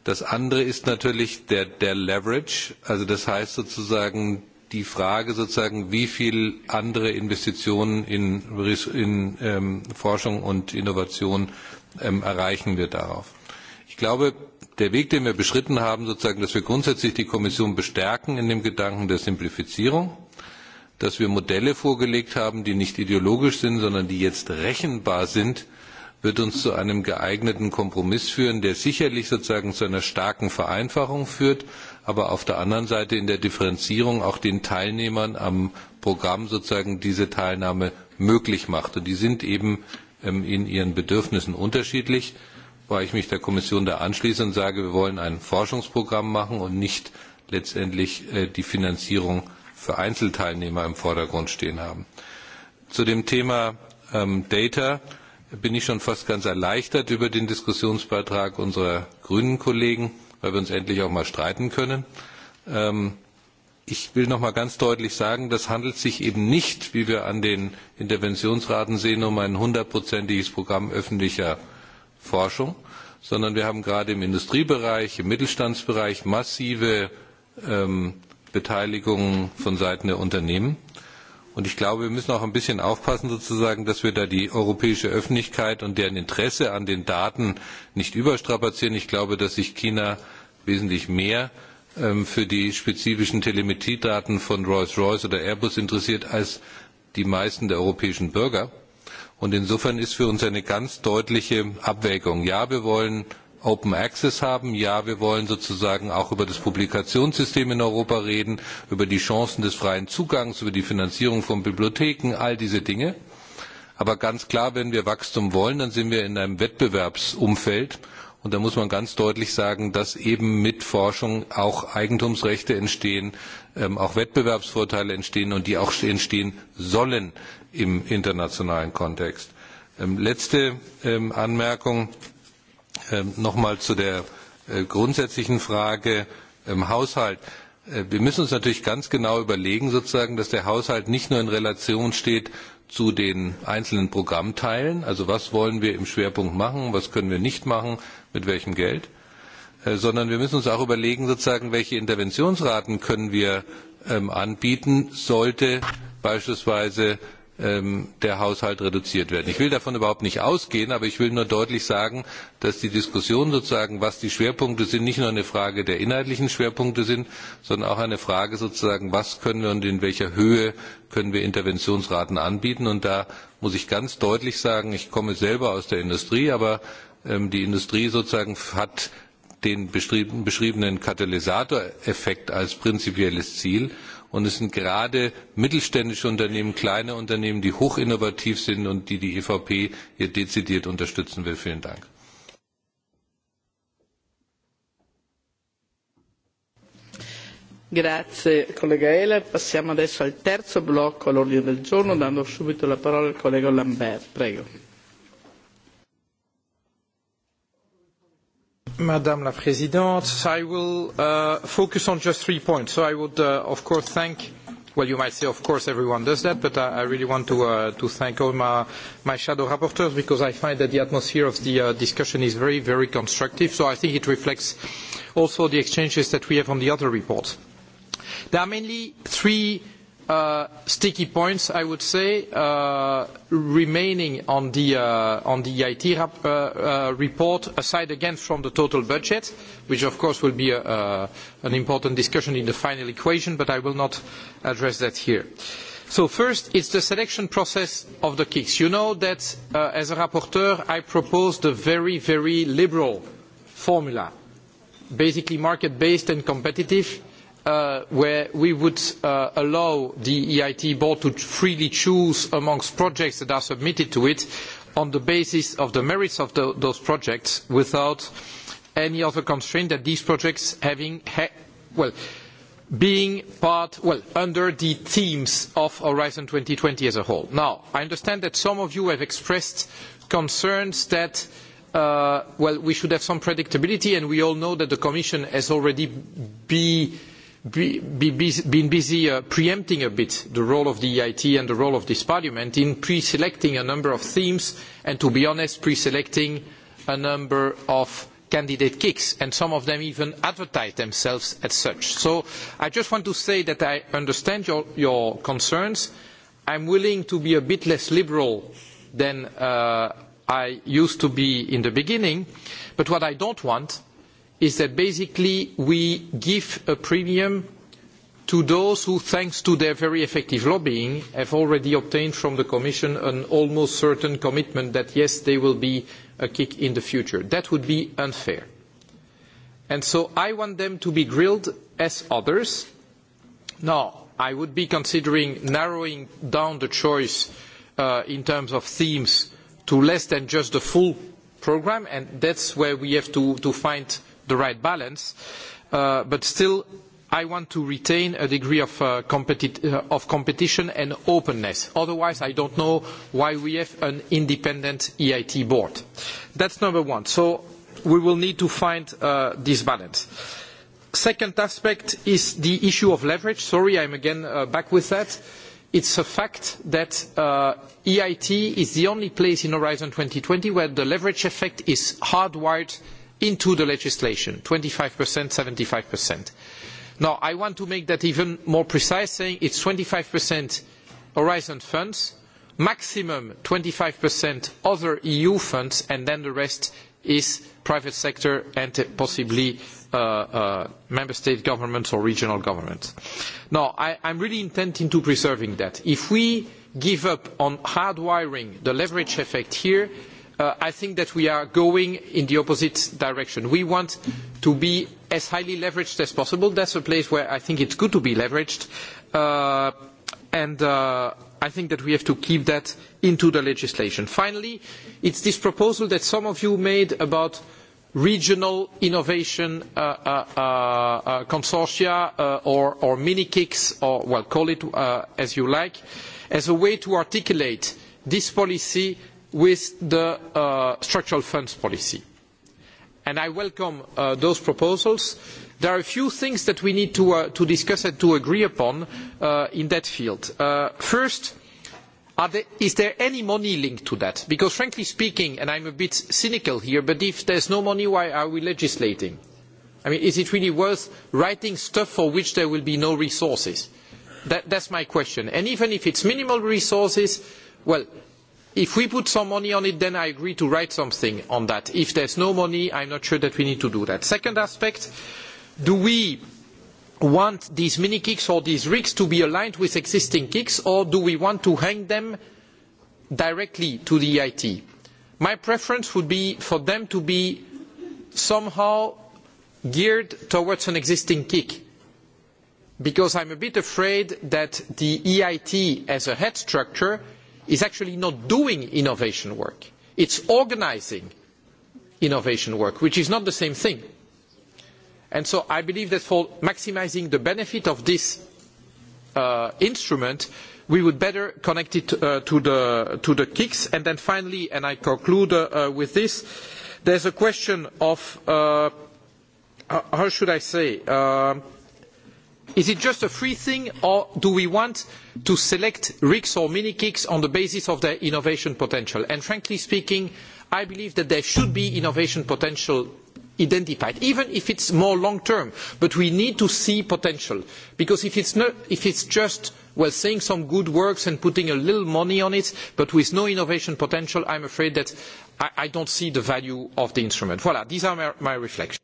Das andere ist natürlich der, der Leverage, also das heißt sozusagen die Frage sozusagen, wie viel andere Investitionen in, in ähm, Forschung und Innovation ähm, erreichen wir darauf. Ich glaube, der Weg, den wir beschritten haben, sozusagen, dass wir grundsätzlich die Kommission bestärken in dem Gedanken der Simplifizierung, dass wir Modelle vorgelegt haben, die nicht ideologisch sind, sondern die jetzt rechenbar sind, wird uns zu einem geeigneten Kompromiss führen, der sicherlich sozusagen zu einer starken Vereinfachung führt, aber auf der anderen Seite in der Differenzierung auch den Teilnehmern am Programm sozusagen diese Teilnahme möglich macht. Und die sind eben ähm, in ihren Bedürfnissen unterschiedlich, weil ich mich der Kommission da anschließe und sage, wir wollen ein Forschungsprogramm machen und nicht letztendlich äh, die Finanzierung für Einzelteilnehmer im Vordergrund stehen haben. Zu dem Thema ähm, Data bin ich schon fast ganz erleichtert über den Diskussionsbeitrag unserer grünen Kollegen weil wir uns endlich auch mal streiten können. Ähm, ich will noch mal ganz deutlich sagen, das handelt sich eben nicht, wie wir an den Interventionsraten sehen, um ein hundertprozentiges Programm öffentlicher Forschung, sondern wir haben gerade im Industriebereich, im Mittelstandsbereich massive ähm, Beteiligungen von Seiten der Unternehmen. Äh, Und ich glaube, wir müssen auch ein bisschen aufpassen, sozusagen, dass wir da die europäische Öffentlichkeit und deren Interesse an den Daten nicht überstrapazieren. Ich glaube, dass sich China wesentlich mehr ähm, für die spezifischen Telemetriedaten von Rolls-Royce oder Airbus interessiert als die meisten der europäischen Bürger. Und insofern ist für uns eine ganz deutliche Abwägung. Ja, wir wollen Open Access haben. Ja, wir wollen sozusagen auch über das Publikationssystem in Europa reden, über die Chancen des freien Zugangs, über die Finanzierung von Bibliotheken, all diese Dinge. Aber ganz klar, wenn wir Wachstum wollen, dann sind wir in einem Wettbewerbsumfeld. Und da muss man ganz deutlich sagen, dass eben mit Forschung auch Eigentumsrechte entstehen, ähm, auch Wettbewerbsvorteile entstehen und die auch entstehen sollen im internationalen Kontext. Ähm, letzte ähm, Anmerkung Ähm, noch einmal zu der äh, grundsätzlichen Frage im ähm, Haushalt. Äh, wir müssen uns natürlich ganz genau überlegen, dass der Haushalt nicht nur in Relation steht zu den einzelnen Programmteilen, also was wollen wir im Schwerpunkt machen, was können wir nicht machen, mit welchem Geld, äh, sondern wir müssen uns auch überlegen, welche Interventionsraten können wir ähm, anbieten, sollte beispielsweise Ähm, der Haushalt reduziert werden. Ich will davon überhaupt nicht ausgehen, aber ich will nur deutlich sagen, dass die Diskussion sozusagen, was die Schwerpunkte sind, nicht nur eine Frage der inhaltlichen Schwerpunkte sind, sondern auch eine Frage sozusagen, was können wir und in welcher Höhe können wir Interventionsraten anbieten. Und da muss ich ganz deutlich sagen, ich komme selber aus der Industrie, aber ähm, die Industrie sozusagen hat den beschriebenen Katalysatoreffekt als prinzipielles Ziel Und es sind gerade mittelständische Unternehmen, kleine Unternehmen, die hochinnovativ sind und die die EVP hier dezidiert unterstützen will. Vielen Dank. Grazie collega Ehler. Passiamo adesso al terzo blocco all'ordine del giorno, dando subito la parola al Kollege Lambert. Prego. Madame la Présidente, I will uh, focus on just three points. So I would, uh, of course, thank Well, you might say, of course, everyone does that, but I, I really want to, uh, to thank all my, my shadow rapporteurs because I find that the atmosphere of the uh, discussion is very, very constructive. So I think it reflects also the exchanges that we have on the other reports. There are mainly three Uh, sticky points, I would say, uh, remaining on the, uh, IT report, aside again from the total budget, which of course will be an important discussion in the final equation, but I will not address that here. So first, it's the selection process of the KICs. You know that, as a rapporteur, I proposed a very, very liberal formula, basically market-based and competitive, Uh, where we would uh, allow the EIT board to freely choose amongst projects that are submitted to it on the basis of the merits of those projects without any other constraint that these projects well being part well under the themes of Horizon twenty as a whole. Now, I understand that some of you have expressed concerns that uh, well we should have some predictability and we all know that the commission has already been be, been busy uh, preempting a bit the role of the EIT and the role of this parliament in pre-selecting a number of themes and, to be honest, pre-selecting a number of candidate kicks, and some of them even advertise themselves as such. So I just want to say that I understand your, your concerns. I am willing to be a bit less liberal than uh, I used to be in the beginning, but what I do not want is that basically we give a premium to those who, thanks to their very effective lobbying, have already obtained from the Commission an almost certain commitment that, yes, they will be a kick in the future. That would be unfair. And so I want them to be grilled as others. Now, I would be considering narrowing down the choice uh, in terms of themes to less than just the full programme, and that's where we have to, to find the right balance. Uh, but still, I want to retain a degree uh, uh, of, competition and openness. Otherwise, I don't know why we have an independent EIT board. That's number one. So we will need to find this balance. Second aspect is the issue of leverage. Sorry, I'm again back with that. It's a fact that EIT is the only place in Horizon 2020 where the leverage effect is hardwired into the legislation, 25%, 75%. Now, I want to make that even more precise, saying it's 25% Horizon funds, maximum 25% other EU funds, and then the rest is private sector and possibly uh, uh, member state governments or regional governments. Now, I, I'm really intent on preserving that. If we give up on hardwiring the leverage effect here, Uh, I think that we are going in the opposite direction. We want to be as highly leveraged as possible. That's a place where I think it's good to be leveraged. Uh, and uh, I think that we have to keep that into the legislation. Finally, it's this proposal that some of you made about regional innovation consortia or, or mini-KICs, or well, call it as you like, as a way to articulate this policy with the uh, structural funds policy. And I welcome uh, those proposals. There are a few things that we need to, uh, discuss and to agree upon in that field. first, is there any money linked to that? Because frankly speaking, and I am a bit cynical here, but if there is no money, why are we legislating? I mean, is it really worth writing stuff for which there will be no resources? That, is my question. And even if it is minimal resources, well, if we put some money on it, then I agree to write something on that. If there is no money, I am not sure that we need to do that. Second aspect, do we want these mini kicks or these rigs to be aligned with existing kicks, or do we want to hang them directly to the EIT? My preference would be for them to be somehow geared towards an existing kick because I am a bit afraid that the EIT as a head structure is actually not doing innovation work. It's organising innovation work, which is not the same thing. And so I believe that for maximising the benefit of this uh, instrument, we would better connect it uh, to, the, to the KICS. And then finally, and I conclude uh, uh with this, there is a question of, uh, how should I say, uh, Is it just a free thing, or do we want to select RICs or mini-kicks on the basis of their innovation potential? And frankly speaking, I believe that there should be innovation potential identified, even if it is more long term. But we need to see potential, because if it is just well, saying some good works and putting a little money on it, but with no innovation potential, I am afraid that I, I do not see the value of the instrument. Voilà, these are my, my reflections.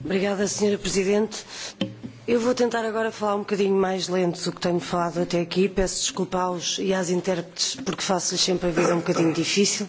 Obrigada, Presidente. Eu vou tentar agora falar um bocadinho mais lento do que tenho falado até aqui. Peço desculpa aos e às intérpretes, porque faço-lhes sempre a vida um bocadinho difícil.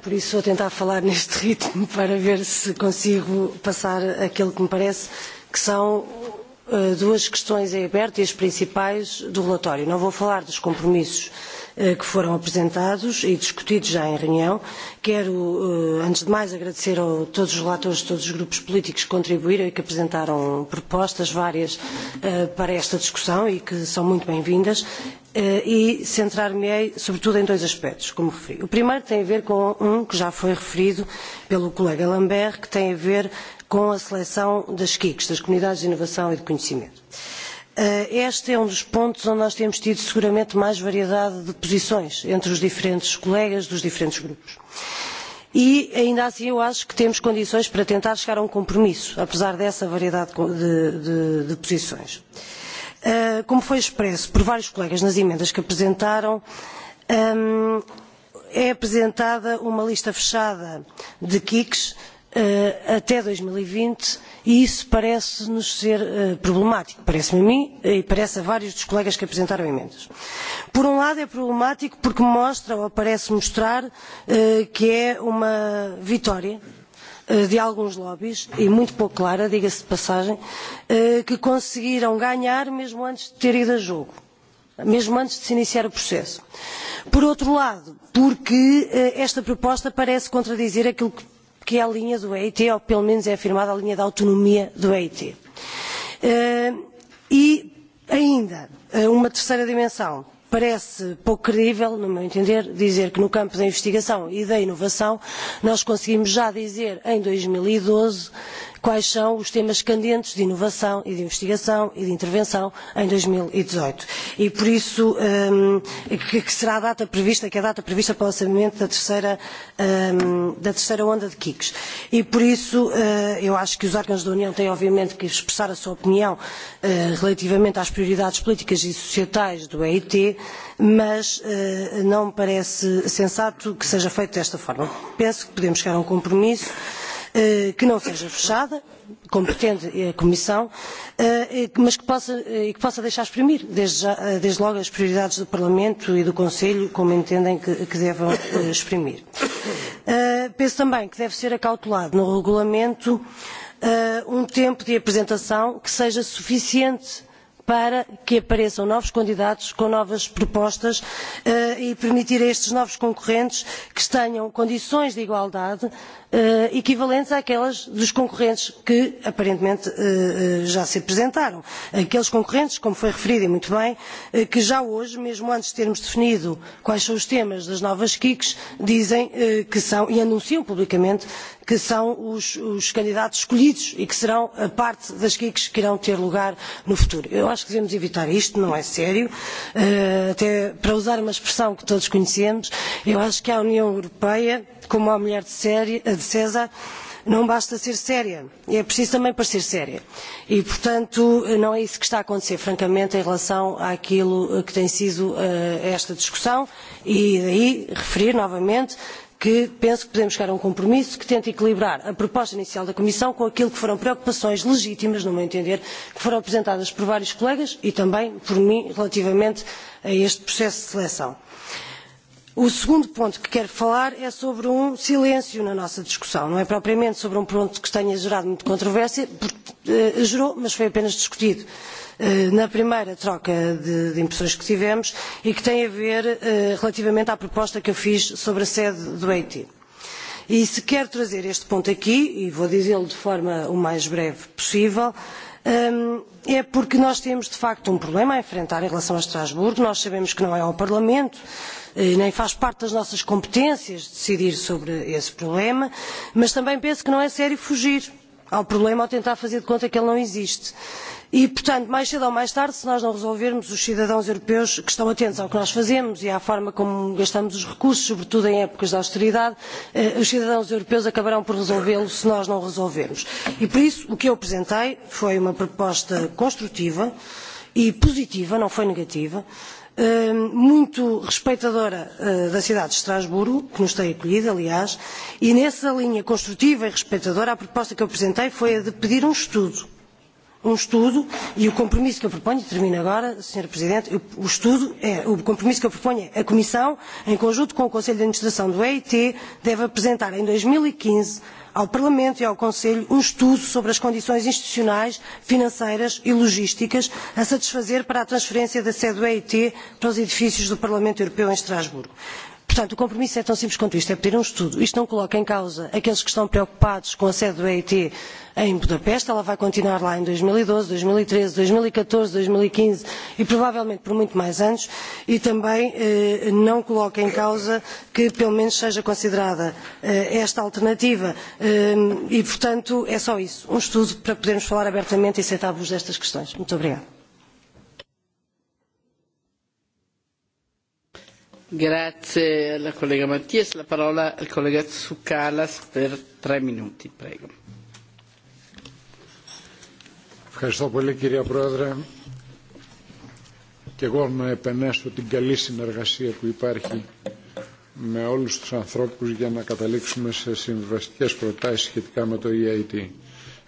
Por isso vou tentar falar neste [laughs] ritmo para ver se consigo passar aquilo que me parece que são uh, duas questões em aberto e as principais do relatório. Não vou falar dos compromissos Eh, que foram apresentados e discutidos já em reunião. Quero, eh, antes de mais, agradecer a todos os relatores de todos os grupos políticos que contribuíram e que apresentaram propostas várias eh, para esta discussão e que são muito bem-vindas e centrar-me-ei sobretudo em dois aspectos, como referi. O primeiro tem a ver com um que já foi referido pelo colega Lambert, que tem a ver com a seleção das KICs, das Comunidades de Inovação e de Conhecimento. Uh, Eh, este é um dos pontos onde nós temos tido seguramente mais variedade de posições entre os diferentes colegas dos diferentes grupos. E ainda assim eu acho que temos condições para tentar chegar a um compromisso, apesar dessa variedade de, de, de posições. Eh, como foi expresso por vários colegas nas emendas que apresentaram, ehm, é apresentada uma lista fechada de KICs Eh, até dois mil e vinte e isso parece nos ser eh, problemático parece me a mim e parece a vários dos colegas que apresentaram emendas. por um lado é problemático porque mostra ou parece mostrar eh, que é uma vitória de alguns lobbies e muito pouco clara diga se de passagem que conseguiram ganhar mesmo antes de ter ido a jogo mesmo antes de se iniciar o processo. por outro lado porque esta proposta parece contradizer aquilo que que é a linha do eit ou pelo menos é afirmada a linha da autonomia do eit. Eh, e ainda eh, uma terceira dimensão parece pouco credível no meu entender dizer que no campo da investigação e da inovação nós conseguimos já dizer em dois mil e doze quais são os temas candentes de inovação e de investigação e de intervenção em 2018. E, e por isso que será a data prevista que é a data prevista para o lançamento da terceira da terceira onda de Kicks. e por isso eu acho que os órgãos da União têm obviamente que expressar a sua opinião relativamente às prioridades políticas e societais do EIT mas não me parece sensato que seja feito desta forma penso que podemos chegar a um compromisso Eh, que não seja fechada como pretende eh, a comissão eh, e mas e que possa, deixar exprimir desde, logo as prioridades do parlamento e do conselho como entendem que, que devam exprimir. penso também que deve ser acautelado no regulamento um tempo de apresentação que seja suficiente para que apareçam novos candidatos com novas propostas eh, e permitir a estes novos concorrentes que tenham condições de igualdade eh, equivalentes àquelas dos concorrentes que aparentemente eh, já se apresentaram. Aqueles concorrentes, como foi referido e muito bem, que já hoje, mesmo antes de termos definido quais são os temas das novas KICs, dizem que são e anunciam publicamente que são os, os candidatos escolhidos e que serão a parte das quiques que irão ter lugar no futuro. Eu acho que devemos evitar isto, não é sério. Uh, até para usar uma expressão que todos conhecemos, eu acho que a União Europeia, como a mulher de, série, de César, não basta ser séria, é preciso também parecer séria. E, portanto, não é isso que está a acontecer, francamente, em relação àquilo que tem sido uh, esta discussão. E daí referir novamente que penso que podemos chegar a um compromisso que tente equilibrar a proposta inicial da Comissão com aquilo que foram preocupações legítimas, no meu entender, que foram apresentadas por vários colegas e também por mim relativamente a este processo de seleção. O segundo ponto que quero falar é sobre um silêncio na nossa discussão. Não é propriamente sobre um ponto que tenha gerado muita controvérsia, porque eh, gerou, mas foi apenas discutido Eh, na primeira troca de, de impressões que tivemos e que tem a ver eh, relativamente à proposta que eu fiz sobre a sede do Haiti. E, e se quero trazer este ponto aqui, e vou dizê-lo de forma o mais breve possível, ehm, é porque nós temos de facto um problema a enfrentar em relação a Estrasburgo. Nós sabemos que não é ao Parlamento, eh, nem faz parte das nossas competências decidir sobre esse problema, mas também penso que não é sério fugir ao problema ou tentar fazer de conta que ele não existe. E, portanto, mais cedo ou mais tarde, se nós não resolvermos, os cidadãos europeus que estão atentos ao que nós fazemos e à forma como gastamos os recursos, sobretudo em épocas de austeridade, eh, os cidadãos europeus acabarão por resolvê-lo se nós não resolvermos. E por isso, o que eu apresentei foi uma proposta construtiva e positiva, não foi negativa, eh, muito respeitadora eh, da cidade de Estrasburgo, que nos tem acolhido, aliás, e nessa linha construtiva e respeitadora, a proposta que eu apresentei foi a de pedir um estudo um estudo e o compromisso que eu proponho, e termino agora, Sr. Presidente, o estudo é, o compromisso que eu proponho é a Comissão, em conjunto com o Conselho de Administração do EIT, deve apresentar em dois mil e quinze ao Parlamento e ao Conselho um estudo sobre as condições institucionais, financeiras e logísticas a satisfazer para a transferência da sede do EIT para os edifícios do Parlamento Europeu em Estrasburgo. Portanto, o compromisso é tão simples quanto isto, é pedir um estudo. Isto não coloca em causa aqueles que estão preocupados com a sede do EIT em Budapeste, ela vai continuar lá em 2012, 2013, 2014, 2015 e provavelmente por muito mais anos, e também eh, não coloca em causa que pelo menos seja considerada eh, esta alternativa. Eh, e, portanto, é só isso, um estudo para podermos falar abertamente e sem tabus destas questões. Muito obrigada. Grazie alla collega La parola al collega Tsoukalas per tre minuti, prego. Ευχαριστώ πολύ κυρία Πρόεδρε. Και εγώ να επενέσω την καλή συνεργασία που υπάρχει με όλους τους ανθρώπους για να καταλήξουμε σε συμβαστικές προτάσεις σχετικά με το EIT.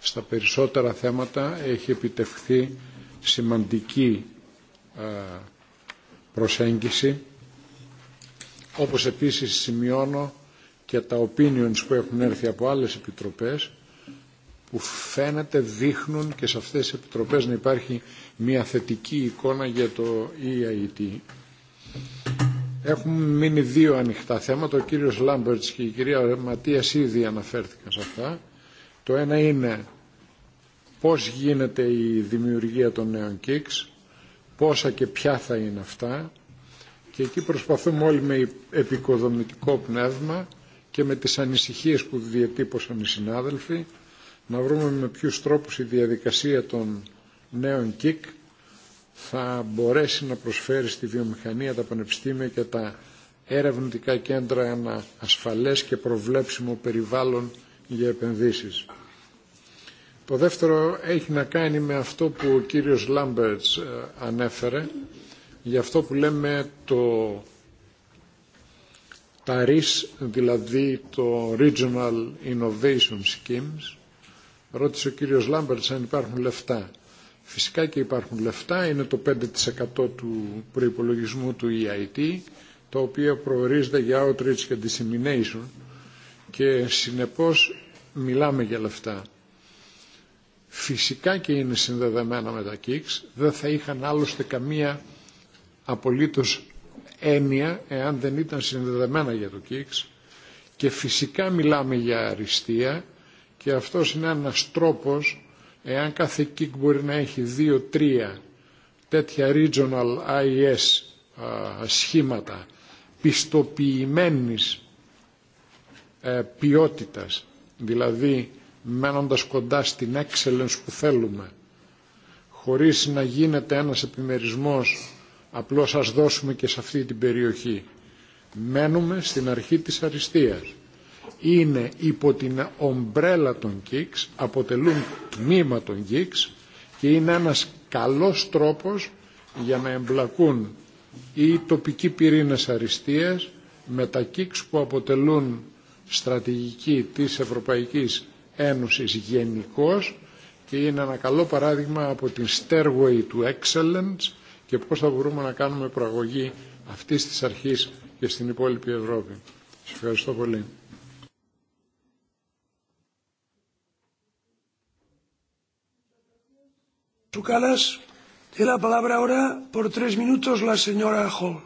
Στα περισσότερα θέματα έχει επιτευχθεί σημαντική προσέγγιση όπως επίσης σημειώνω και τα opinions που έχουν έρθει από άλλες επιτροπές που φαίνεται δείχνουν και σε αυτές τις επιτροπές να υπάρχει μια θετική εικόνα για το EIT. Έχουν μείνει δύο ανοιχτά θέματα. Ο κύριος Λάμπερτς και η κυρία Ματίας ήδη αναφέρθηκαν σε αυτά. Το ένα είναι πώς γίνεται η δημιουργία των νέων Κίξ, πόσα και ποια θα είναι αυτά, Και εκεί προσπαθούμε όλοι με επικοδομητικό πνεύμα και με τις ανησυχίες που διατύπωσαν οι συνάδελφοι να βρούμε με ποιους τρόπους η διαδικασία των νέων ΚΙΚ θα μπορέσει να προσφέρει στη βιομηχανία, τα πανεπιστήμια και τα ερευνητικά κέντρα ένα ασφαλές και προβλέψιμο περιβάλλον για επενδύσεις. Το δεύτερο έχει να κάνει με αυτό που ο κύριος Λάμπερτς ανέφερε, για αυτό που λέμε το, τα RIS, δηλαδή το Regional Innovation Schemes. Ρώτησε ο κύριος Λάμπερτς αν υπάρχουν λεφτά. Φυσικά και υπάρχουν λεφτά, είναι το 5% του προϋπολογισμού του EIT, το οποίο προορίζεται για outreach και dissemination και συνεπώς μιλάμε για λεφτά. Φυσικά και είναι συνδεδεμένα με τα KICS, δεν θα είχαν άλλωστε καμία απολύτως έννοια εάν δεν ήταν συνδεδεμένα για το ΚΙΚΣ και φυσικά μιλάμε για αριστεία και αυτό είναι ένας τρόπος εάν κάθε ΚΙΚ μπορεί να έχει δύο-τρία τέτοια regional IES α, σχήματα πιστοποιημένης ε, ποιότητας, δηλαδή μένοντας κοντά στην excellence που θέλουμε, χωρίς να γίνεται ένας επιμερισμός απλώς ας δώσουμε και σε αυτή την περιοχή. Μένουμε στην αρχή της αριστείας. Είναι υπό την ομπρέλα των ΚΙΚΣ, αποτελούν τμήμα των ΚΙΚΣ και είναι ένας καλός τρόπος για να εμπλακούν οι τοπικοί πυρήνες αριστείας με τα ΚΙΚΣ που αποτελούν στρατηγική της Ευρωπαϊκής Ένωσης γενικώς και είναι ένα καλό παράδειγμα από την Stairway to Excellence και πώς θα μπορούμε να κάνουμε προαγωγή αυτής της αρχής και στην υπόλοιπη Ευρώπη. Σας ευχαριστώ πολύ. Su calas, tiene la palabra ahora por tres minutos la señora Hall.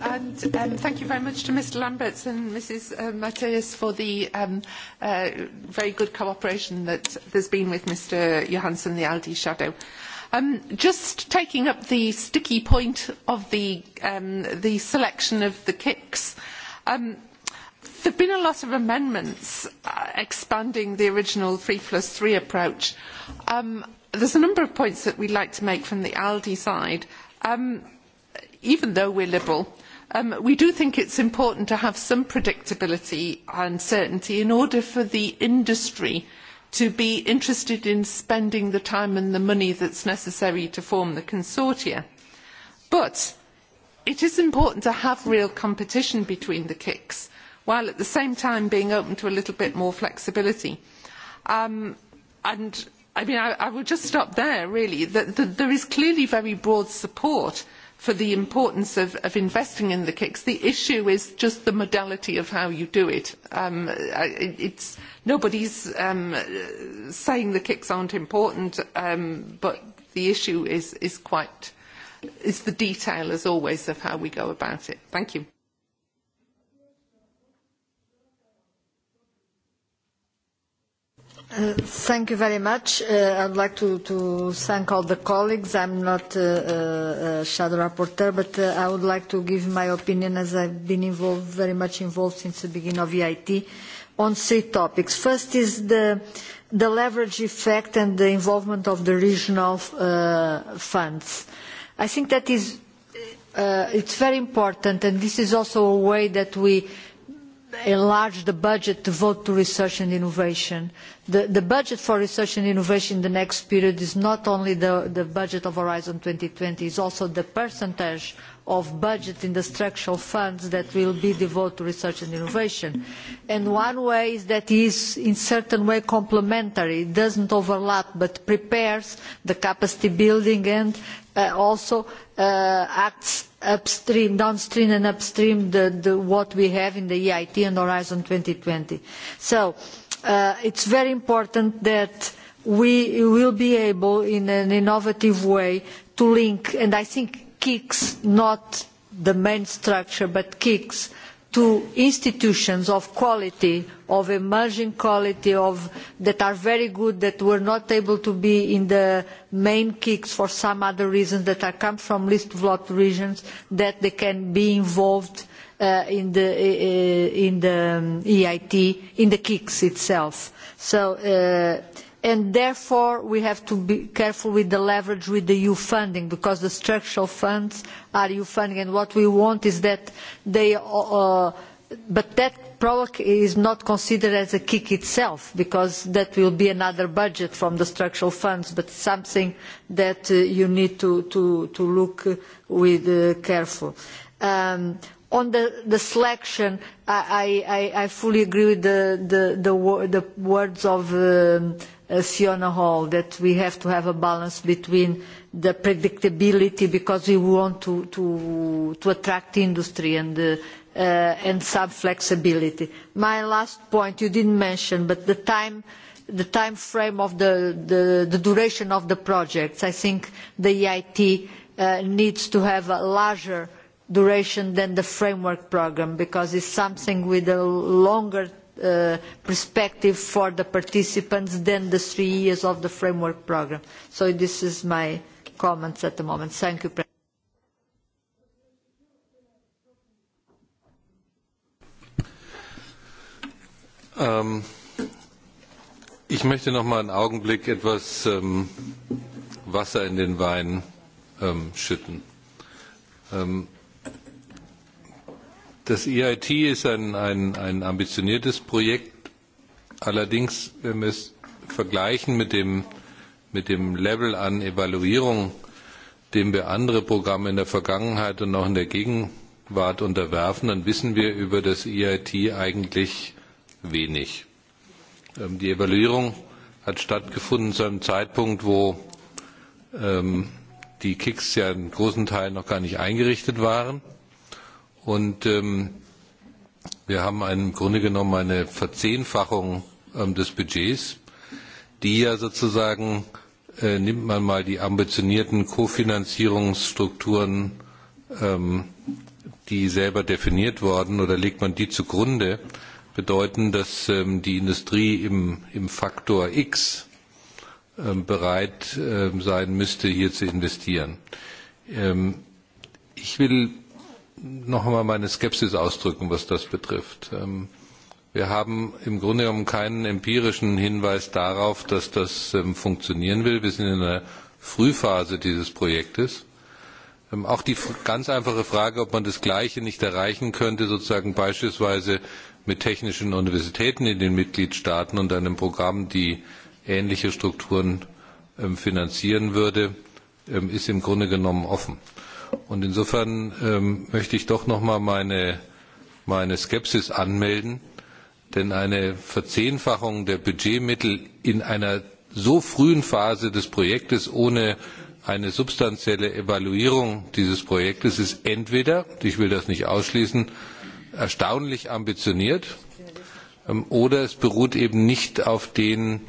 and um, thank you very much to Mr. Lamberts and Mrs. Uh, Mateus for the um, uh, very good cooperation that there's been with Mr. Johansson, the ALDE shadow. Um, just taking up the sticky point of the, um, the selection of the kicks, um, there have been a lot of amendments uh, expanding the original three plus three approach. Um, there's a number of points that we'd like to make from the ALDE side. Um, even though we are liberal Um, we do think it is important to have some predictability and certainty in order for the industry to be interested in spending the time and the money that is necessary to form the consortia. But it is important to have real competition between the KICs, while at the same time being open to a little bit more flexibility. Um, and I mean, I, I will just stop there, really. The, the, there is clearly very broad support for the importance of, of investing in the KICs. The issue is just the modality of how you do it. Um, it's, nobody's um, saying the KICs aren't important, um, but the issue is, is quite, is the detail as always of how we go about it. Thank you. Uh, thank you very much. Uh, I'd like to, to thank all the colleagues. I'm not uh, uh, a shadow rapporteur, but uh, I would like to give my opinion as I've been involved, very much involved since the beginning of EIT on three topics. First is the, the leverage effect and the involvement of the regional uh, funds. I think that is uh, it's very important, and this is also a way that we enlarge the budget devoted to research and innovation. The, the, budget for research and innovation in the next period is not only the, the budget of Horizon twenty, it is also the percentage of budget in the structural funds that will be devoted to research and innovation. And one way is that it is in a certain way complementary. It does not overlap but prepares the capacity building and uh, also uh, acts upstream, downstream and upstream the, the, what we have in the EIT and Horizon 2020. So uh, it's very important that we will be able in an innovative way to link, and I think KICS, not the main structure, but KICS, to institutions of quality, of emerging quality, of, that are very good, that were not able to be in the main kicks for some other reasons, that I come from least developed regions, that they can be involved uh, in, the, uh, uh in the um, EIT, in the kicks itself. So uh, and therefore we have to be careful with the leverage with the eu funding because the structural funds are eu funding and what we want is that they uh, uh but that probably is not considered as a kick itself because that will be another budget from the structural funds but something that uh, you need to, to, to look with uh, careful um, on the, the selection, I, I, I fully agree with the, the, the, the words of um, Fiona uh, Hall that we have to have a balance between the predictability because we want to, to, to attract industry and, uh, uh, and some flexibility. My last point, you didn't mention, but the time the time frame of the, the, the duration of the projects. I think the EIT uh, needs to have a larger duration than the framework programme because it is something with a longer Uh, perspective for the participants than the three years of the framework programme. So this is my comments at the moment. Thank you. Um, ich möchte noch mal einen Augenblick etwas um, Wasser in den Wein um, schütten. Ähm, Das EIT ist ein, ein, ein ambitioniertes Projekt. Allerdings, wenn wir es vergleichen mit dem, mit dem Level an Evaluierung, dem wir andere Programme in der Vergangenheit und auch in der Gegenwart unterwerfen, dann wissen wir über das EIT eigentlich wenig. Ähm, die Evaluierung hat stattgefunden zu einem Zeitpunkt, wo ähm, die Kicks ja in großen Teilen noch gar nicht eingerichtet waren. Und ähm, wir haben einen, im Grunde genommen eine Verzehnfachung ähm, des Budgets, die ja sozusagen, äh, nimmt man mal die ambitionierten Kofinanzierungsstrukturen, ähm, die selber definiert wurden, oder legt man die zugrunde, bedeuten, dass ähm, die Industrie im, im Faktor X ähm, bereit ähm, sein müsste, hier zu investieren. Ähm, ich will noch einmal meine Skepsis ausdrücken, was das betrifft. Ähm, wir haben im Grunde genommen keinen empirischen Hinweis darauf, dass das ähm, funktionieren will. Wir sind in der Frühphase dieses Projektes. Ähm, auch die ganz einfache Frage, ob man das Gleiche nicht erreichen könnte, sozusagen beispielsweise mit technischen Universitäten in den Mitgliedstaaten und einem Programm, die ähnliche Strukturen finanzieren würde, ist im Grunde genommen offen. Und insofern ähm, möchte ich doch noch mal meine, meine Skepsis anmelden, denn eine Verzehnfachung der Budgetmittel in einer so frühen Phase des Projektes ohne eine substanzielle Evaluierung dieses Projektes ist entweder, ich will das nicht ausschließen, erstaunlich ambitioniert ähm, oder es beruht eben nicht auf den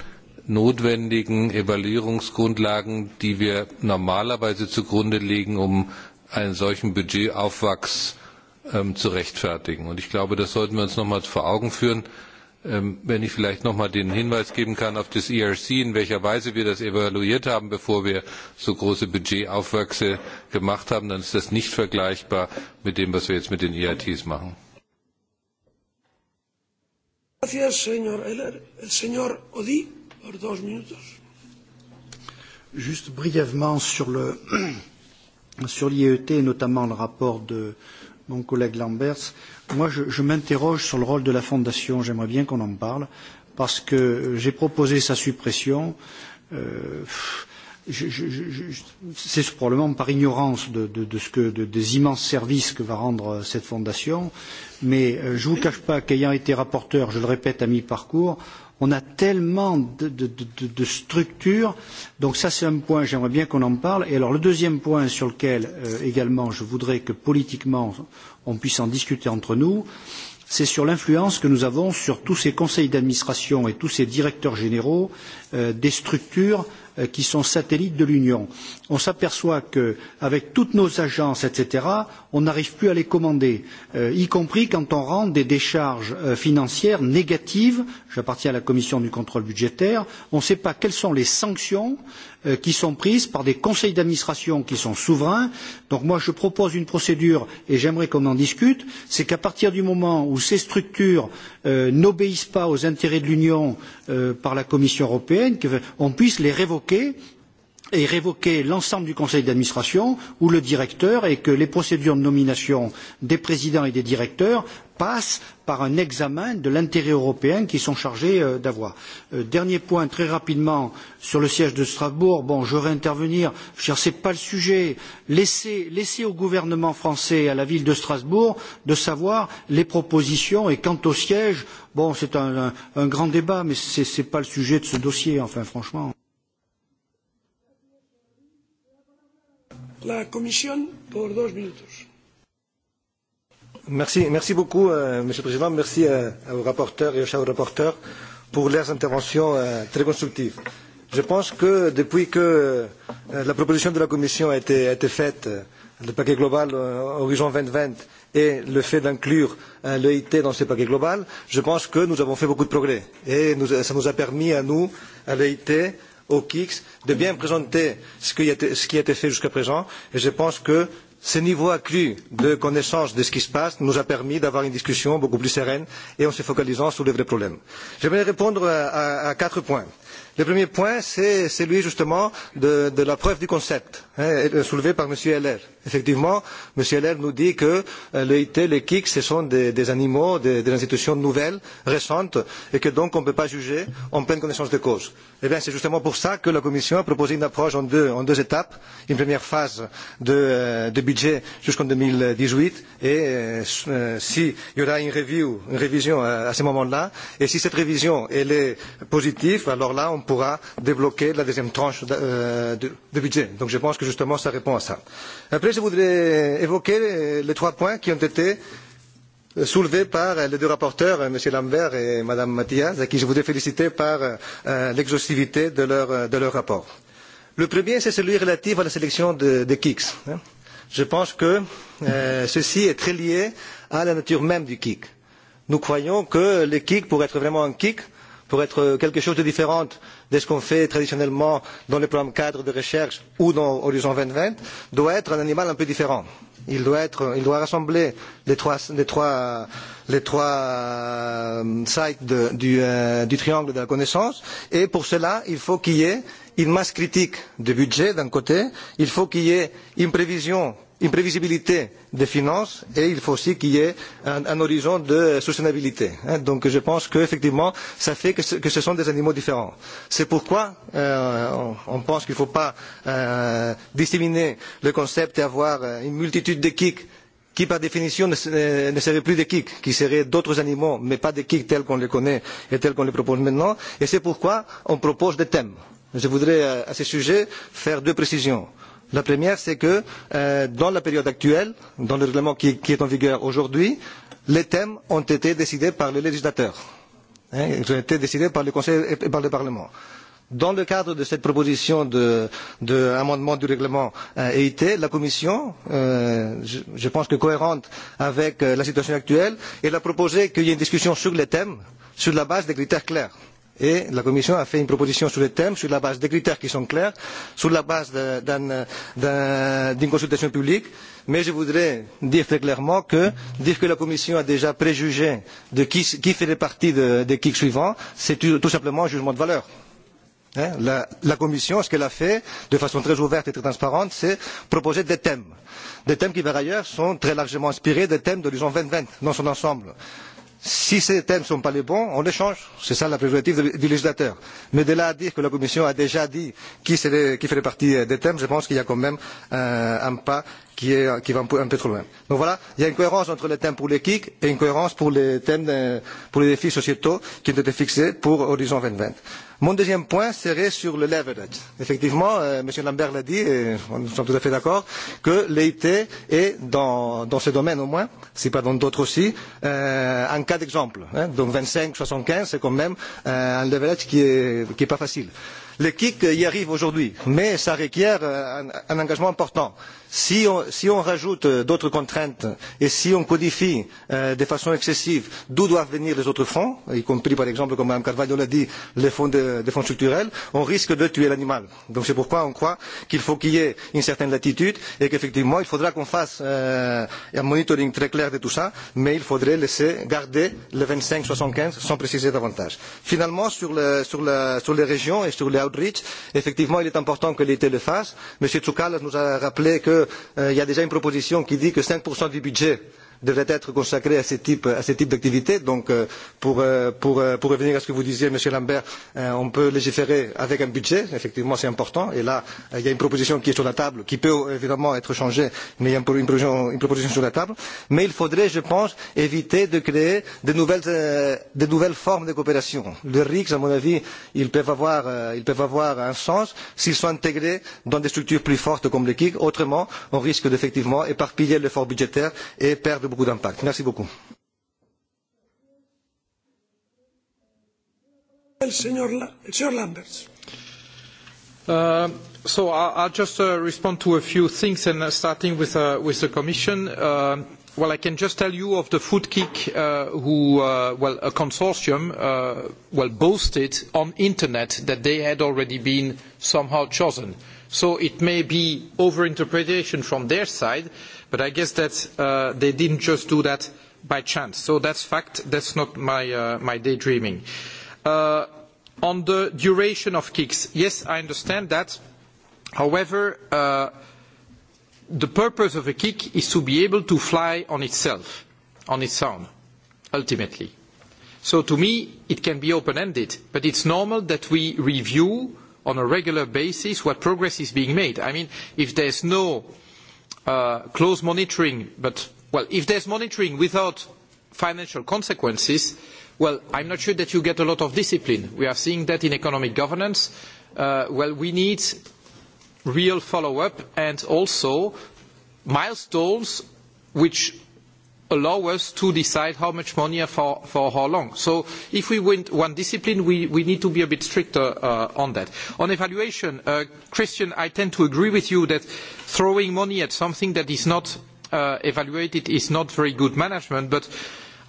notwendigen Evaluierungsgrundlagen, die wir normalerweise zugrunde legen, um einen solchen Budgetaufwachs ähm, zu rechtfertigen. Und ich glaube, das sollten wir uns nochmals nochmal vor Augen führen. Ähm, wenn ich vielleicht noch nochmal den Hinweis geben kann auf das ERC, in welcher Weise wir das evaluiert haben, bevor wir so große Budgetaufwachse gemacht haben, dann ist das nicht vergleichbar mit dem, was wir jetzt mit den EITs machen. Gracias, señor Heller. El señor Odi, por dos minutos. Juste brièvement sur le, sur l'IET et notamment le rapport de mon collègue Lamberts, moi je, je m'interroge sur le rôle de la Fondation, j'aimerais bien qu'on en parle, parce que j'ai proposé sa suppression. Euh, c'est probablement par ignorance de, de, de ce que, de, des immenses services que va rendre cette fondation, mais euh, je ne vous cache pas qu'ayant été rapporteur, je le répète à mi-parcours, on a tellement de, de, de, de structures. Donc ça, c'est un point, j'aimerais bien qu'on en parle. Et alors le deuxième point sur lequel euh, également je voudrais que politiquement on puisse en discuter entre nous, c'est sur l'influence que nous avons sur tous ces conseils d'administration et tous ces directeurs généraux euh, des structures Euh, qui sont satellites de l'Union. On s'aperçoit qu'avec toutes nos agences, etc., on n'arrive plus à les commander, euh, y compris quand on rend des décharges euh, financières négatives. J'appartiens à la commission du contrôle budgétaire. On ne sait pas quelles sont les sanctions qui sont prises par des conseils d'administration qui sont souverains. Donc moi, je propose une procédure et j'aimerais qu'on en discute. C'est qu'à partir du moment où ces structures n'obéissent pas aux intérêts de l'Union par la Commission européenne, on puisse les révoquer révoquer et révoquer l'ensemble du conseil d'administration ou le directeur et que les procédures de nomination des présidents et des directeurs passent par un examen de l'intérêt européen qu'ils sont chargés euh, d'avoir. Euh, dernier point, très rapidement, sur le siège de Strasbourg. Bon, je vais intervenir, cher, ce n'est pas le sujet. Laissez, laissez, au gouvernement français, et à la ville de Strasbourg, de savoir les propositions. Et quant au siège, bon, c'est un, un, un, grand débat, mais ce n'est pas le sujet de ce dossier, enfin, franchement. la Comisión por dos minutos. Merci, merci beaucoup, euh, Monsieur le Président. Merci euh, aux rapporteurs et aux chers rapporteurs pour leurs interventions euh, très constructives. Je pense que depuis que euh, la proposition de la Commission a été, a été faite, euh, le paquet global euh, Horizon 2020 et le fait d'inclure euh, dans ce paquet global, je pense que nous avons fait beaucoup de progrès. Et nous, ça nous a permis à nous, à l'EIT, au KIX, de bien présenter ce qui, ce qui a été fait jusqu'à présent. Et je pense que ce niveau accru de connaissance de ce qui se passe nous a permis d'avoir une discussion beaucoup plus sereine et en se focalisant sur les vrais problèmes. J'aimerais répondre à, à, à, quatre points. Le premier point, c'est celui justement de, de la preuve du concept soulevée par M. Heller. Effectivement, M. Heller nous dit que euh, le IT, le KIC, ce sont des, des animaux, des, des, institutions nouvelles, récentes, et que donc on ne peut pas juger en pleine connaissance de cause. Eh bien, c'est justement pour cela que la Commission a proposé une approche en deux, en deux étapes. Une première phase de, euh, de budget jusqu'en deux mille dix huit et euh, s'il euh, y aura une, review, une révision à, à ce moment-là, et si cette révision elle est positive, alors là, on pourra débloquer la deuxième tranche de, de budget. Donc je pense que justement sa répond à cela. Après, je voudrais évoquer euh, les trois points qui ont été euh, soulevés par euh, les deux rapporteurs, M. Lambert et Mme Mathias, à qui je voudrais féliciter par l'exhaustivité de leur, de leur, rapport. Le premier, c'est celui relatif à la sélection des de Je pense que euh, ceci est très lié à la nature même du KIC. Nous croyons que le KIC, pour être vraiment un KIC, pour être quelque chose de différent de ce qu'on fait traditionnellement dans les programmes cadres de recherche ou dans Horizon deux mille vingt doit être un animal un peu différent. Il doit, être, il doit rassembler les trois, les trois, les trois euh, sites de, du, euh, du triangle de la connaissance et pour cela, il faut qu'il y ait une masse critique de budget d'un côté, il faut qu'il y ait une prévision une prévisibilité des finances et il faut aussi qu'il y ait un, un, horizon de soutenabilité. Hein. Donc je pense qu'effectivement, ça fait que ce, que ce, sont des animaux différents. C'est pourquoi euh, on, on, pense qu'il ne faut pas euh, disséminer le concept et avoir euh, une multitude de kicks qui par définition ne, euh, ne seraient plus des kicks, qui seraient d'autres animaux, mais pas des kicks tels qu'on les connaît et tels qu'on les propose maintenant. Et c'est pourquoi on propose des thèmes. Je voudrais euh, à ce sujet faire deux précisions. La première, c'est que euh, dans la période actuelle, dans le règlement qui, qui est en vigueur aujourd'hui, les thèmes ont été décidés par le législateur. Hein, ils ont été décidés par le Conseil et par le Parlement. Dans le cadre de cette proposition d'amendement du règlement euh, EIT, la Commission, euh, je, je, pense que cohérente avec euh, la situation actuelle, elle a proposé qu'il y ait une discussion sur les thèmes sur la base de critères clairs et la Commission a fait une proposition sur le thème sur la base de critères qui sont clairs, sur la base d'une consultation publique. Mais je voudrais dire très clairement que dire que la Commission a déjà préjugé de qui, qui ferait partie de, de qui suivant, c'est tout, tout simplement un jugement de valeur. Hein, la, la, Commission, ce qu'elle a fait de façon très ouverte et très transparente, c'est proposer des thèmes. Des thèmes qui, par ailleurs, sont très largement inspirés des thèmes de l'horizon deux mille vingt dans son ensemble si ces thèmes ne sont pas les bons, on les change. C'est ça la prérogative du législateur. Mais de là à dire que la Commission a déjà dit qui, serait, qui ferait partie euh, des thèmes, je pense qu'il y a quand même euh, un pas qui, est, qui va un peu, un peu trop loin. Donc voilà, il y a une cohérence entre les thèmes pour les KIC et une cohérence pour les thèmes de, euh, pour les défis sociétaux qui ont été fixés pour Horizon deux mille vingt Mon deuxième point serait sur le leverage. Effectivement, euh, M. Lambert l'a dit, et nous sommes tout à fait d'accord, que l'EIT est, dans, dans ce domaine au moins, si pas dans d'autres aussi, euh, un cas d'exemple. Hein. Donc 25, 75, c'est quand même euh, un leverage qui n'est qui est pas facile. Euh, le kick y arrive aujourd'hui mais cela requiert euh, un, un, engagement important. si on, si on rajoute euh, d'autres contraintes et si on codifie euh, de façon excessive d'où doivent venir les autres fonds y compris par exemple comme mme carvalho l'a dit les fonds, de, les fonds structurels on risque de tuer l'animal. c'est pourquoi on croit qu'il faut qu'il y ait une certaine latitude et qu'effectivement il faudra qu'on fasse euh, un monitoring très clair de tout cela mais il faudrait laisser garder le vingt cinq soixante quinze sans préciser davantage. finalement sur, le, sur, la, sur les régions et sur les Outreach. Effectivement, il est important que l'État le fasse. M. Tsoukalas nous a rappelé qu'il euh, y a déjà une proposition qui dit que cinq du budget devrait être consacré à ce type, type d'activité. Donc, euh, pour, euh, pour, euh, pour, revenir à ce que vous disiez, Monsieur Lambert, on peut légiférer avec un budget, effectivement, c'est important. Et là, il y a une proposition qui est sur la table, qui peut évidemment être changée, mais il y a une proposition, une proposition sur la table. Mais il faudrait, je pense, éviter de créer de nouvelles, de nouvelles formes de coopération. Le RICS, à mon avis, ils peuvent avoir, ils peuvent avoir un sens s'ils sont intégrés dans des structures plus fortes comme le KIC. Autrement, on risque d'effectivement éparpiller l'effort budgétaire et perdre beaucoup d'impact. Merci beaucoup. Uh, so I'll just uh, respond to a few things, and uh, starting with, uh, with the Commission. Uh, well, I can just tell you of the Food Kick, uh, who, uh, well, a consortium, uh, well, boasted on internet that they had already been somehow chosen. So it may be overinterpretation from their side, but I guess that they uh, they didn't just do that by chance. So that's fact. That's not my, uh, daydreaming. Uh, on the duration of kicks, yes, I understand that. However, the purpose of a kick is to be able to fly on itself, on its own, ultimately. So to me, it can be open-ended, but it's normal that we review on a regular basis what progress is being made. I mean, if there is no uh, close monitoring, but, well, if there is monitoring without financial consequences, well, I am not sure that you get a lot of discipline. We are seeing that in economic governance. Uh, well, we need real follow-up and also milestones which allow us to decide how much money and for, for how long. So if we win one discipline, we, we need to be a bit stricter uh, on that. On evaluation, uh, Christian, I tend to agree with you that throwing money at something that is not uh, evaluated is not very good management, but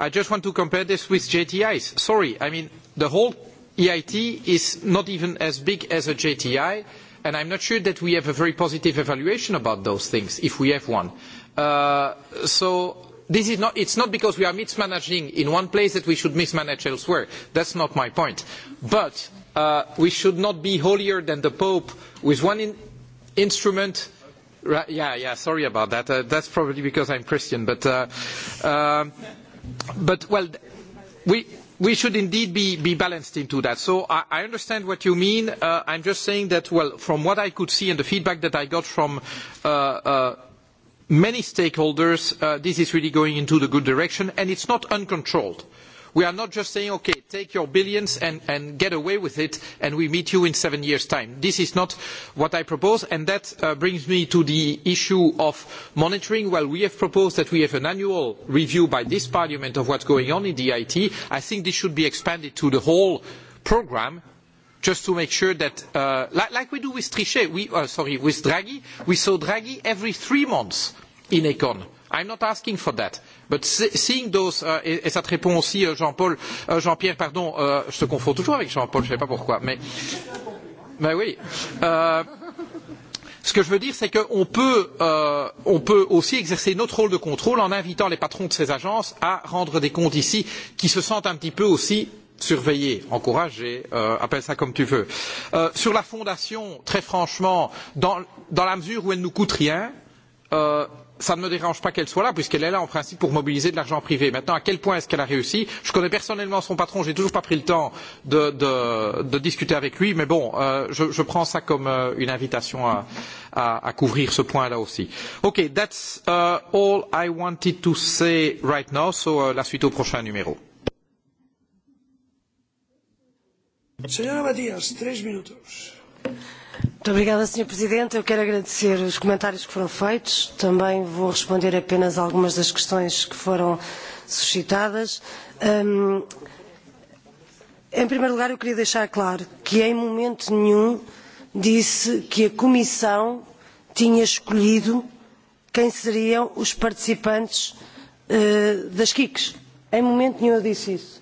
I just want to compare this with JTIs. Sorry, I mean, the whole EIT is not even as big as a JTI, and I am not sure that we have a very positive evaluation about those things, if we have one. Uh, so This is not, it's not because we are mismanaging in one place that we should mismanage elsewhere. That's not my point. But uh, we should not be holier than the Pope with one in instrument. Right, yeah, yeah, sorry about that. Uh, that's probably because I'm Christian. But, uh, uh, but well, we, we should indeed be, be balanced into that. So I, I understand what you mean. Uh, I'm just saying that, well, from what I could see and the feedback that I got from uh, uh, many stakeholders, uh, this is really going into the good direction, and it's not uncontrolled. We are not just saying, "Okay, take your billions and, get away with it, and we meet you in seven years' time." This is not what I propose, and that uh, brings me to the issue of monitoring. Well, we have proposed that we have an annual review by this parliament of what's going on in the IT. I think this should be expanded to the whole programme just to make sure that, uh, like, like we do with Trichet, we, uh, sorry, with Draghi, we saw Draghi every three months in Econ. I'm not asking for that. But seeing those, uh, et, et, ça te répond aussi, uh, Jean-Paul, uh, Jean-Pierre, pardon, euh, je te confonds toujours avec Jean-Paul, je ne sais pas pourquoi, mais, oui. Euh, ce que je veux dire, c'est qu'on peut, euh, on peut aussi exercer notre rôle de contrôle en invitant les patrons de ces agences à rendre des comptes ici, qui se sentent un petit peu aussi surveiller, encourager, euh, appelle ça comme tu veux. Euh, sur la fondation, très franchement, dans, dans la mesure où elle ne nous coûte rien, euh, ça ne me dérange pas qu'elle soit là, puisqu'elle est là en principe pour mobiliser de l'argent privé. Maintenant, à quel point est-ce qu'elle a réussi Je connais personnellement son patron, je n'ai toujours pas pris le temps de, de, de discuter avec lui, mais bon, euh, je, je prends ça comme euh, une invitation à, à, à couvrir ce point-là aussi. Ok, that's uh, all I wanted to say right now, so uh, la suite au prochain numéro. obrigada, Sr. Presidente. Eu quero agradecer os comentários que foram feitos. Também vou responder apenas a algumas das questões que foram suscitadas. em primeiro lugar, eu queria deixar claro que em momento nenhum disse que a Comissão tinha escolhido quem seriam os participantes eh, das KICs. Em momento nenhum eu disse isso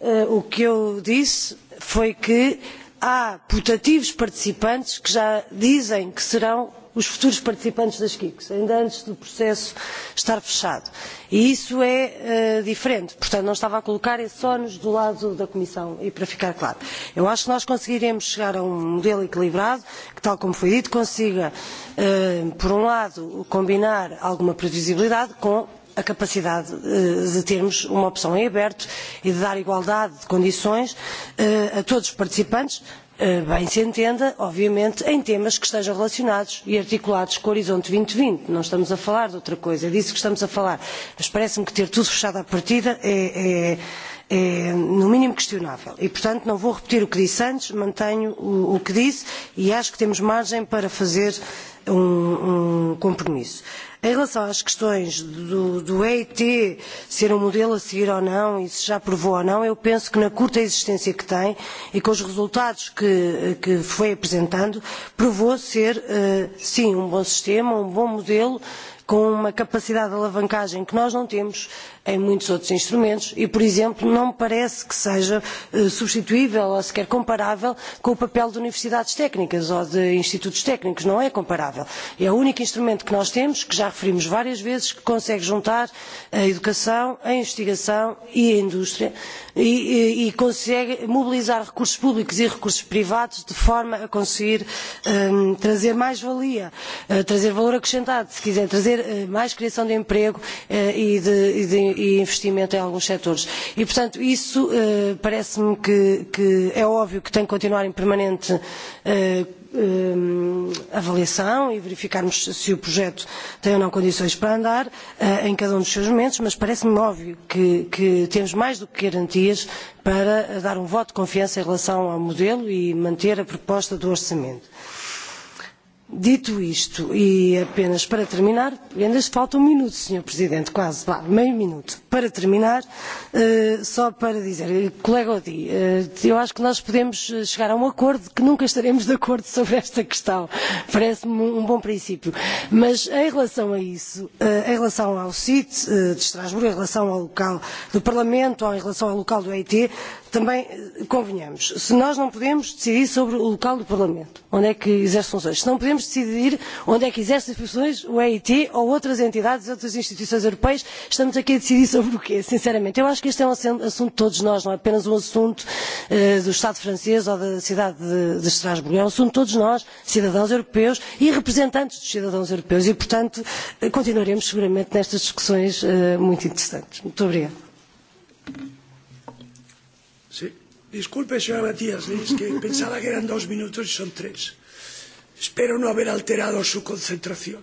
Eh, o que eu disse foi que há putativos participantes que já dizem que serão os futuros participantes das kics ainda antes do processo estar fechado e isso é uh, diferente portanto não estava a colocar esses ónus do lado da comissão e para ficar claro eu acho que nós conseguiremos chegar a um modelo equilibrado que tal como foi dito consiga uh, por um lado combinar alguma previsibilidade com a capacidade eh, de termos uma opção em aberto e de dar igualdade de condições eh, a todos os participantes, eh, bem se entenda, obviamente, em temas que estejam relacionados e articulados com o Horizonte 2020. E vinte. Não estamos a falar de outra coisa, é disso que estamos a falar. Mas parece-me que ter tudo fechado à partida é, é, é, no mínimo questionável. E, portanto, não vou repetir o que disse antes, mantenho o, o que disse e acho que temos margem para fazer um, um compromisso. Em relação às questões do, do EIT ser um modelo a seguir ou não e se já provou ou não, eu penso que na curta existência que tem e com os resultados que, que foi apresentando, provou ser, uh, sim, um bom sistema, um bom modelo, com uma capacidade de alavancagem que nós não temos em muitos outros instrumentos e, por exemplo, não me parece que seja eh, substituível ou sequer comparável com o papel de universidades técnicas ou de institutos técnicos. Não é comparável. É o único instrumento que nós temos, que já referimos várias vezes, que consegue juntar a educação, a investigação e a indústria e, e, e consegue mobilizar recursos públicos e recursos privados de forma a conseguir trazer mais valia, eh, trazer valor acrescentado, se quiser, trazer eh, mais criação de emprego e de, e de e investimento em alguns setores. E, portanto, isso eh, parece-me que, que, é óbvio que tem que continuar em permanente eh, eh avaliação e verificarmos se o projeto tem ou não condições para andar eh, em cada um dos seus momentos, mas parece-me óbvio que, que, temos mais do que garantias para dar um voto de confiança em relação ao modelo e manter a proposta do orçamento dito isto e apenas para terminar ainda falta um minuto senhor presidente quase vá meio minuto para terminar uh, só para dizer eh, colega Odi uh, eu acho que nós podemos chegar a um acordo que nunca estaremos de acordo sobre esta questão parece-me um, um bom princípio mas em relação a isso uh, em relação ao CIT de Estrasburgo em relação ao local do Parlamento ou em relação ao local do EIT também eh, convenhamos se nós não podemos decidir sobre o local do parlamento onde é que exerce funções se não podemos decidir onde é que exercem funções o eit ou outras entidades outras instituições europeias estamos aqui a decidir sobre o quê sinceramente? eu acho que este é um assunto de todos nós não é apenas um assunto uh, do estado francês ou da cidade de, de estrasburgo é um assunto de todos nós cidadãos europeus e representantes dos cidadãos europeus e portanto eh, continuaremos seguramente nestas discussões uh, muito interessantes. muito obrigada. Disculpe, señora Matías, ¿eh? es que pensaba que eran dos minutos y son tres. Espero no haber alterado su concentración.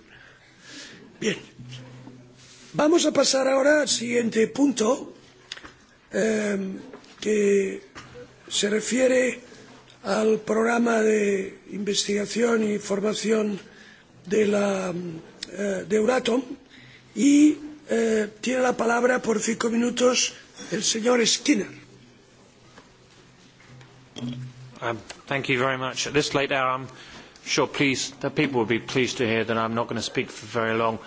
Bien. Vamos a pasar ahora al siguiente punto, eh, que se refiere al programa de investigación y formación de, la, eh, de Euratom y eh, tiene la palabra por cinco minutos el señor Skinner. Um, thank you very much. At this late hour, I'm sure pleased that people will be pleased to hear that I'm not going to speak for very long.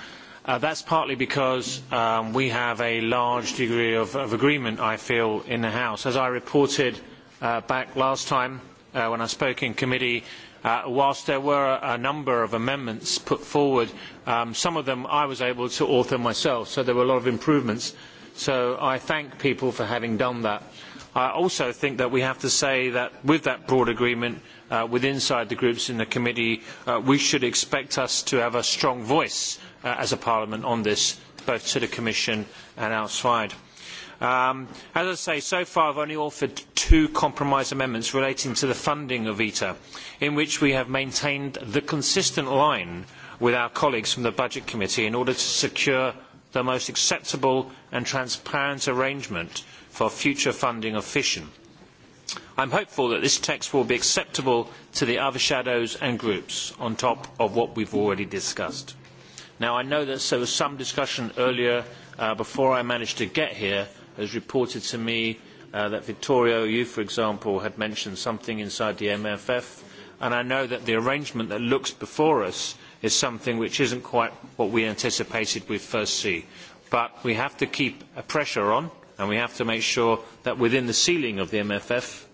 Uh, that's partly because um, we have a large degree of, of agreement, I feel, in the House. As I reported uh, back last time uh, when I spoke in committee, uh, whilst there were a, number of amendments put forward, um, some of them I was able to author myself, so there were a lot of improvements. So I thank people for having done that. I also think that we have to say that with that broad agreement uh, with inside the groups in the committee, uh, we should expect us to have a strong voice uh, as a parliament on this, both to the commission and outside. Um, as I say, so far I have only offered two compromise amendments relating to the funding of ITER, e in which we have maintained the consistent line with our colleagues from the Budget Committee in order to secure the most acceptable and transparent arrangement for future funding of fission. I am hopeful that this text will be acceptable to the other shadows and groups on top of what we have already discussed. Now, I know that there was some discussion earlier uh, before I managed to get here. It was reported to me uh, that Vittorio, you, for example, had mentioned something inside the MFF, and I know that the arrangement that looks before us is something which is not quite what we anticipated we first see. But we have to keep a pressure on and we have to make sure that within the ceiling of the MFF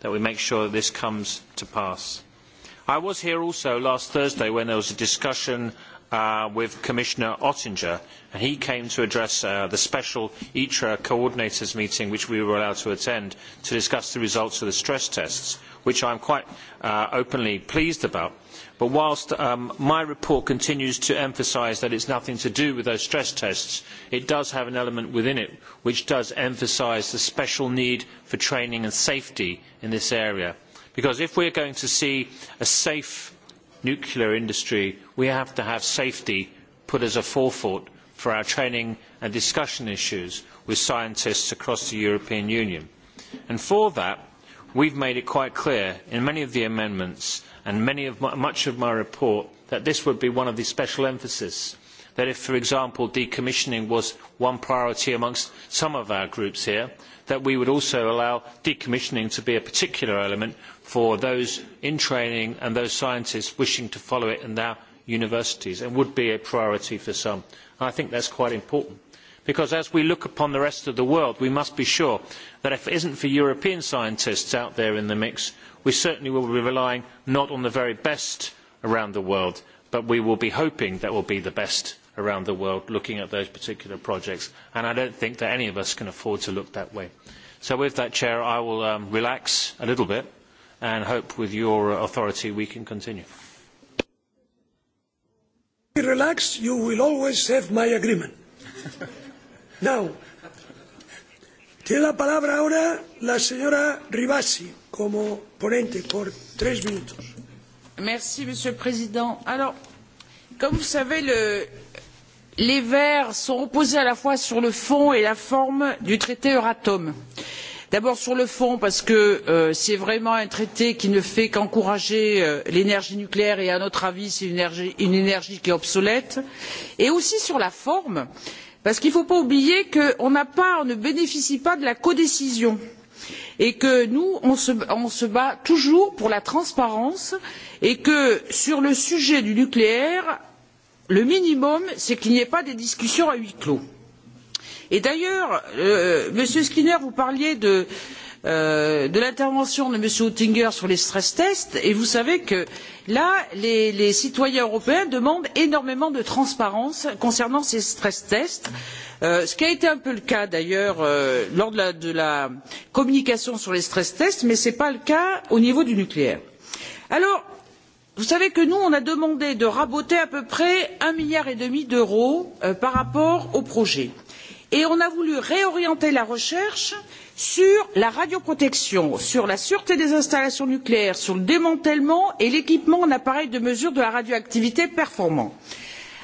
that we make sure that this comes to pass. I was here also last Thursday when there was a discussion uh, with Commissioner Oettinger and he came to address uh, the special ITRA coordinators meeting which we were allowed to attend to discuss the results of the stress tests which I am quite uh, openly pleased about But whilst um, my report continues to emphasise that it is nothing to do with those stress tests, it does have an element within it which does emphasise the special need for training and safety in this area. Because if we are going to see a safe nuclear industry, we have to have safety put as a forethought for our training and discussion issues with scientists across the European Union. And for that, we have made it quite clear in many of the amendments and many of my, much of my report that this would be one of the special emphases that if for example decommissioning was one priority amongst some of our groups here that we would also allow decommissioning to be a particular element for those in training and those scientists wishing to follow it in their universities and would be a priority for some. I think that is quite important because as we look upon the rest of the world we must be sure that if it is not for European scientists out there in the mix we certainly will be relying not on the very best around the world, but we will be hoping that will be the best around the world looking at those particular projects. And I don't think that any of us can afford to look that way. So with that, Chair, I will um, relax a little bit and hope with your authority we can continue. Relax, you will always have my agreement. now, tiene la palabra ahora la señora Rivasi. Merci, Monsieur le Président. Alors, comme vous le savez, les Verts sont opposés à la fois sur le fond et la forme du traité Euratom. D'abord sur le fond, parce que euh, c'est vraiment un traité qui ne fait qu'encourager euh, l'énergie nucléaire et à notre avis c'est une, énergie, qui est obsolète. Et aussi sur la forme, parce qu'il ne faut pas oublier qu'on ne bénéficie pas de la codécision et que nous on se, bat toujours pour la transparence et que sur le sujet du nucléaire le minimum c'est qu'il n'y ait pas de discussions à huis clos. d'ailleurs euh, monsieur skinner vous parliez de, Euh, de l'intervention de m. oettinger sur les stress tests et vous savez que là les, citoyens européens demandent énormément de transparence concernant ces stress tests euh, ce qui a été un peu le cas d'ailleurs euh, lors de la, de la communication sur les stress tests mais ce n'est pas le cas au niveau du nucléaire. alors vous savez que nous on a demandé de raboter à peu près un milliard et demi d'euros par rapport au projet et on a voulu réorienter la recherche vers sur la radioprotection sur la sûreté des installations nucléaires sur le démantèlement et l'équipement en appareils de mesure de la radioactivité performants.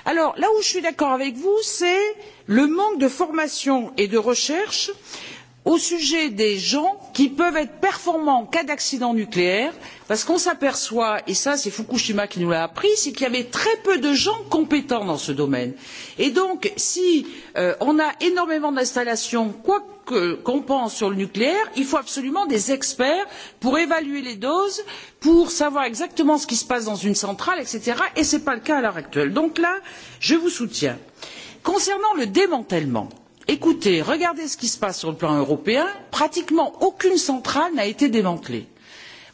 Alors, là où je suis d'accord avec vous c'est le manque de formation et de recherche sur au sujet des gens qui peuvent être performants en cas d'accident nucléaire parce qu'on s'aperçoit et ça c'est fukushima qui nous l'a appris c'est qu'il y avait très peu de gens compétents dans ce domaine et donc si euh, on a énormément d'installations quoi qu'on pense sur le nucléaire il faut absolument des experts pour évaluer les doses pour savoir exactement ce qui se passe dans une centrale etc. et ce n'est pas le cas à l'heure actuelle. donc là je vous soutiens. concernant le démantèlement écoutez regardez ce qui se passe sur le plan européen pratiquement aucune centrale n'a été démantelée.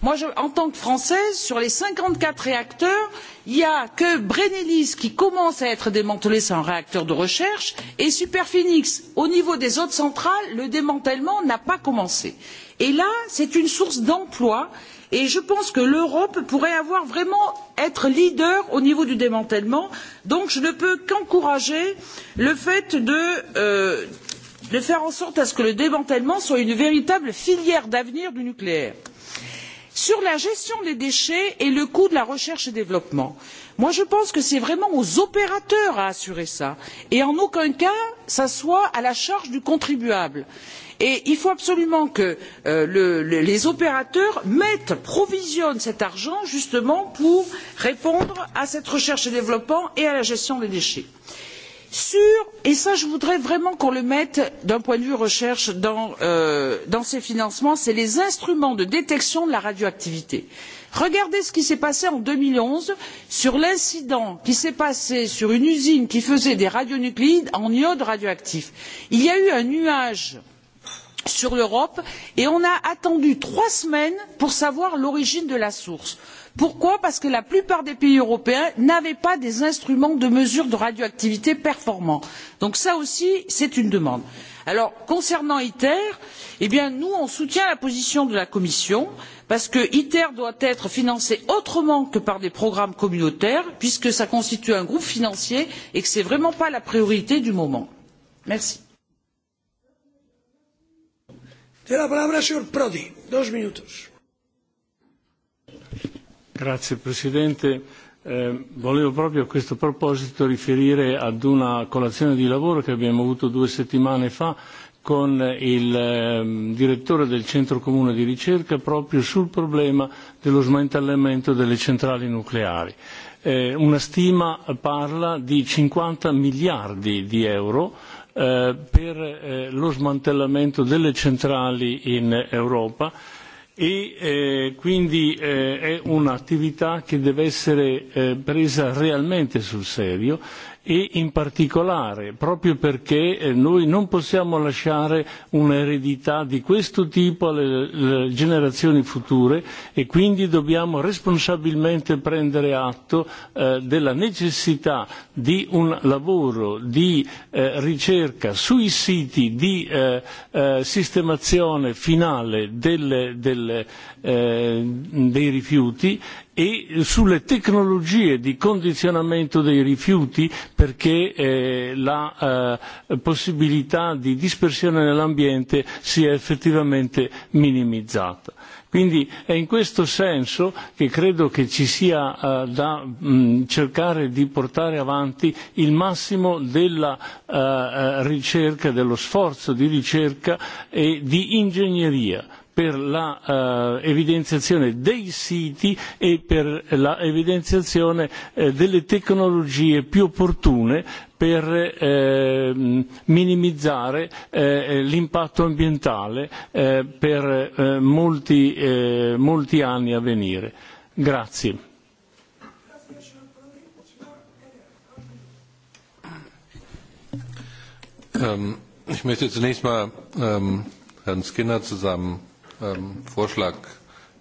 en tant que française sur les cinquante quatre réacteurs il n'y a que brennelis qui commence à être démantelé c'est un réacteur de recherche et superphénix. au niveau des autres centrales le démantèlement n'a pas commencé. et là c'est une source d'emplois qui et je pense que l'europe pourrait avoir, vraiment être leader au niveau du démantèlement donc je ne peux qu'encourager le fait de, euh, de faire en sorte que le démantèlement soit une véritable filière d'avenir du nucléaire. sur la gestion des déchets et le coût de la recherche et développement moi je pense que c'est vraiment aux opérateurs à assurer cela et en aucun cas ça soit à la charge du contribuable. il et il faut absolument que euh, les opérateurs mettent provisionnent cet argent justement pour répondre à cette recherche et développement et à la gestion des déchets. Sur, et ça je voudrais vraiment qu'on le mette d'un point de vue recherche dans, ces euh, financements c'est les instruments de détection de la radioactivité. regardez ce qui s'est passé en deux mille onze sur l'incident qui s'est passé sur une usine qui faisait des radionucléides en iode radioactif. il y a eu un nuage sur l'europe et on a attendu trois semaines pour savoir l'origine de la source. pourquoi? parce que la plupart des pays européens n'avaient pas des instruments de mesure de radioactivité performants. donc cela aussi c'est une demande. Alors, concernant iter eh nous on soutient la position de la commission parce que iter doit être financé autrement que par des programmes communautaires puisque cela constitue un groupe financier et que ce n'est vraiment pas la priorité du moment. merci. Teda Grazie Presidente. Eh, volevo proprio a questo proposito riferire ad una colazione di lavoro che abbiamo avuto due settimane fa con il eh, direttore del Centro Comune di Ricerca proprio sul problema dello smantellamento delle centrali nucleari. Eh, una stima parla di cinquanta miliardi di euro Eh, per eh, lo smantellamento delle centrali in Europa e eh, quindi è un'attività che deve essere presa realmente sul serio e in particolare proprio perché eh, noi non possiamo lasciare un'eredità di questo tipo alle generazioni future e quindi dobbiamo responsabilmente prendere atto eh, della necessità di un lavoro di eh, ricerca sui siti di sistemazione finale dei rifiuti e sulle tecnologie di condizionamento dei rifiuti perché eh, la eh, possibilità di dispersione nell'ambiente sia effettivamente minimizzata. Quindi è in questo senso che credo che ci sia eh, da mh, mm, cercare di portare avanti il massimo della eh, eh, ricerca, dello sforzo di ricerca e di ingegneria per l'evidenziazione eh, dei siti e per l'evidenziazione eh, delle tecnologie più opportune per eh, minimizzare eh, l'impatto ambientale eh, per eh, molti, eh, molti anni a venire. Grazie. Ähm, ich möchte zunächst mal ähm, Herrn Skinner zusammen ähm, Vorschlag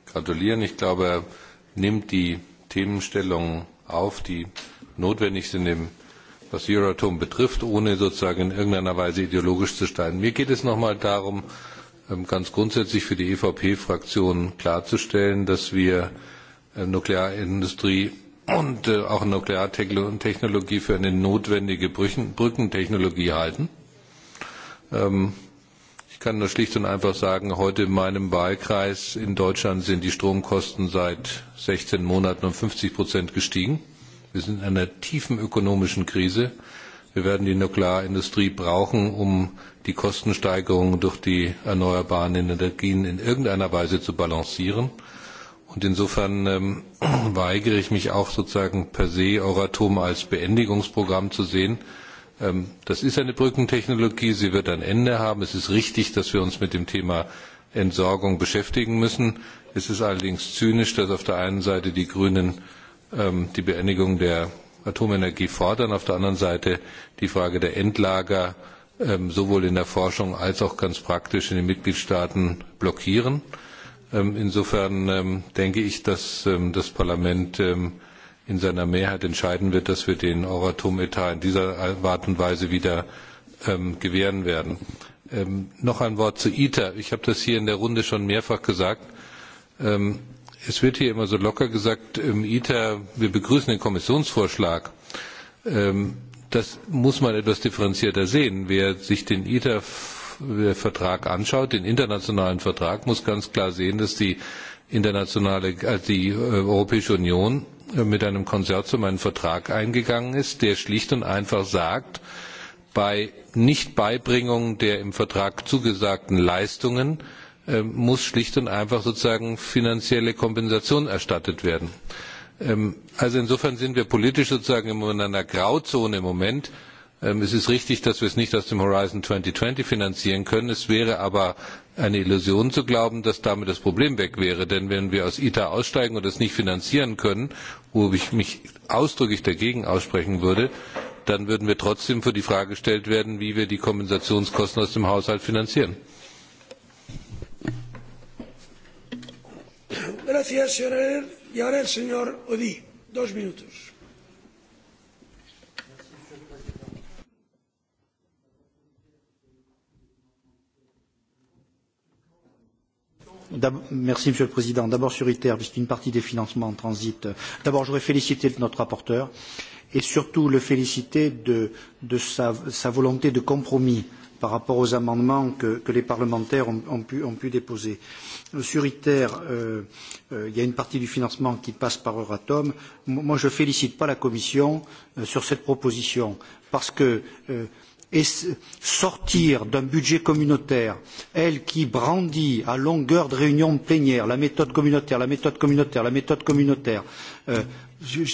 gratulieren. Ich glaube, er nimmt die Themenstellungen auf, die notwendig sind, im, was Euratom betrifft, ohne sozusagen in irgendeiner Weise ideologisch zu steigen. Mir geht es nochmal darum, ähm, ganz grundsätzlich für die EVP-Fraktion klarzustellen, dass wir äh, Nuklearindustrie und äh, auch Nukleartechnologie für eine notwendige Brückentechnologie halten. Ähm, kann nur schlicht und einfach sagen, heute in meinem Wahlkreis in Deutschland sind die Stromkosten seit sechzehn Monaten um fünfzig gestiegen. Wir sind in einer tiefen ökonomischen Krise. Wir werden die Nuklearindustrie brauchen, um die Kostensteigerungen durch die erneuerbaren Energien in irgendeiner Weise zu balancieren. Und insofern ähm, weigere ich mich auch sozusagen per se Euratom als Beendigungsprogramm zu sehen Ähm, das ist eine Brückentechnologie, sie wird ein Ende haben. Es ist richtig, dass wir uns mit dem Thema Entsorgung beschäftigen müssen. Es ist allerdings zynisch, dass auf der einen Seite die Grünen ähm, die Beendigung der Atomenergie fordern, auf der anderen Seite die Frage der Endlager ähm, sowohl in der Forschung als auch ganz praktisch in den Mitgliedstaaten blockieren. Insofern denke ich, dass das Parlament in seiner Mehrheit entscheiden wird, dass wir den Euratom-Etat in dieser Art und Weise wieder ähm, gewähren werden. Ähm, noch ein Wort zu ITER. Ich habe das hier in der Runde schon mehrfach gesagt. Ähm, es wird hier immer so locker gesagt, ähm, ITER, wir begrüßen den Kommissionsvorschlag. Ähm, das muss man etwas differenzierter sehen. Wer sich den ITER Vertrag anschaut, den internationalen Vertrag, muss ganz klar sehen, dass die internationale, also äh, die äh, Europäische Union äh, mit einem Konsortium einen Vertrag eingegangen ist, der schlicht und einfach sagt, bei Nichtbeibringung der im Vertrag zugesagten Leistungen äh, muss schlicht und einfach sozusagen finanzielle Kompensation erstattet werden. Ähm, also insofern sind wir politisch sozusagen in einer Grauzone im Moment. Ähm, es ist richtig, dass wir es nicht aus dem Horizon 2020 finanzieren können. Es wäre aber eine Illusion zu glauben, dass damit das Problem weg wäre. Denn wenn wir aus ITER aussteigen und es nicht finanzieren können, wo ich mich ausdrücklich dagegen aussprechen würde, dann würden wir trotzdem vor die Frage gestellt werden, wie wir die Kompensationskosten aus dem Haushalt finanzieren. Gracias, Merci, Monsieur le Président. D'abord sur ITER, puisqu'une partie des financements en transit. Euh, d'abord, je voudrais féliciter notre rapporteur et surtout le féliciter de, de sa, sa, volonté de compromis par rapport aux amendements que, que les parlementaires ont, ont, pu, ont, pu, déposer. Euh, sur ITER, euh, euh, il y a une partie du financement qui passe par Euratom. Moi, je ne félicite pas la Commission euh, sur cette proposition parce que euh, et sortir d'un budget communautaire, elle qui brandit à longueur de réunions plénières la méthode communautaire, la méthode communautaire, la méthode communautaire, euh,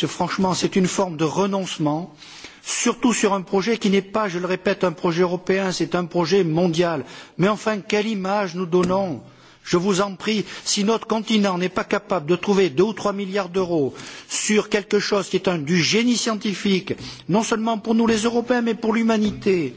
franchement, c'est une forme de renoncement, surtout sur un projet qui n'est pas, je le répète, un projet européen, c'est un projet mondial. Mais enfin, quelle image nous donnons je vous en prie si notre continent n'est pas capable de trouver deux ou trois milliards d'euros sur quelque chose qui est un, du génie scientifique non seulement pour nous les européens mais pour l'humanité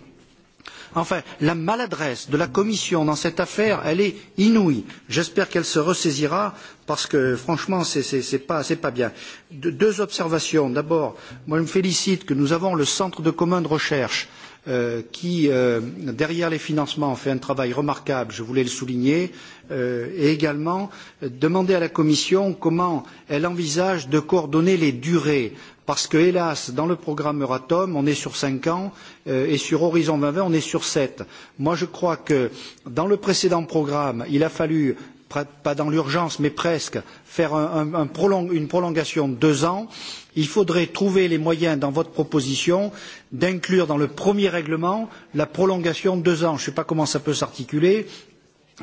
enfin la maladresse de la commission dans cette affaire elle est inouïe j'espère qu'elle se ressaisira parce que franchement ce n'est pas, pas bien. De, deux observations d'abord je me félicite que nous ayons le centre de commun de recherche Euh, qui, euh, derrière les financements, fait un travail remarquable, je voulais le souligner, euh, et également demander à la Commission comment elle envisage de coordonner les durées parce que, hélas, dans le programme Euratom, on est sur cinq ans euh, et sur Horizon deux mille vingt, on est sur sept. Moi, je crois que dans le précédent programme, il a fallu pas dans l'urgence, mais presque, faire un, un, un prolong, une prolongation de deux ans, il faudrait trouver les moyens, dans votre proposition, d'inclure dans le premier règlement la prolongation de deux ans. Je ne sais pas comment cela peut s'articuler,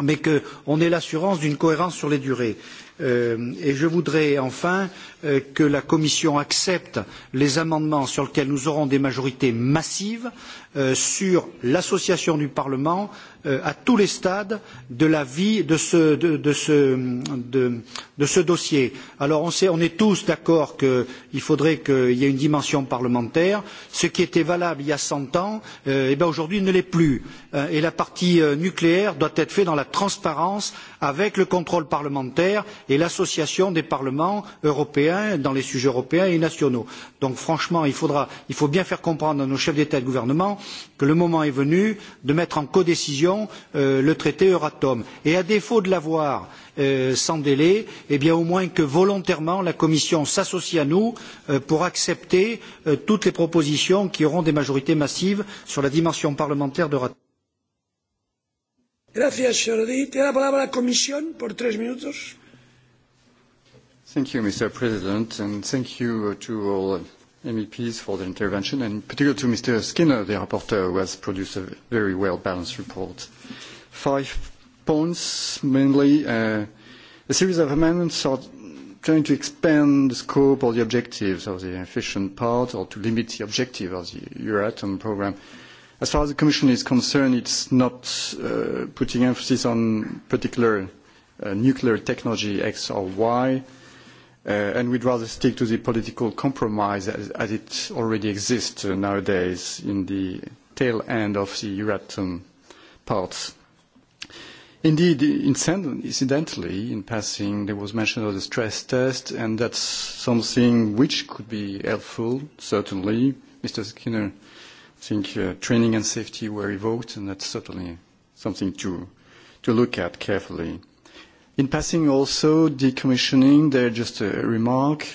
mais qu'on ait l'assurance d'une cohérence sur les durées. Euh, et je voudrais enfin euh, que la Commission accepte les amendements sur lesquels nous aurons des majorités massives euh, sur l'association du Parlement Euh, à tous les stades de la vie de ce, de, de ce, de, ce dossier. Alors on, sait, on est tous d'accord qu'il faudrait qu'il y ait une dimension parlementaire. Ce qui était valable il y a cent ans, euh, eh aujourd'hui ne l'est plus. Euh, et la partie euh, nucléaire doit être faite dans la transparence avec le contrôle parlementaire et l'association des parlements européens dans les sujets européens et nationaux. Donc franchement, il, faudra, il faut bien faire comprendre à nos chefs d'État et de gouvernement que le moment est venu de mettre en codécision dans euh, le traité Euratom. Et à défaut de l'avoir euh, sans délai, eh bien au moins que volontairement la Commission s'associe à nous euh, pour accepter euh, toutes les propositions qui auront des majorités massives sur la dimension parlementaire d'Euratom. Thank you, Mr. President, and thank you to all MEPs for their intervention, and in particular to Mr. Skinner, the rapporteur, who has produced a very well-balanced report. Five points, mainly. Uh, a series of amendments are trying to expand the scope or the objectives of the efficient part or to limit the objective of the Euratom programme. As far as the Commission is concerned, it's not uh, putting emphasis on particular uh, nuclear technology X or Y, uh, Uh, and we'd rather stick to the political compromise as, as it already exists uh, nowadays in the tail end of the Euratom parts. Indeed, incidentally, in passing, there was mention of the stress test, and that's something which could be helpful, certainly. Mr. Skinner, I think uh, training and safety were evoked, and that's certainly something to, to look at carefully. In passing also, decommissioning, there just a remark.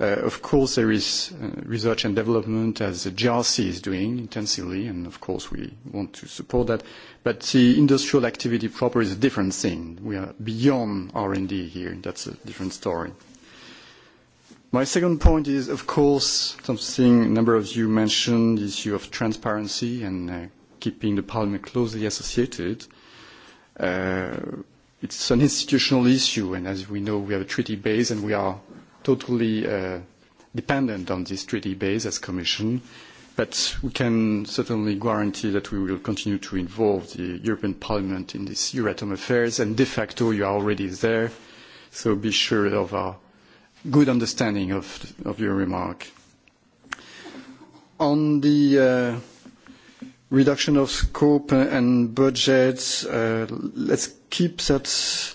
Uh, of course, there is uh, research and development as the GRC is doing intensively, and of course we want to support that. But the industrial activity proper is a different thing. We are beyond R&D here. That's a different story. My second point is, of course, something a number of you mentioned, the issue of transparency and uh, keeping the parliament closely associated. It's an institutional issue, and as we know, we have a treaty base, and we are totally uh, dependent on this treaty base as Commission. But we can certainly guarantee that we will continue to involve the European Parliament in this Euratom affairs, and de facto, you are already there, so be sure of our good understanding of, of your remark. On the uh, reduction of scope and budgets, uh, let's keep that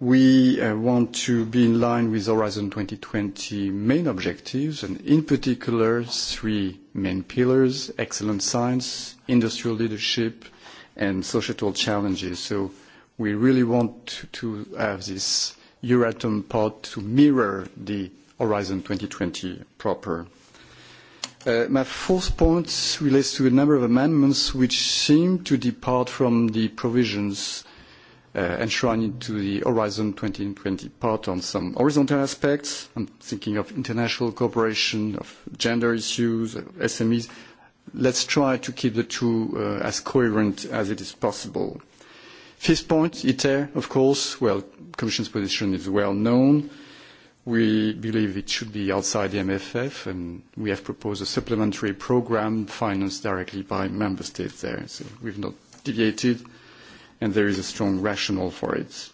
we uh, want to be in line with Horizon 2020 main objectives, and in particular, three main pillars: excellent science, industrial leadership, and societal challenges. So we really want to have this Euratom part to mirror the Horizon 2020 proper. Uh, my fourth point relates to a number of amendments which seem to depart from the provisions Uh, enshrined into the Horizon 2020 part on some horizontal aspects. I'm thinking of international cooperation, of gender issues, of SMEs. Let's try to keep the two uh, as coherent as it is possible. Fifth point, ITER, of course. Well, Commission's position is well known. We believe it should be outside the MFF, and we have proposed a supplementary program financed directly by member states there. So we've not deviated and there is a strong rationale for it.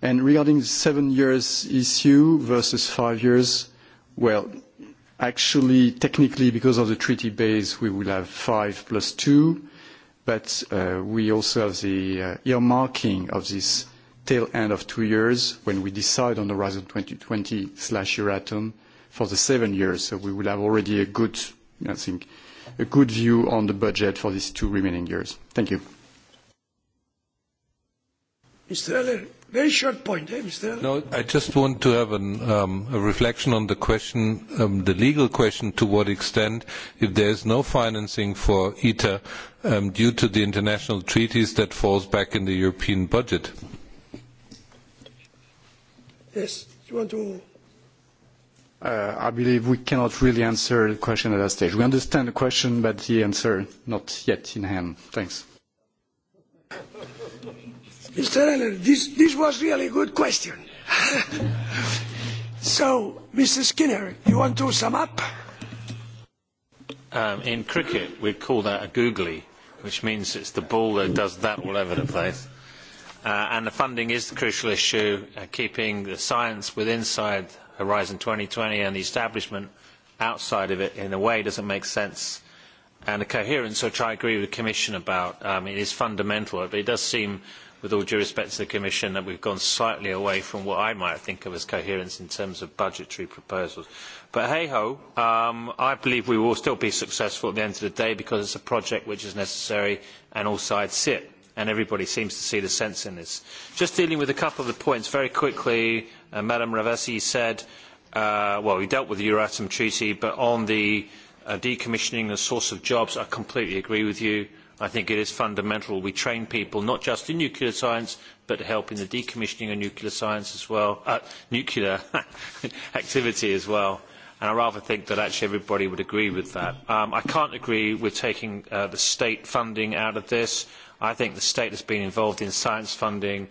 And regarding the seven years issue versus five years, well, actually, technically, because of the treaty base, we will have five plus two, but uh, we also have the uh, earmarking of this tail end of two years when we decide on Horizon 2020/Euratom for the seven years. So we will have already a good, I think, a good view on the budget for these two remaining years. Thank you. Mr. Eller, very short point, eh, Mr. Eller? No, I just want to have an, um, a reflection on the question, um, the legal question, to what extent, if there is no financing for ITER um, due to the international treaties, that falls back in the European budget. Yes, you want to... Uh, I believe we cannot really answer the question at that stage. We understand the question, but the answer not yet in hand. Thanks. Mr. Eller, this, this was really a good question. [laughs] so, Mr. Skinner, you want to sum up? Um, in cricket, we call that a googly, which means it's the ball that does that all over the place. Uh, and the funding is the crucial issue, uh, keeping the science within inside Horizon 2020 and the establishment outside of it in a way doesn't make sense and the coherence which i agree with the commission about um, it is fundamental but it does seem with all due respect to the Commission, that we've gone slightly away from what I might think of as coherence in terms of budgetary proposals. But hey-ho, um, I believe we will still be successful at the end of the day because it's a project which is necessary and all sides sit. And everybody seems to see the sense in this. Just dealing with a couple of the points very quickly, uh, Madam Ravesi said, uh, well, we dealt with the Euratom Treaty, but on the uh, decommissioning and source of jobs, I completely agree with you. I think it is fundamental we train people not just in nuclear science but help in the decommissioning of nuclear science as well, uh, nuclear [laughs] activity as well. And I rather think that actually everybody would agree with that. Um, I can't agree with taking uh, the state funding out of this. I think the state has been involved in science funding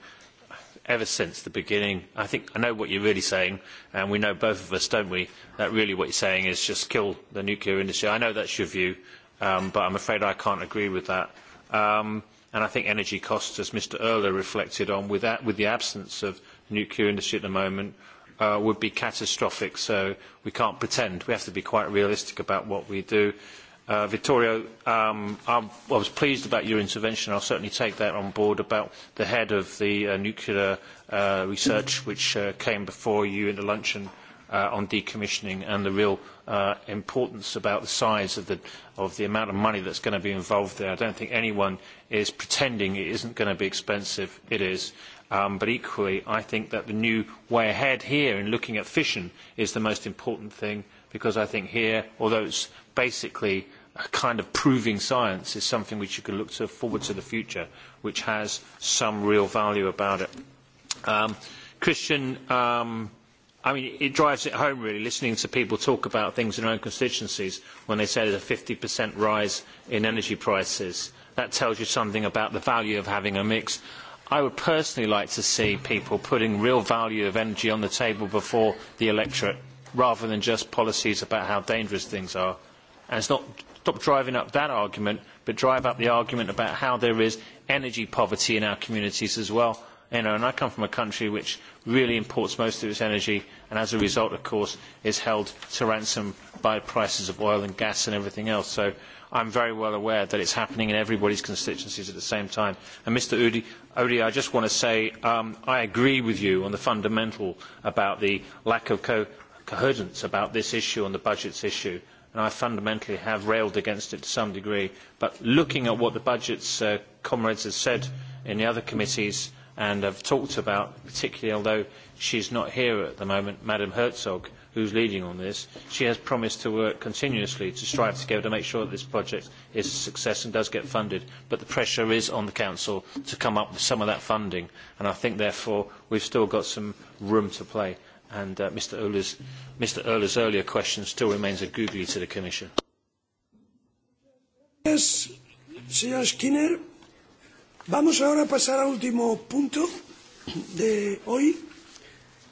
ever since the beginning. I think I know what you're really saying, and we know both of us, don't we? That really what you're saying is just kill the nuclear industry. I know that's your view, um, but I'm afraid I can't agree with that. Um, and I think energy costs, as Mr. Erler reflected on, with, that, with the absence of nuclear industry at the moment, uh, would be catastrophic. So we can't pretend. We have to be quite realistic about what we do. Uh, Vittorio, um, I was pleased about your intervention. I'll certainly take that on board about the head of the uh, nuclear uh, research, which uh, came before you in the luncheon uh, on decommissioning and the real uh, importance about the size of the, of the amount of money that is going to be involved there. I don't think anyone is pretending it isn't going to be expensive. It is. Um, but equally, I think that the new way ahead here in looking at fission is the most important thing because I think here, although it's basically a kind of proving science, is something which you can look to forward to the future, which has some real value about it. Um, Christian um, i mean, it drives it home really, listening to people talk about things in their own constituencies when they say there's a 50% rise in energy prices. That tells you something about the value of having a mix. I would personally like to see people putting real value of energy on the table before the electorate rather than just policies about how dangerous things are. And it's not stop driving up that argument, but drive up the argument about how there is energy poverty in our communities as well and I come from a country which really imports most of its energy and as a result, of course, is held to ransom by prices of oil and gas and everything else. So I am very well aware that it is happening in everybody's constituencies at the same time. And Mr. audy I just want to say um, I agree with you on the fundamental about the lack of co coherence about this issue and the budgets issue and I fundamentally have railed against it to some degree. But looking at what the budgets uh, comrades have said in the other committees, and have talked about, particularly although she is not here at the moment, Madam Herzog, who is leading on this. She has promised to work continuously to strive together to make sure that this project is a success and does get funded. But the pressure is on the Council to come up with some of that funding, and I think therefore we have still got some room to play. And uh, Mr. Euler's, Mr. earlier question still remains a googly to the Commission. Yes, Vamos ahora a pasar al último punto de hoy,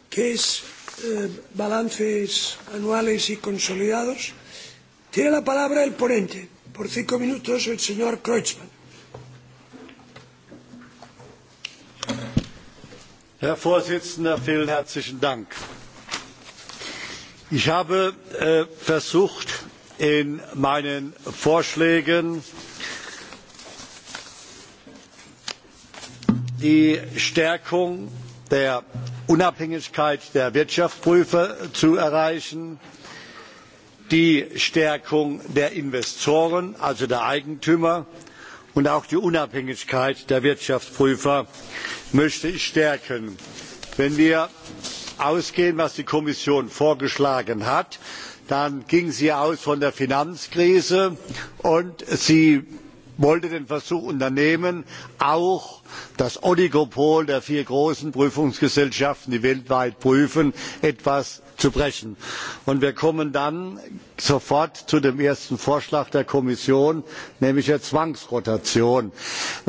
que es eh, balances anuales y consolidados. Tiene la palabra el ponente, por cinco minutos, el señor Kreutzmann. Herr Vorsitzender, vielen herzlichen Dank. Ich habe äh, versucht, in meinen Vorschlägen äh, die stärkung der unabhängigkeit der wirtschaftsprüfer zu erreichen die stärkung der investoren also der eigentümer und auch die unabhängigkeit der wirtschaftsprüfer möchte ich stärken. wenn wir ausgehen was die kommission vorgeschlagen hat dann ging sie aus von der finanzkrise und sie wollte den Versuch unternehmen, auch das Oligopol der vier großen Prüfungsgesellschaften, die weltweit prüfen, etwas zu brechen. Und wir kommen dann sofort zu dem ersten Vorschlag der Kommission, nämlich der Zwangsrotation.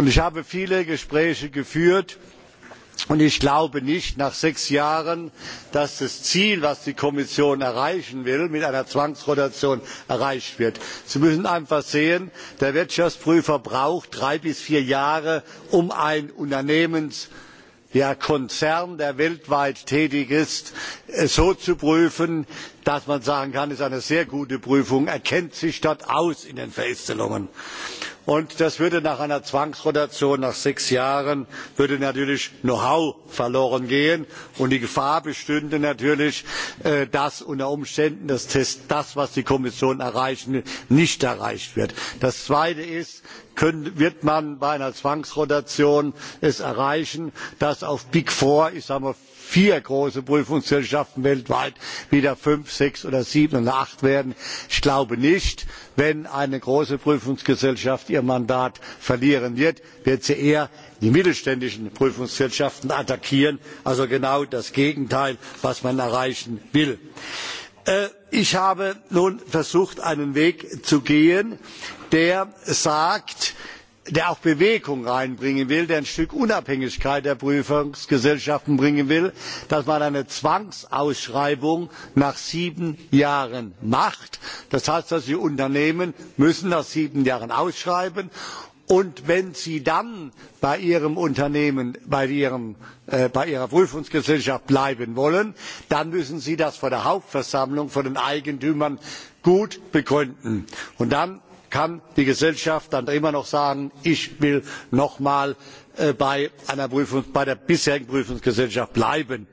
ich habe viele Gespräche geführt und ich glaube nicht nach sechs jahren dass das ziel das die kommission erreichen will mit einer zwangsrotation erreicht wird. sie müssen einfach sehen der wirtschaftsprüfer braucht drei bis vier jahre um einen unternehmenskonzern der weltweit tätig ist äh, so zu prüfen dass man sagen kann es ist eine sehr gute prüfung er kennt sich dort aus in den feststellungen und das würde nach einer zwangsrotation nach sechs jahren natürlich know how verloren gehen und die gefahr bestünde natürlich äh, dass unter umständen das, das was die kommission erreichen will nicht erreicht wird. das zweite ist wird man es bei einer zwangsrotation erreichen dass auf big four ich sage mal vier große prüfungsgesellschaften weltweit wieder fünf sechs oder sieben oder acht werden. ich glaube nicht wenn eine große prüfungsgesellschaft ihr mandat verlieren wird wird sie eher die mittelständischen prüfungsgesellschaften attackieren also genau das gegenteil was man erreichen will äh, ich habe nun versucht einen weg zu gehen der sagt der auch bewegung reinbringen will der ein stück unabhängigkeit der prüfungsgesellschaften bringen will dass man eine zwangsausschreibung nach sieben jahren macht das heißt dass die unternehmen müssen nach sieben jahren ausschreiben und wenn sie dann bei ihrem unternehmen bei, äh, bei ihrer prüfungsgesellschaft bleiben wollen dann müssen sie das vor der hauptversammlung vor den eigentümern gut begründen und dann kann die gesellschaft dann immer noch sagen ich will noch mal? Äh, bei, Prüfung, bei der bisherigen prüfungsgesellschaft bleiben.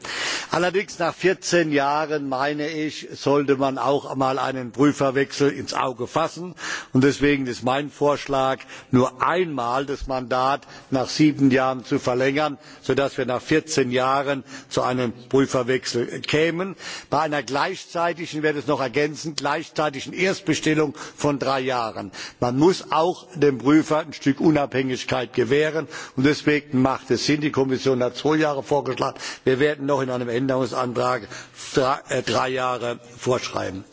allerdings nach vierzehn jahren meine ich sollte man auch einmal einen prüferwechsel ins auge fassen und deswegen ist mein vorschlag nur einmal das mandat nach sieben jahren zu verlängern sodass wir nach vierzehn jahren zu einem prüferwechsel kämen. bei einer gleichzeitigen ich werde es noch ergänzen gleichzeitigen erstbestellung von drei jahren. man muss auch dem prüfer ein stück unabhängigkeit gewähren deswegen macht es sinn die kommission hat zwei jahre vorgeschlagen wir werden noch in einem änderungsantrag drei äh, jahre vorschreiben.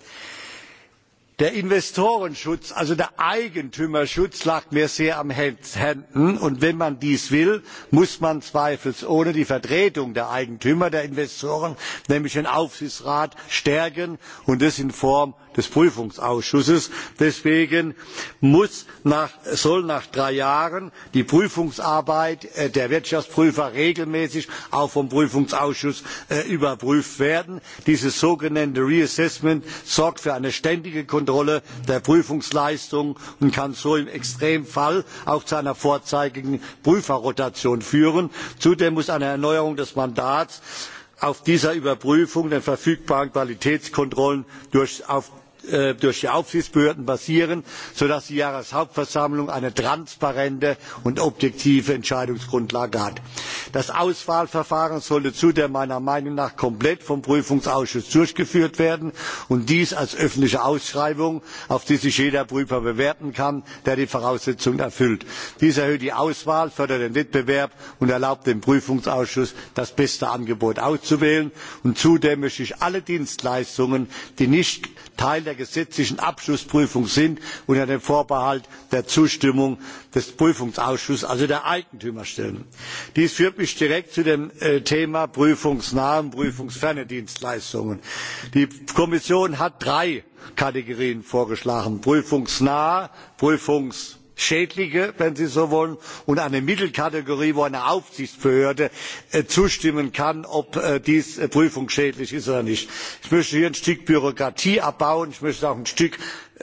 der investorenschutz also der eigentümerschutz lag mir sehr am herzen und wenn man dies will muss man zweifelsohne die vertretung der eigentümer der investoren nämlich den aufsichtsrat stärken und das in form des prüfungsausschusses. deswegen soll nach drei jahren die prüfungsarbeit äh, der wirtschaftsprüfer regelmäßig auch vom prüfungsausschuss äh, überprüft werden. dieses sogenannte reassessment sorgt für eine ständige kontrolle der Prüfungsleistungen und kann so im extremfall auch zu einer vorzeitigen prüferrotation führen. zudem muss eine erneuerung des mandats auf dieser überprüfung der verfügbaren qualitätskontrollen durch, Äh, durch die aufsichtsbehörden basieren sodass die jahreshauptversammlung eine transparente und objektive entscheidungsgrundlage hat. das auswahlverfahren sollte zudem meiner meinung nach komplett vom prüfungsausschuss durchgeführt werden und dies als öffentliche ausschreibung auf die sich jeder prüfer bewerben kann der die voraussetzungen erfüllt. dies erhöht die auswahl fördert den wettbewerb und erlaubt dem prüfungsausschuss das beste angebot auszuwählen. zudem möchte ich alle dienstleistungen die nicht teil gesetzlichen abschlussprüfung sind unter dem vorbehalt der zustimmung des prüfungsausschusses also der eigentümerstellen. dies führt mich direkt zu dem äh, thema prüfungsnahe und prüfungsferne dienstleistungen. die kommission hat drei kategorien vorgeschlagen prüfungsnahe prüfungsferne schädliche wenn sie so wollen und eine mittelkategorie wo eine aufsichtsbehörde äh, zustimmen kann ob äh, dies äh, prüfungsschädlich ist oder nicht. ich möchte hier ein stück bürokratie abbauen ich möchte auch ein stück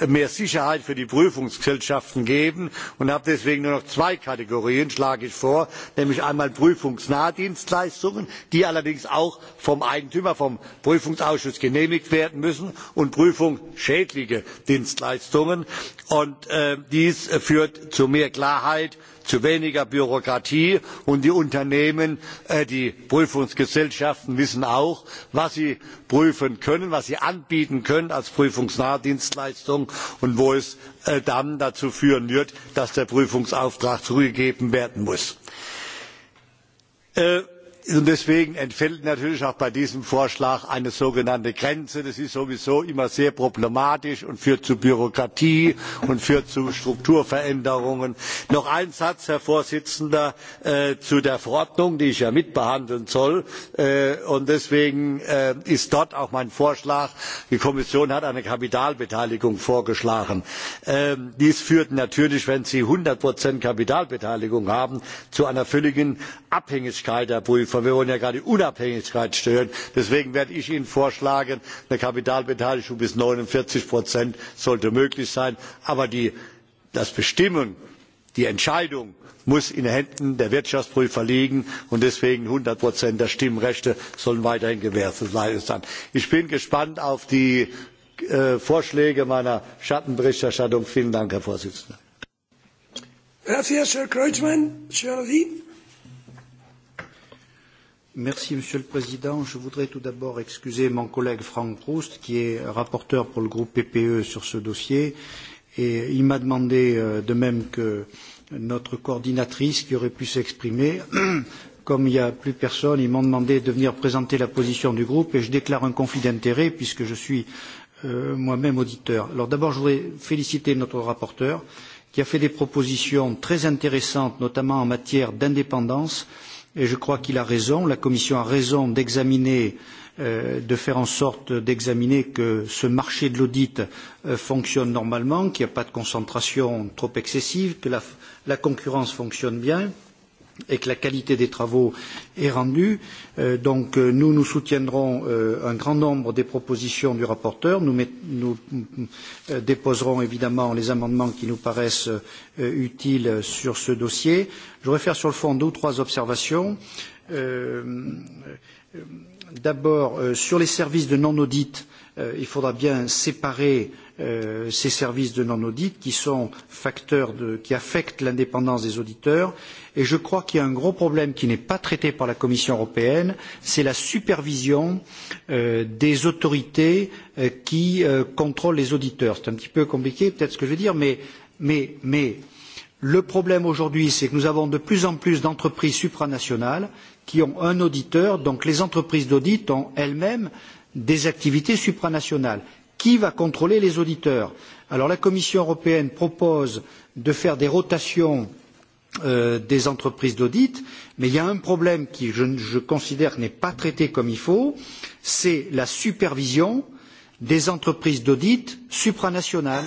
mehr sicherheit für die prüfungsgesellschaften geben und habe deswegen nur noch zwei kategorien schlage ich vor nämlich einmal prüfungsnahe dienstleistungen die allerdings auch vom eigentümer vom prüfungsausschuss genehmigt werden müssen und prüfungsschädliche dienstleistungen. Äh, dies führt zu mehr klarheit zu weniger bürokratie und die unternehmen äh, die prüfungsgesellschaften wissen auch was sie prüfen können was sie anbieten können als prüfungsnahe dienstleistung und wo es äh, dann dazu führen wird dass der prüfungsauftrag zurückgegeben werden muss. Äh, Und deswegen entfällt natürlich auch bei diesem Vorschlag eine sogenannte Grenze. Das ist sowieso immer sehr problematisch und führt zu Bürokratie und führt zu Strukturveränderungen. Noch ein Satz, Herr Vorsitzender, äh, zu der Verordnung, die ich ja mitbehandeln soll. Äh, und deswegen äh, ist dort auch mein Vorschlag, die Kommission hat eine Kapitalbeteiligung vorgeschlagen. Ähm, dies führt natürlich, wenn Sie einhundert Kapitalbeteiligung haben, zu einer völligen Abhängigkeit der weil wir wollen ja gerade die unabhängigkeit stärken. deswegen werde ich ihnen vorschlagen eine kapitalbeteiligung bis neunundvierzig sollte möglich sein aber die, das bestimmen die entscheidung muss in den händen der wirtschaftsprüfer liegen und deswegen sollen einhundert der stimmrechte weiterhin gewährleistet sein. ich bin gespannt auf die äh, vorschläge meiner schattenberichterstatter. vielen dank herr präsident! Merci, Monsieur le Président. Je voudrais tout d'abord excuser mon collègue Franck Proust, qui est rapporteur pour le groupe PPE sur ce dossier. Et il m'a demandé, euh, de même que notre coordinatrice qui aurait pu s'exprimer, [clears throat] comme il n'y a plus personne, ils m'ont demandé de venir présenter la position du groupe et je déclare un conflit d'intérêts puisque je suis euh, moi-même auditeur. Alors d'abord, je voudrais féliciter notre rapporteur qui a fait des propositions très intéressantes, notamment en matière d'indépendance, euh, et je crois qu'il a raison, la Commission a raison d'examiner euh, de faire en sorte d'examiner que ce marché de l'audit euh, fonctionne normalement, qu'il n'y a pas de concentration trop excessive, que la, la concurrence fonctionne bien et que la qualité des travaux est rendue. Euh, donc euh, nous, nous soutiendrons euh, un grand nombre des propositions du rapporteur. Nous, met, nous euh, déposerons évidemment les amendements qui nous paraissent euh, utiles sur ce dossier. Je voudrais faire sur le fond deux ou trois observations. Euh, d'abord, sur les services de non-audit, Euh, il faudra bien séparer euh, ces services de non-audit qui sont facteurs de, qui affectent l'indépendance des auditeurs. Et je crois qu'il y a un gros problème qui n'est pas traité par la Commission européenne, c'est la supervision euh, des autorités euh, qui euh, contrôlent les auditeurs. C'est un petit peu compliqué, peut-être ce que je veux dire, mais, mais, mais le problème aujourd'hui, c'est que nous avons de plus en plus d'entreprises supranationales qui ont un auditeur, donc les entreprises d'audit ont elles-mêmes des activités supranationales. Qui va contrôler les auditeurs Alors la Commission européenne propose de faire des rotations euh, des entreprises d'audit, mais il y a un problème qui, je, je considère, n'est pas traité comme il faut, c'est la supervision des entreprises d'audit supranationales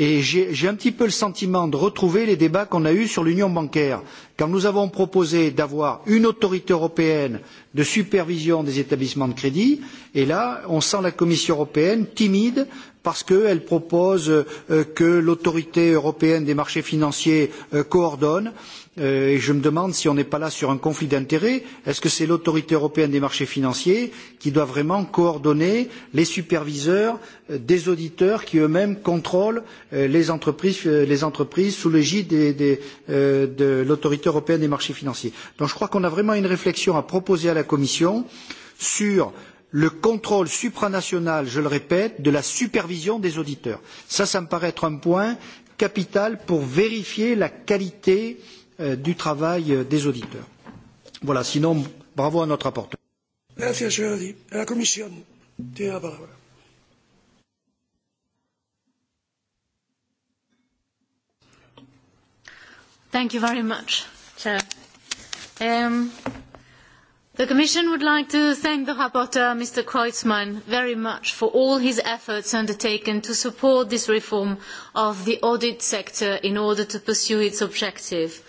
Et j'ai un petit peu le sentiment de retrouver les débats qu'on a eus sur l'union bancaire, quand nous avons proposé d'avoir une autorité européenne de supervision des établissements de crédit, et là, on sent la Commission européenne timide parce qu'elle propose euh, que l'autorité européenne des marchés financiers euh, coordonne. Euh, et je me demande si on n'est pas là sur un conflit d'intérêts. Est-ce que c'est l'autorité européenne des marchés financiers qui doit vraiment coordonner les superviseurs euh, des auditeurs qui eux-mêmes contrôlent euh, les entreprises, les entreprises sous l'égide de l'autorité européenne des marchés financiers Donc je crois qu'on a vraiment une réflexion à proposer à la Commission sur le contrôle supranational, je le répète, de la supervision des auditeurs. Ça, ça me paraît être un point capital pour vérifier la qualité euh, Euh, du travail euh, des auditeurs. Voilà, sinon, bravo à notre rapporteur. Merci, señor Di. La comisión tiene la parole. Thank you very much, Chair. Um, the Commission would like to thank the rapporteur, Mr. Kreutzmann, very much for all his efforts undertaken to support this reform of the audit sector in order to pursue its objective.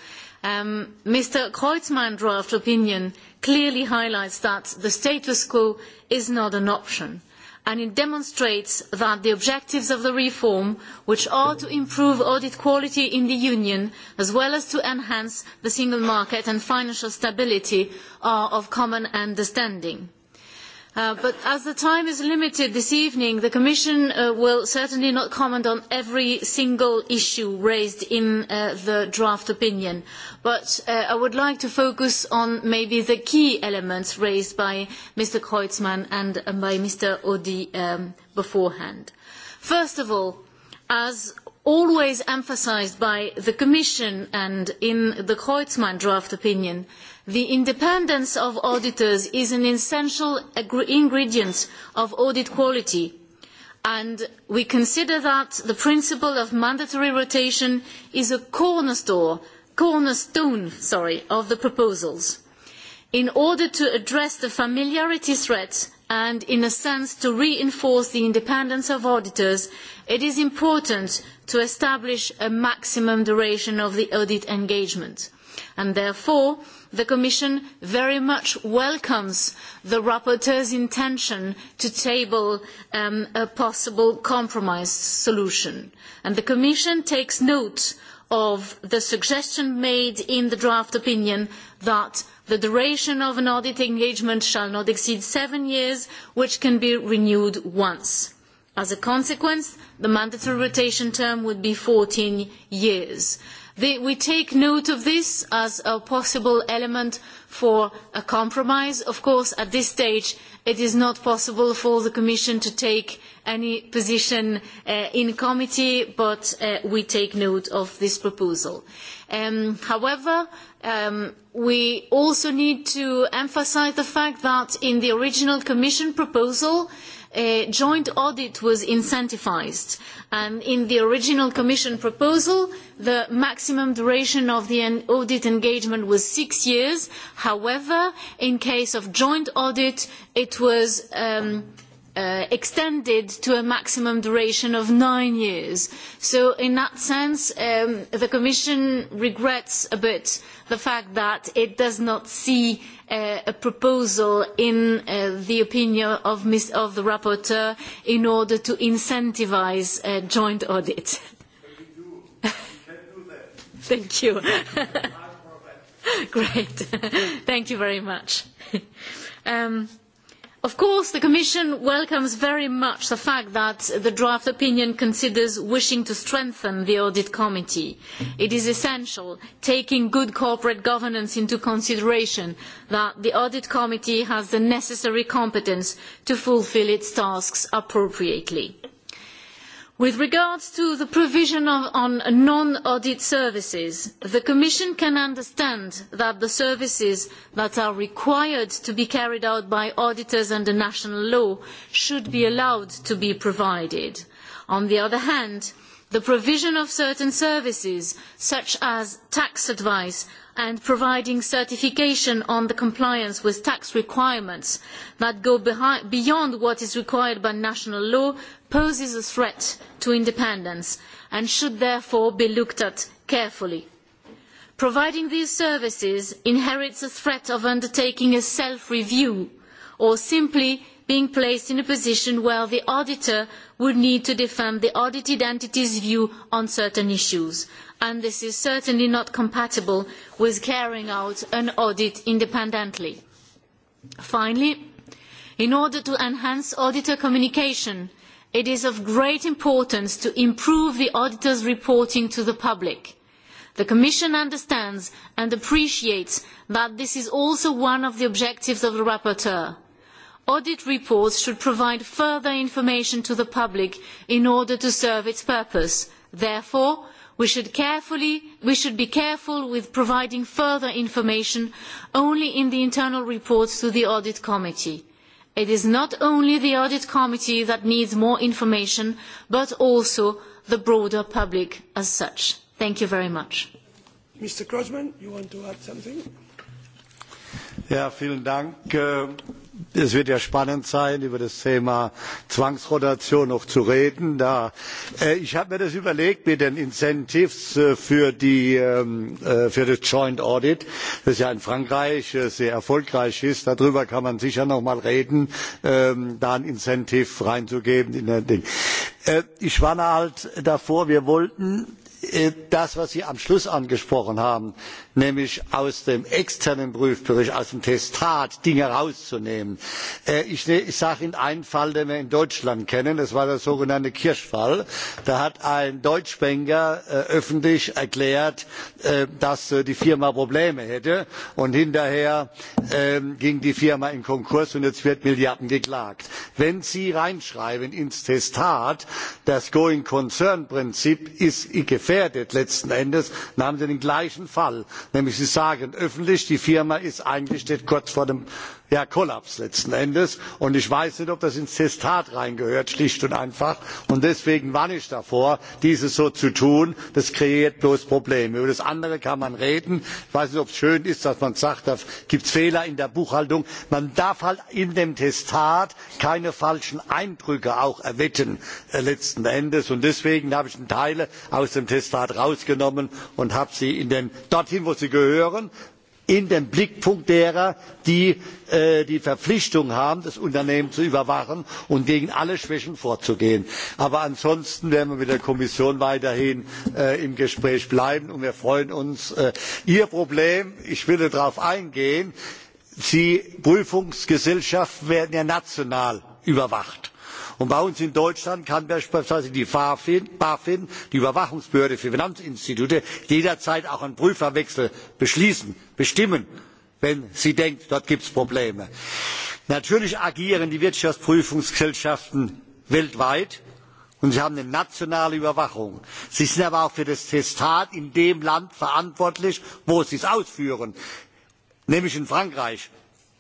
Um, Mr. Kreutzmann's draft opinion clearly highlights that the status quo is not an option, and it demonstrates that the objectives of the reform, which are to improve audit quality in the Union, as well as to enhance the single market and financial stability, are of common understanding. Uh, but as the time is limited this evening, the Commission uh, will certainly not comment on every single issue raised in uh, the draft opinion. But uh, I would like to focus on maybe the key elements raised by Mr. Kreutzmann and uh, by Mr. Audy um, beforehand. First of all, as always emphasised by the Commission and in the Kreutzmann draft opinion, uh, The independence of auditors is an essential ingredient of audit quality, and we consider that the principle of mandatory rotation is a cornerstone, cornerstone sorry, of the proposals. In order to address the familiarity threat and, in a sense, to reinforce the independence of auditors, it is important to establish a maximum duration of the audit engagement. And therefore, the Commission very much welcomes the rapporteur's intention to table um, a possible compromise solution. And the Commission takes note of the suggestion made in the draft opinion that the duration of an audit engagement shall not exceed seven years, which can be renewed once. As a consequence, the mandatory rotation term would be fourteen years we take note of this as a possible element for a compromise. Of course, at this stage, it is not possible for the Commission to take any position uh, in committee, but uh, we take note of this proposal. Um, however, Um, we also need to emphasise the fact that in the original Commission proposal, a joint audit was incentivised, And in the original Commission proposal, the maximum duration of the audit engagement was six years. However, in case of joint audit, it was um, Uh, extended to a maximum duration of nine years. So in that sense, um, the Commission regrets a bit the fact that it does not see uh, a proposal in uh, the opinion of, of, the rapporteur in order to incentivise a joint audit. [laughs] Thank you. [laughs] Great. [laughs] Thank you very much. Um, Of course, the Commission welcomes very much the fact that the draft opinion considers wishing to strengthen the Audit Committee. It is essential, taking good corporate governance into consideration, that the Audit Committee has the necessary competence to fulfil its tasks appropriately. With regard to the provision of, on non-audit services, the Commission can understand that the services that are required to be carried out by auditors under national law should be allowed to be provided. On the other hand, the provision of certain services, such as tax advice, and providing certification on the compliance with tax requirements that go behind, beyond what is required by national law poses a threat to independence and should therefore be looked at carefully. Providing these services inherits a threat of undertaking a self-review or simply being placed in a position where the auditor would need to defend the audited entity's view on certain issues, and this is certainly not compatible with carrying out an audit independently. Finally, in order to enhance auditor communication, it is of great importance to improve the auditor's reporting to the public. The Commission understands and appreciates that this is also one of the objectives of the rapporteur audit reports should provide further information to the public in order to serve its purpose. therefore we should, we should be careful with providing further information only in the internal reports to the audit committee. it is not only the audit committee that needs more information but also the broader public as such. thank you very much. Mr. you want to add something? Ja, es wird ja spannend sein über das thema zwangsrotation noch zu reden. Äh, ich habe mir das überlegt mit den incentives äh, ähm, äh, für, das joint audit das ja in frankreich sehr erfolgreich ist darüber kann man sicher noch mal reden ähm, da ein incentive reinzugeben. ich warne halt davor wir wollten Äh, das was sie am schluss angesprochen haben nämlich aus dem externen prüfbericht aus dem testat dinge herauszunehmen äh, ich sage ihnen einen fall den wir in deutschland kennen das war der sogenannte kirsch fall da hat ein deutschbanker äh, öffentlich erklärt dass die firma probleme hätte und hinterher ähm, ging die firma in konkurs und jetzt werden milliarden geklagt. wenn sie ins testat hineinschreiben das going concern prinzip ist gefährdet letzten endes. dann haben sie den gleichen fall nämlich sie sagen öffentlich die firma ist eingestellt kurz vor dem ja kollaps letzten endes und ich weiß nicht ob das ins testat hineingehört schlicht und einfach und deswegen warne ich davor dies so zu tun das kreiert bloß probleme. über das andere kann man reden ich weiß nicht ob es schön ist dass man sagt da gibt es fehler in der buchhaltung man darf halt in dem testat keine falschen eindrücke auch erwecken äh, letzten endes und deswegen habe ich teile aus dem testat herausgenommen und habe sie dorthin wo sie gehören in den blickpunkt derer die äh, die verpflichtung haben das unternehmen zu überwachen und gegen alle schwächen vorzugehen. aber ansonsten werden wir mit der kommission weiterhin äh, im gespräch bleiben und wir freuen uns. Äh, ihr problem ich will darauf eingehen die prüfungsgesellschaften werden ja national überwacht Und bei uns in Deutschland kann beispielsweise die BaFin, die Überwachungsbehörde für Finanzinstitute, jederzeit auch einen Prüferwechsel beschließen, bestimmen, wenn sie denkt, dort gibt es Probleme. Natürlich agieren die Wirtschaftsprüfungsgesellschaften weltweit und sie haben eine nationale Überwachung. Sie sind aber auch für das Testat in dem Land verantwortlich, wo sie es ausführen, nämlich in Frankreich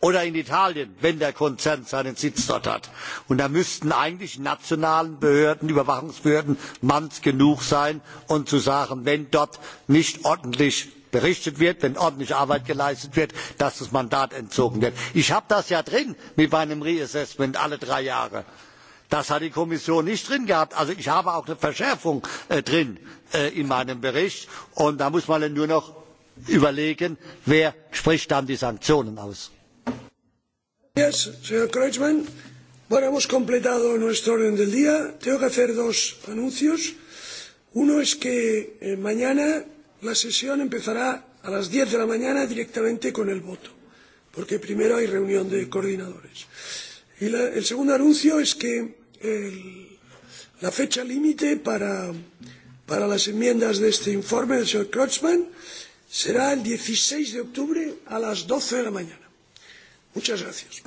oder in italien wenn der konzern seinen sitz dort hat. Und da müssten eigentlich nationalen behörden überwachungsbehörden manns genug sein um zu sagen wenn dort nicht ordentlich berichtet wird wenn ordentliche arbeit geleistet wird dass das mandat entzogen wird. ich habe das ja drin mit meinem reassessment alle drei jahre. das hat die kommission nicht drin gehabt. also ich habe auch eine verschärfung äh, drin äh, in meinem bericht und da muss man nur noch überlegen wer spricht dann die sanktionen aus? Gracias, señor Kreutzmann. Bueno, hemos completado nuestro orden del día. Tengo que hacer dos anuncios. Uno es que eh, mañana la sesión empezará a las diez de la mañana directamente con el voto, porque primero hay reunión de coordinadores. Y la, el segundo anuncio es que el, la fecha límite para, para las enmiendas de este informe del señor Kreutzmann será el dieciseis de octubre a las doce de la mañana muchas gracias.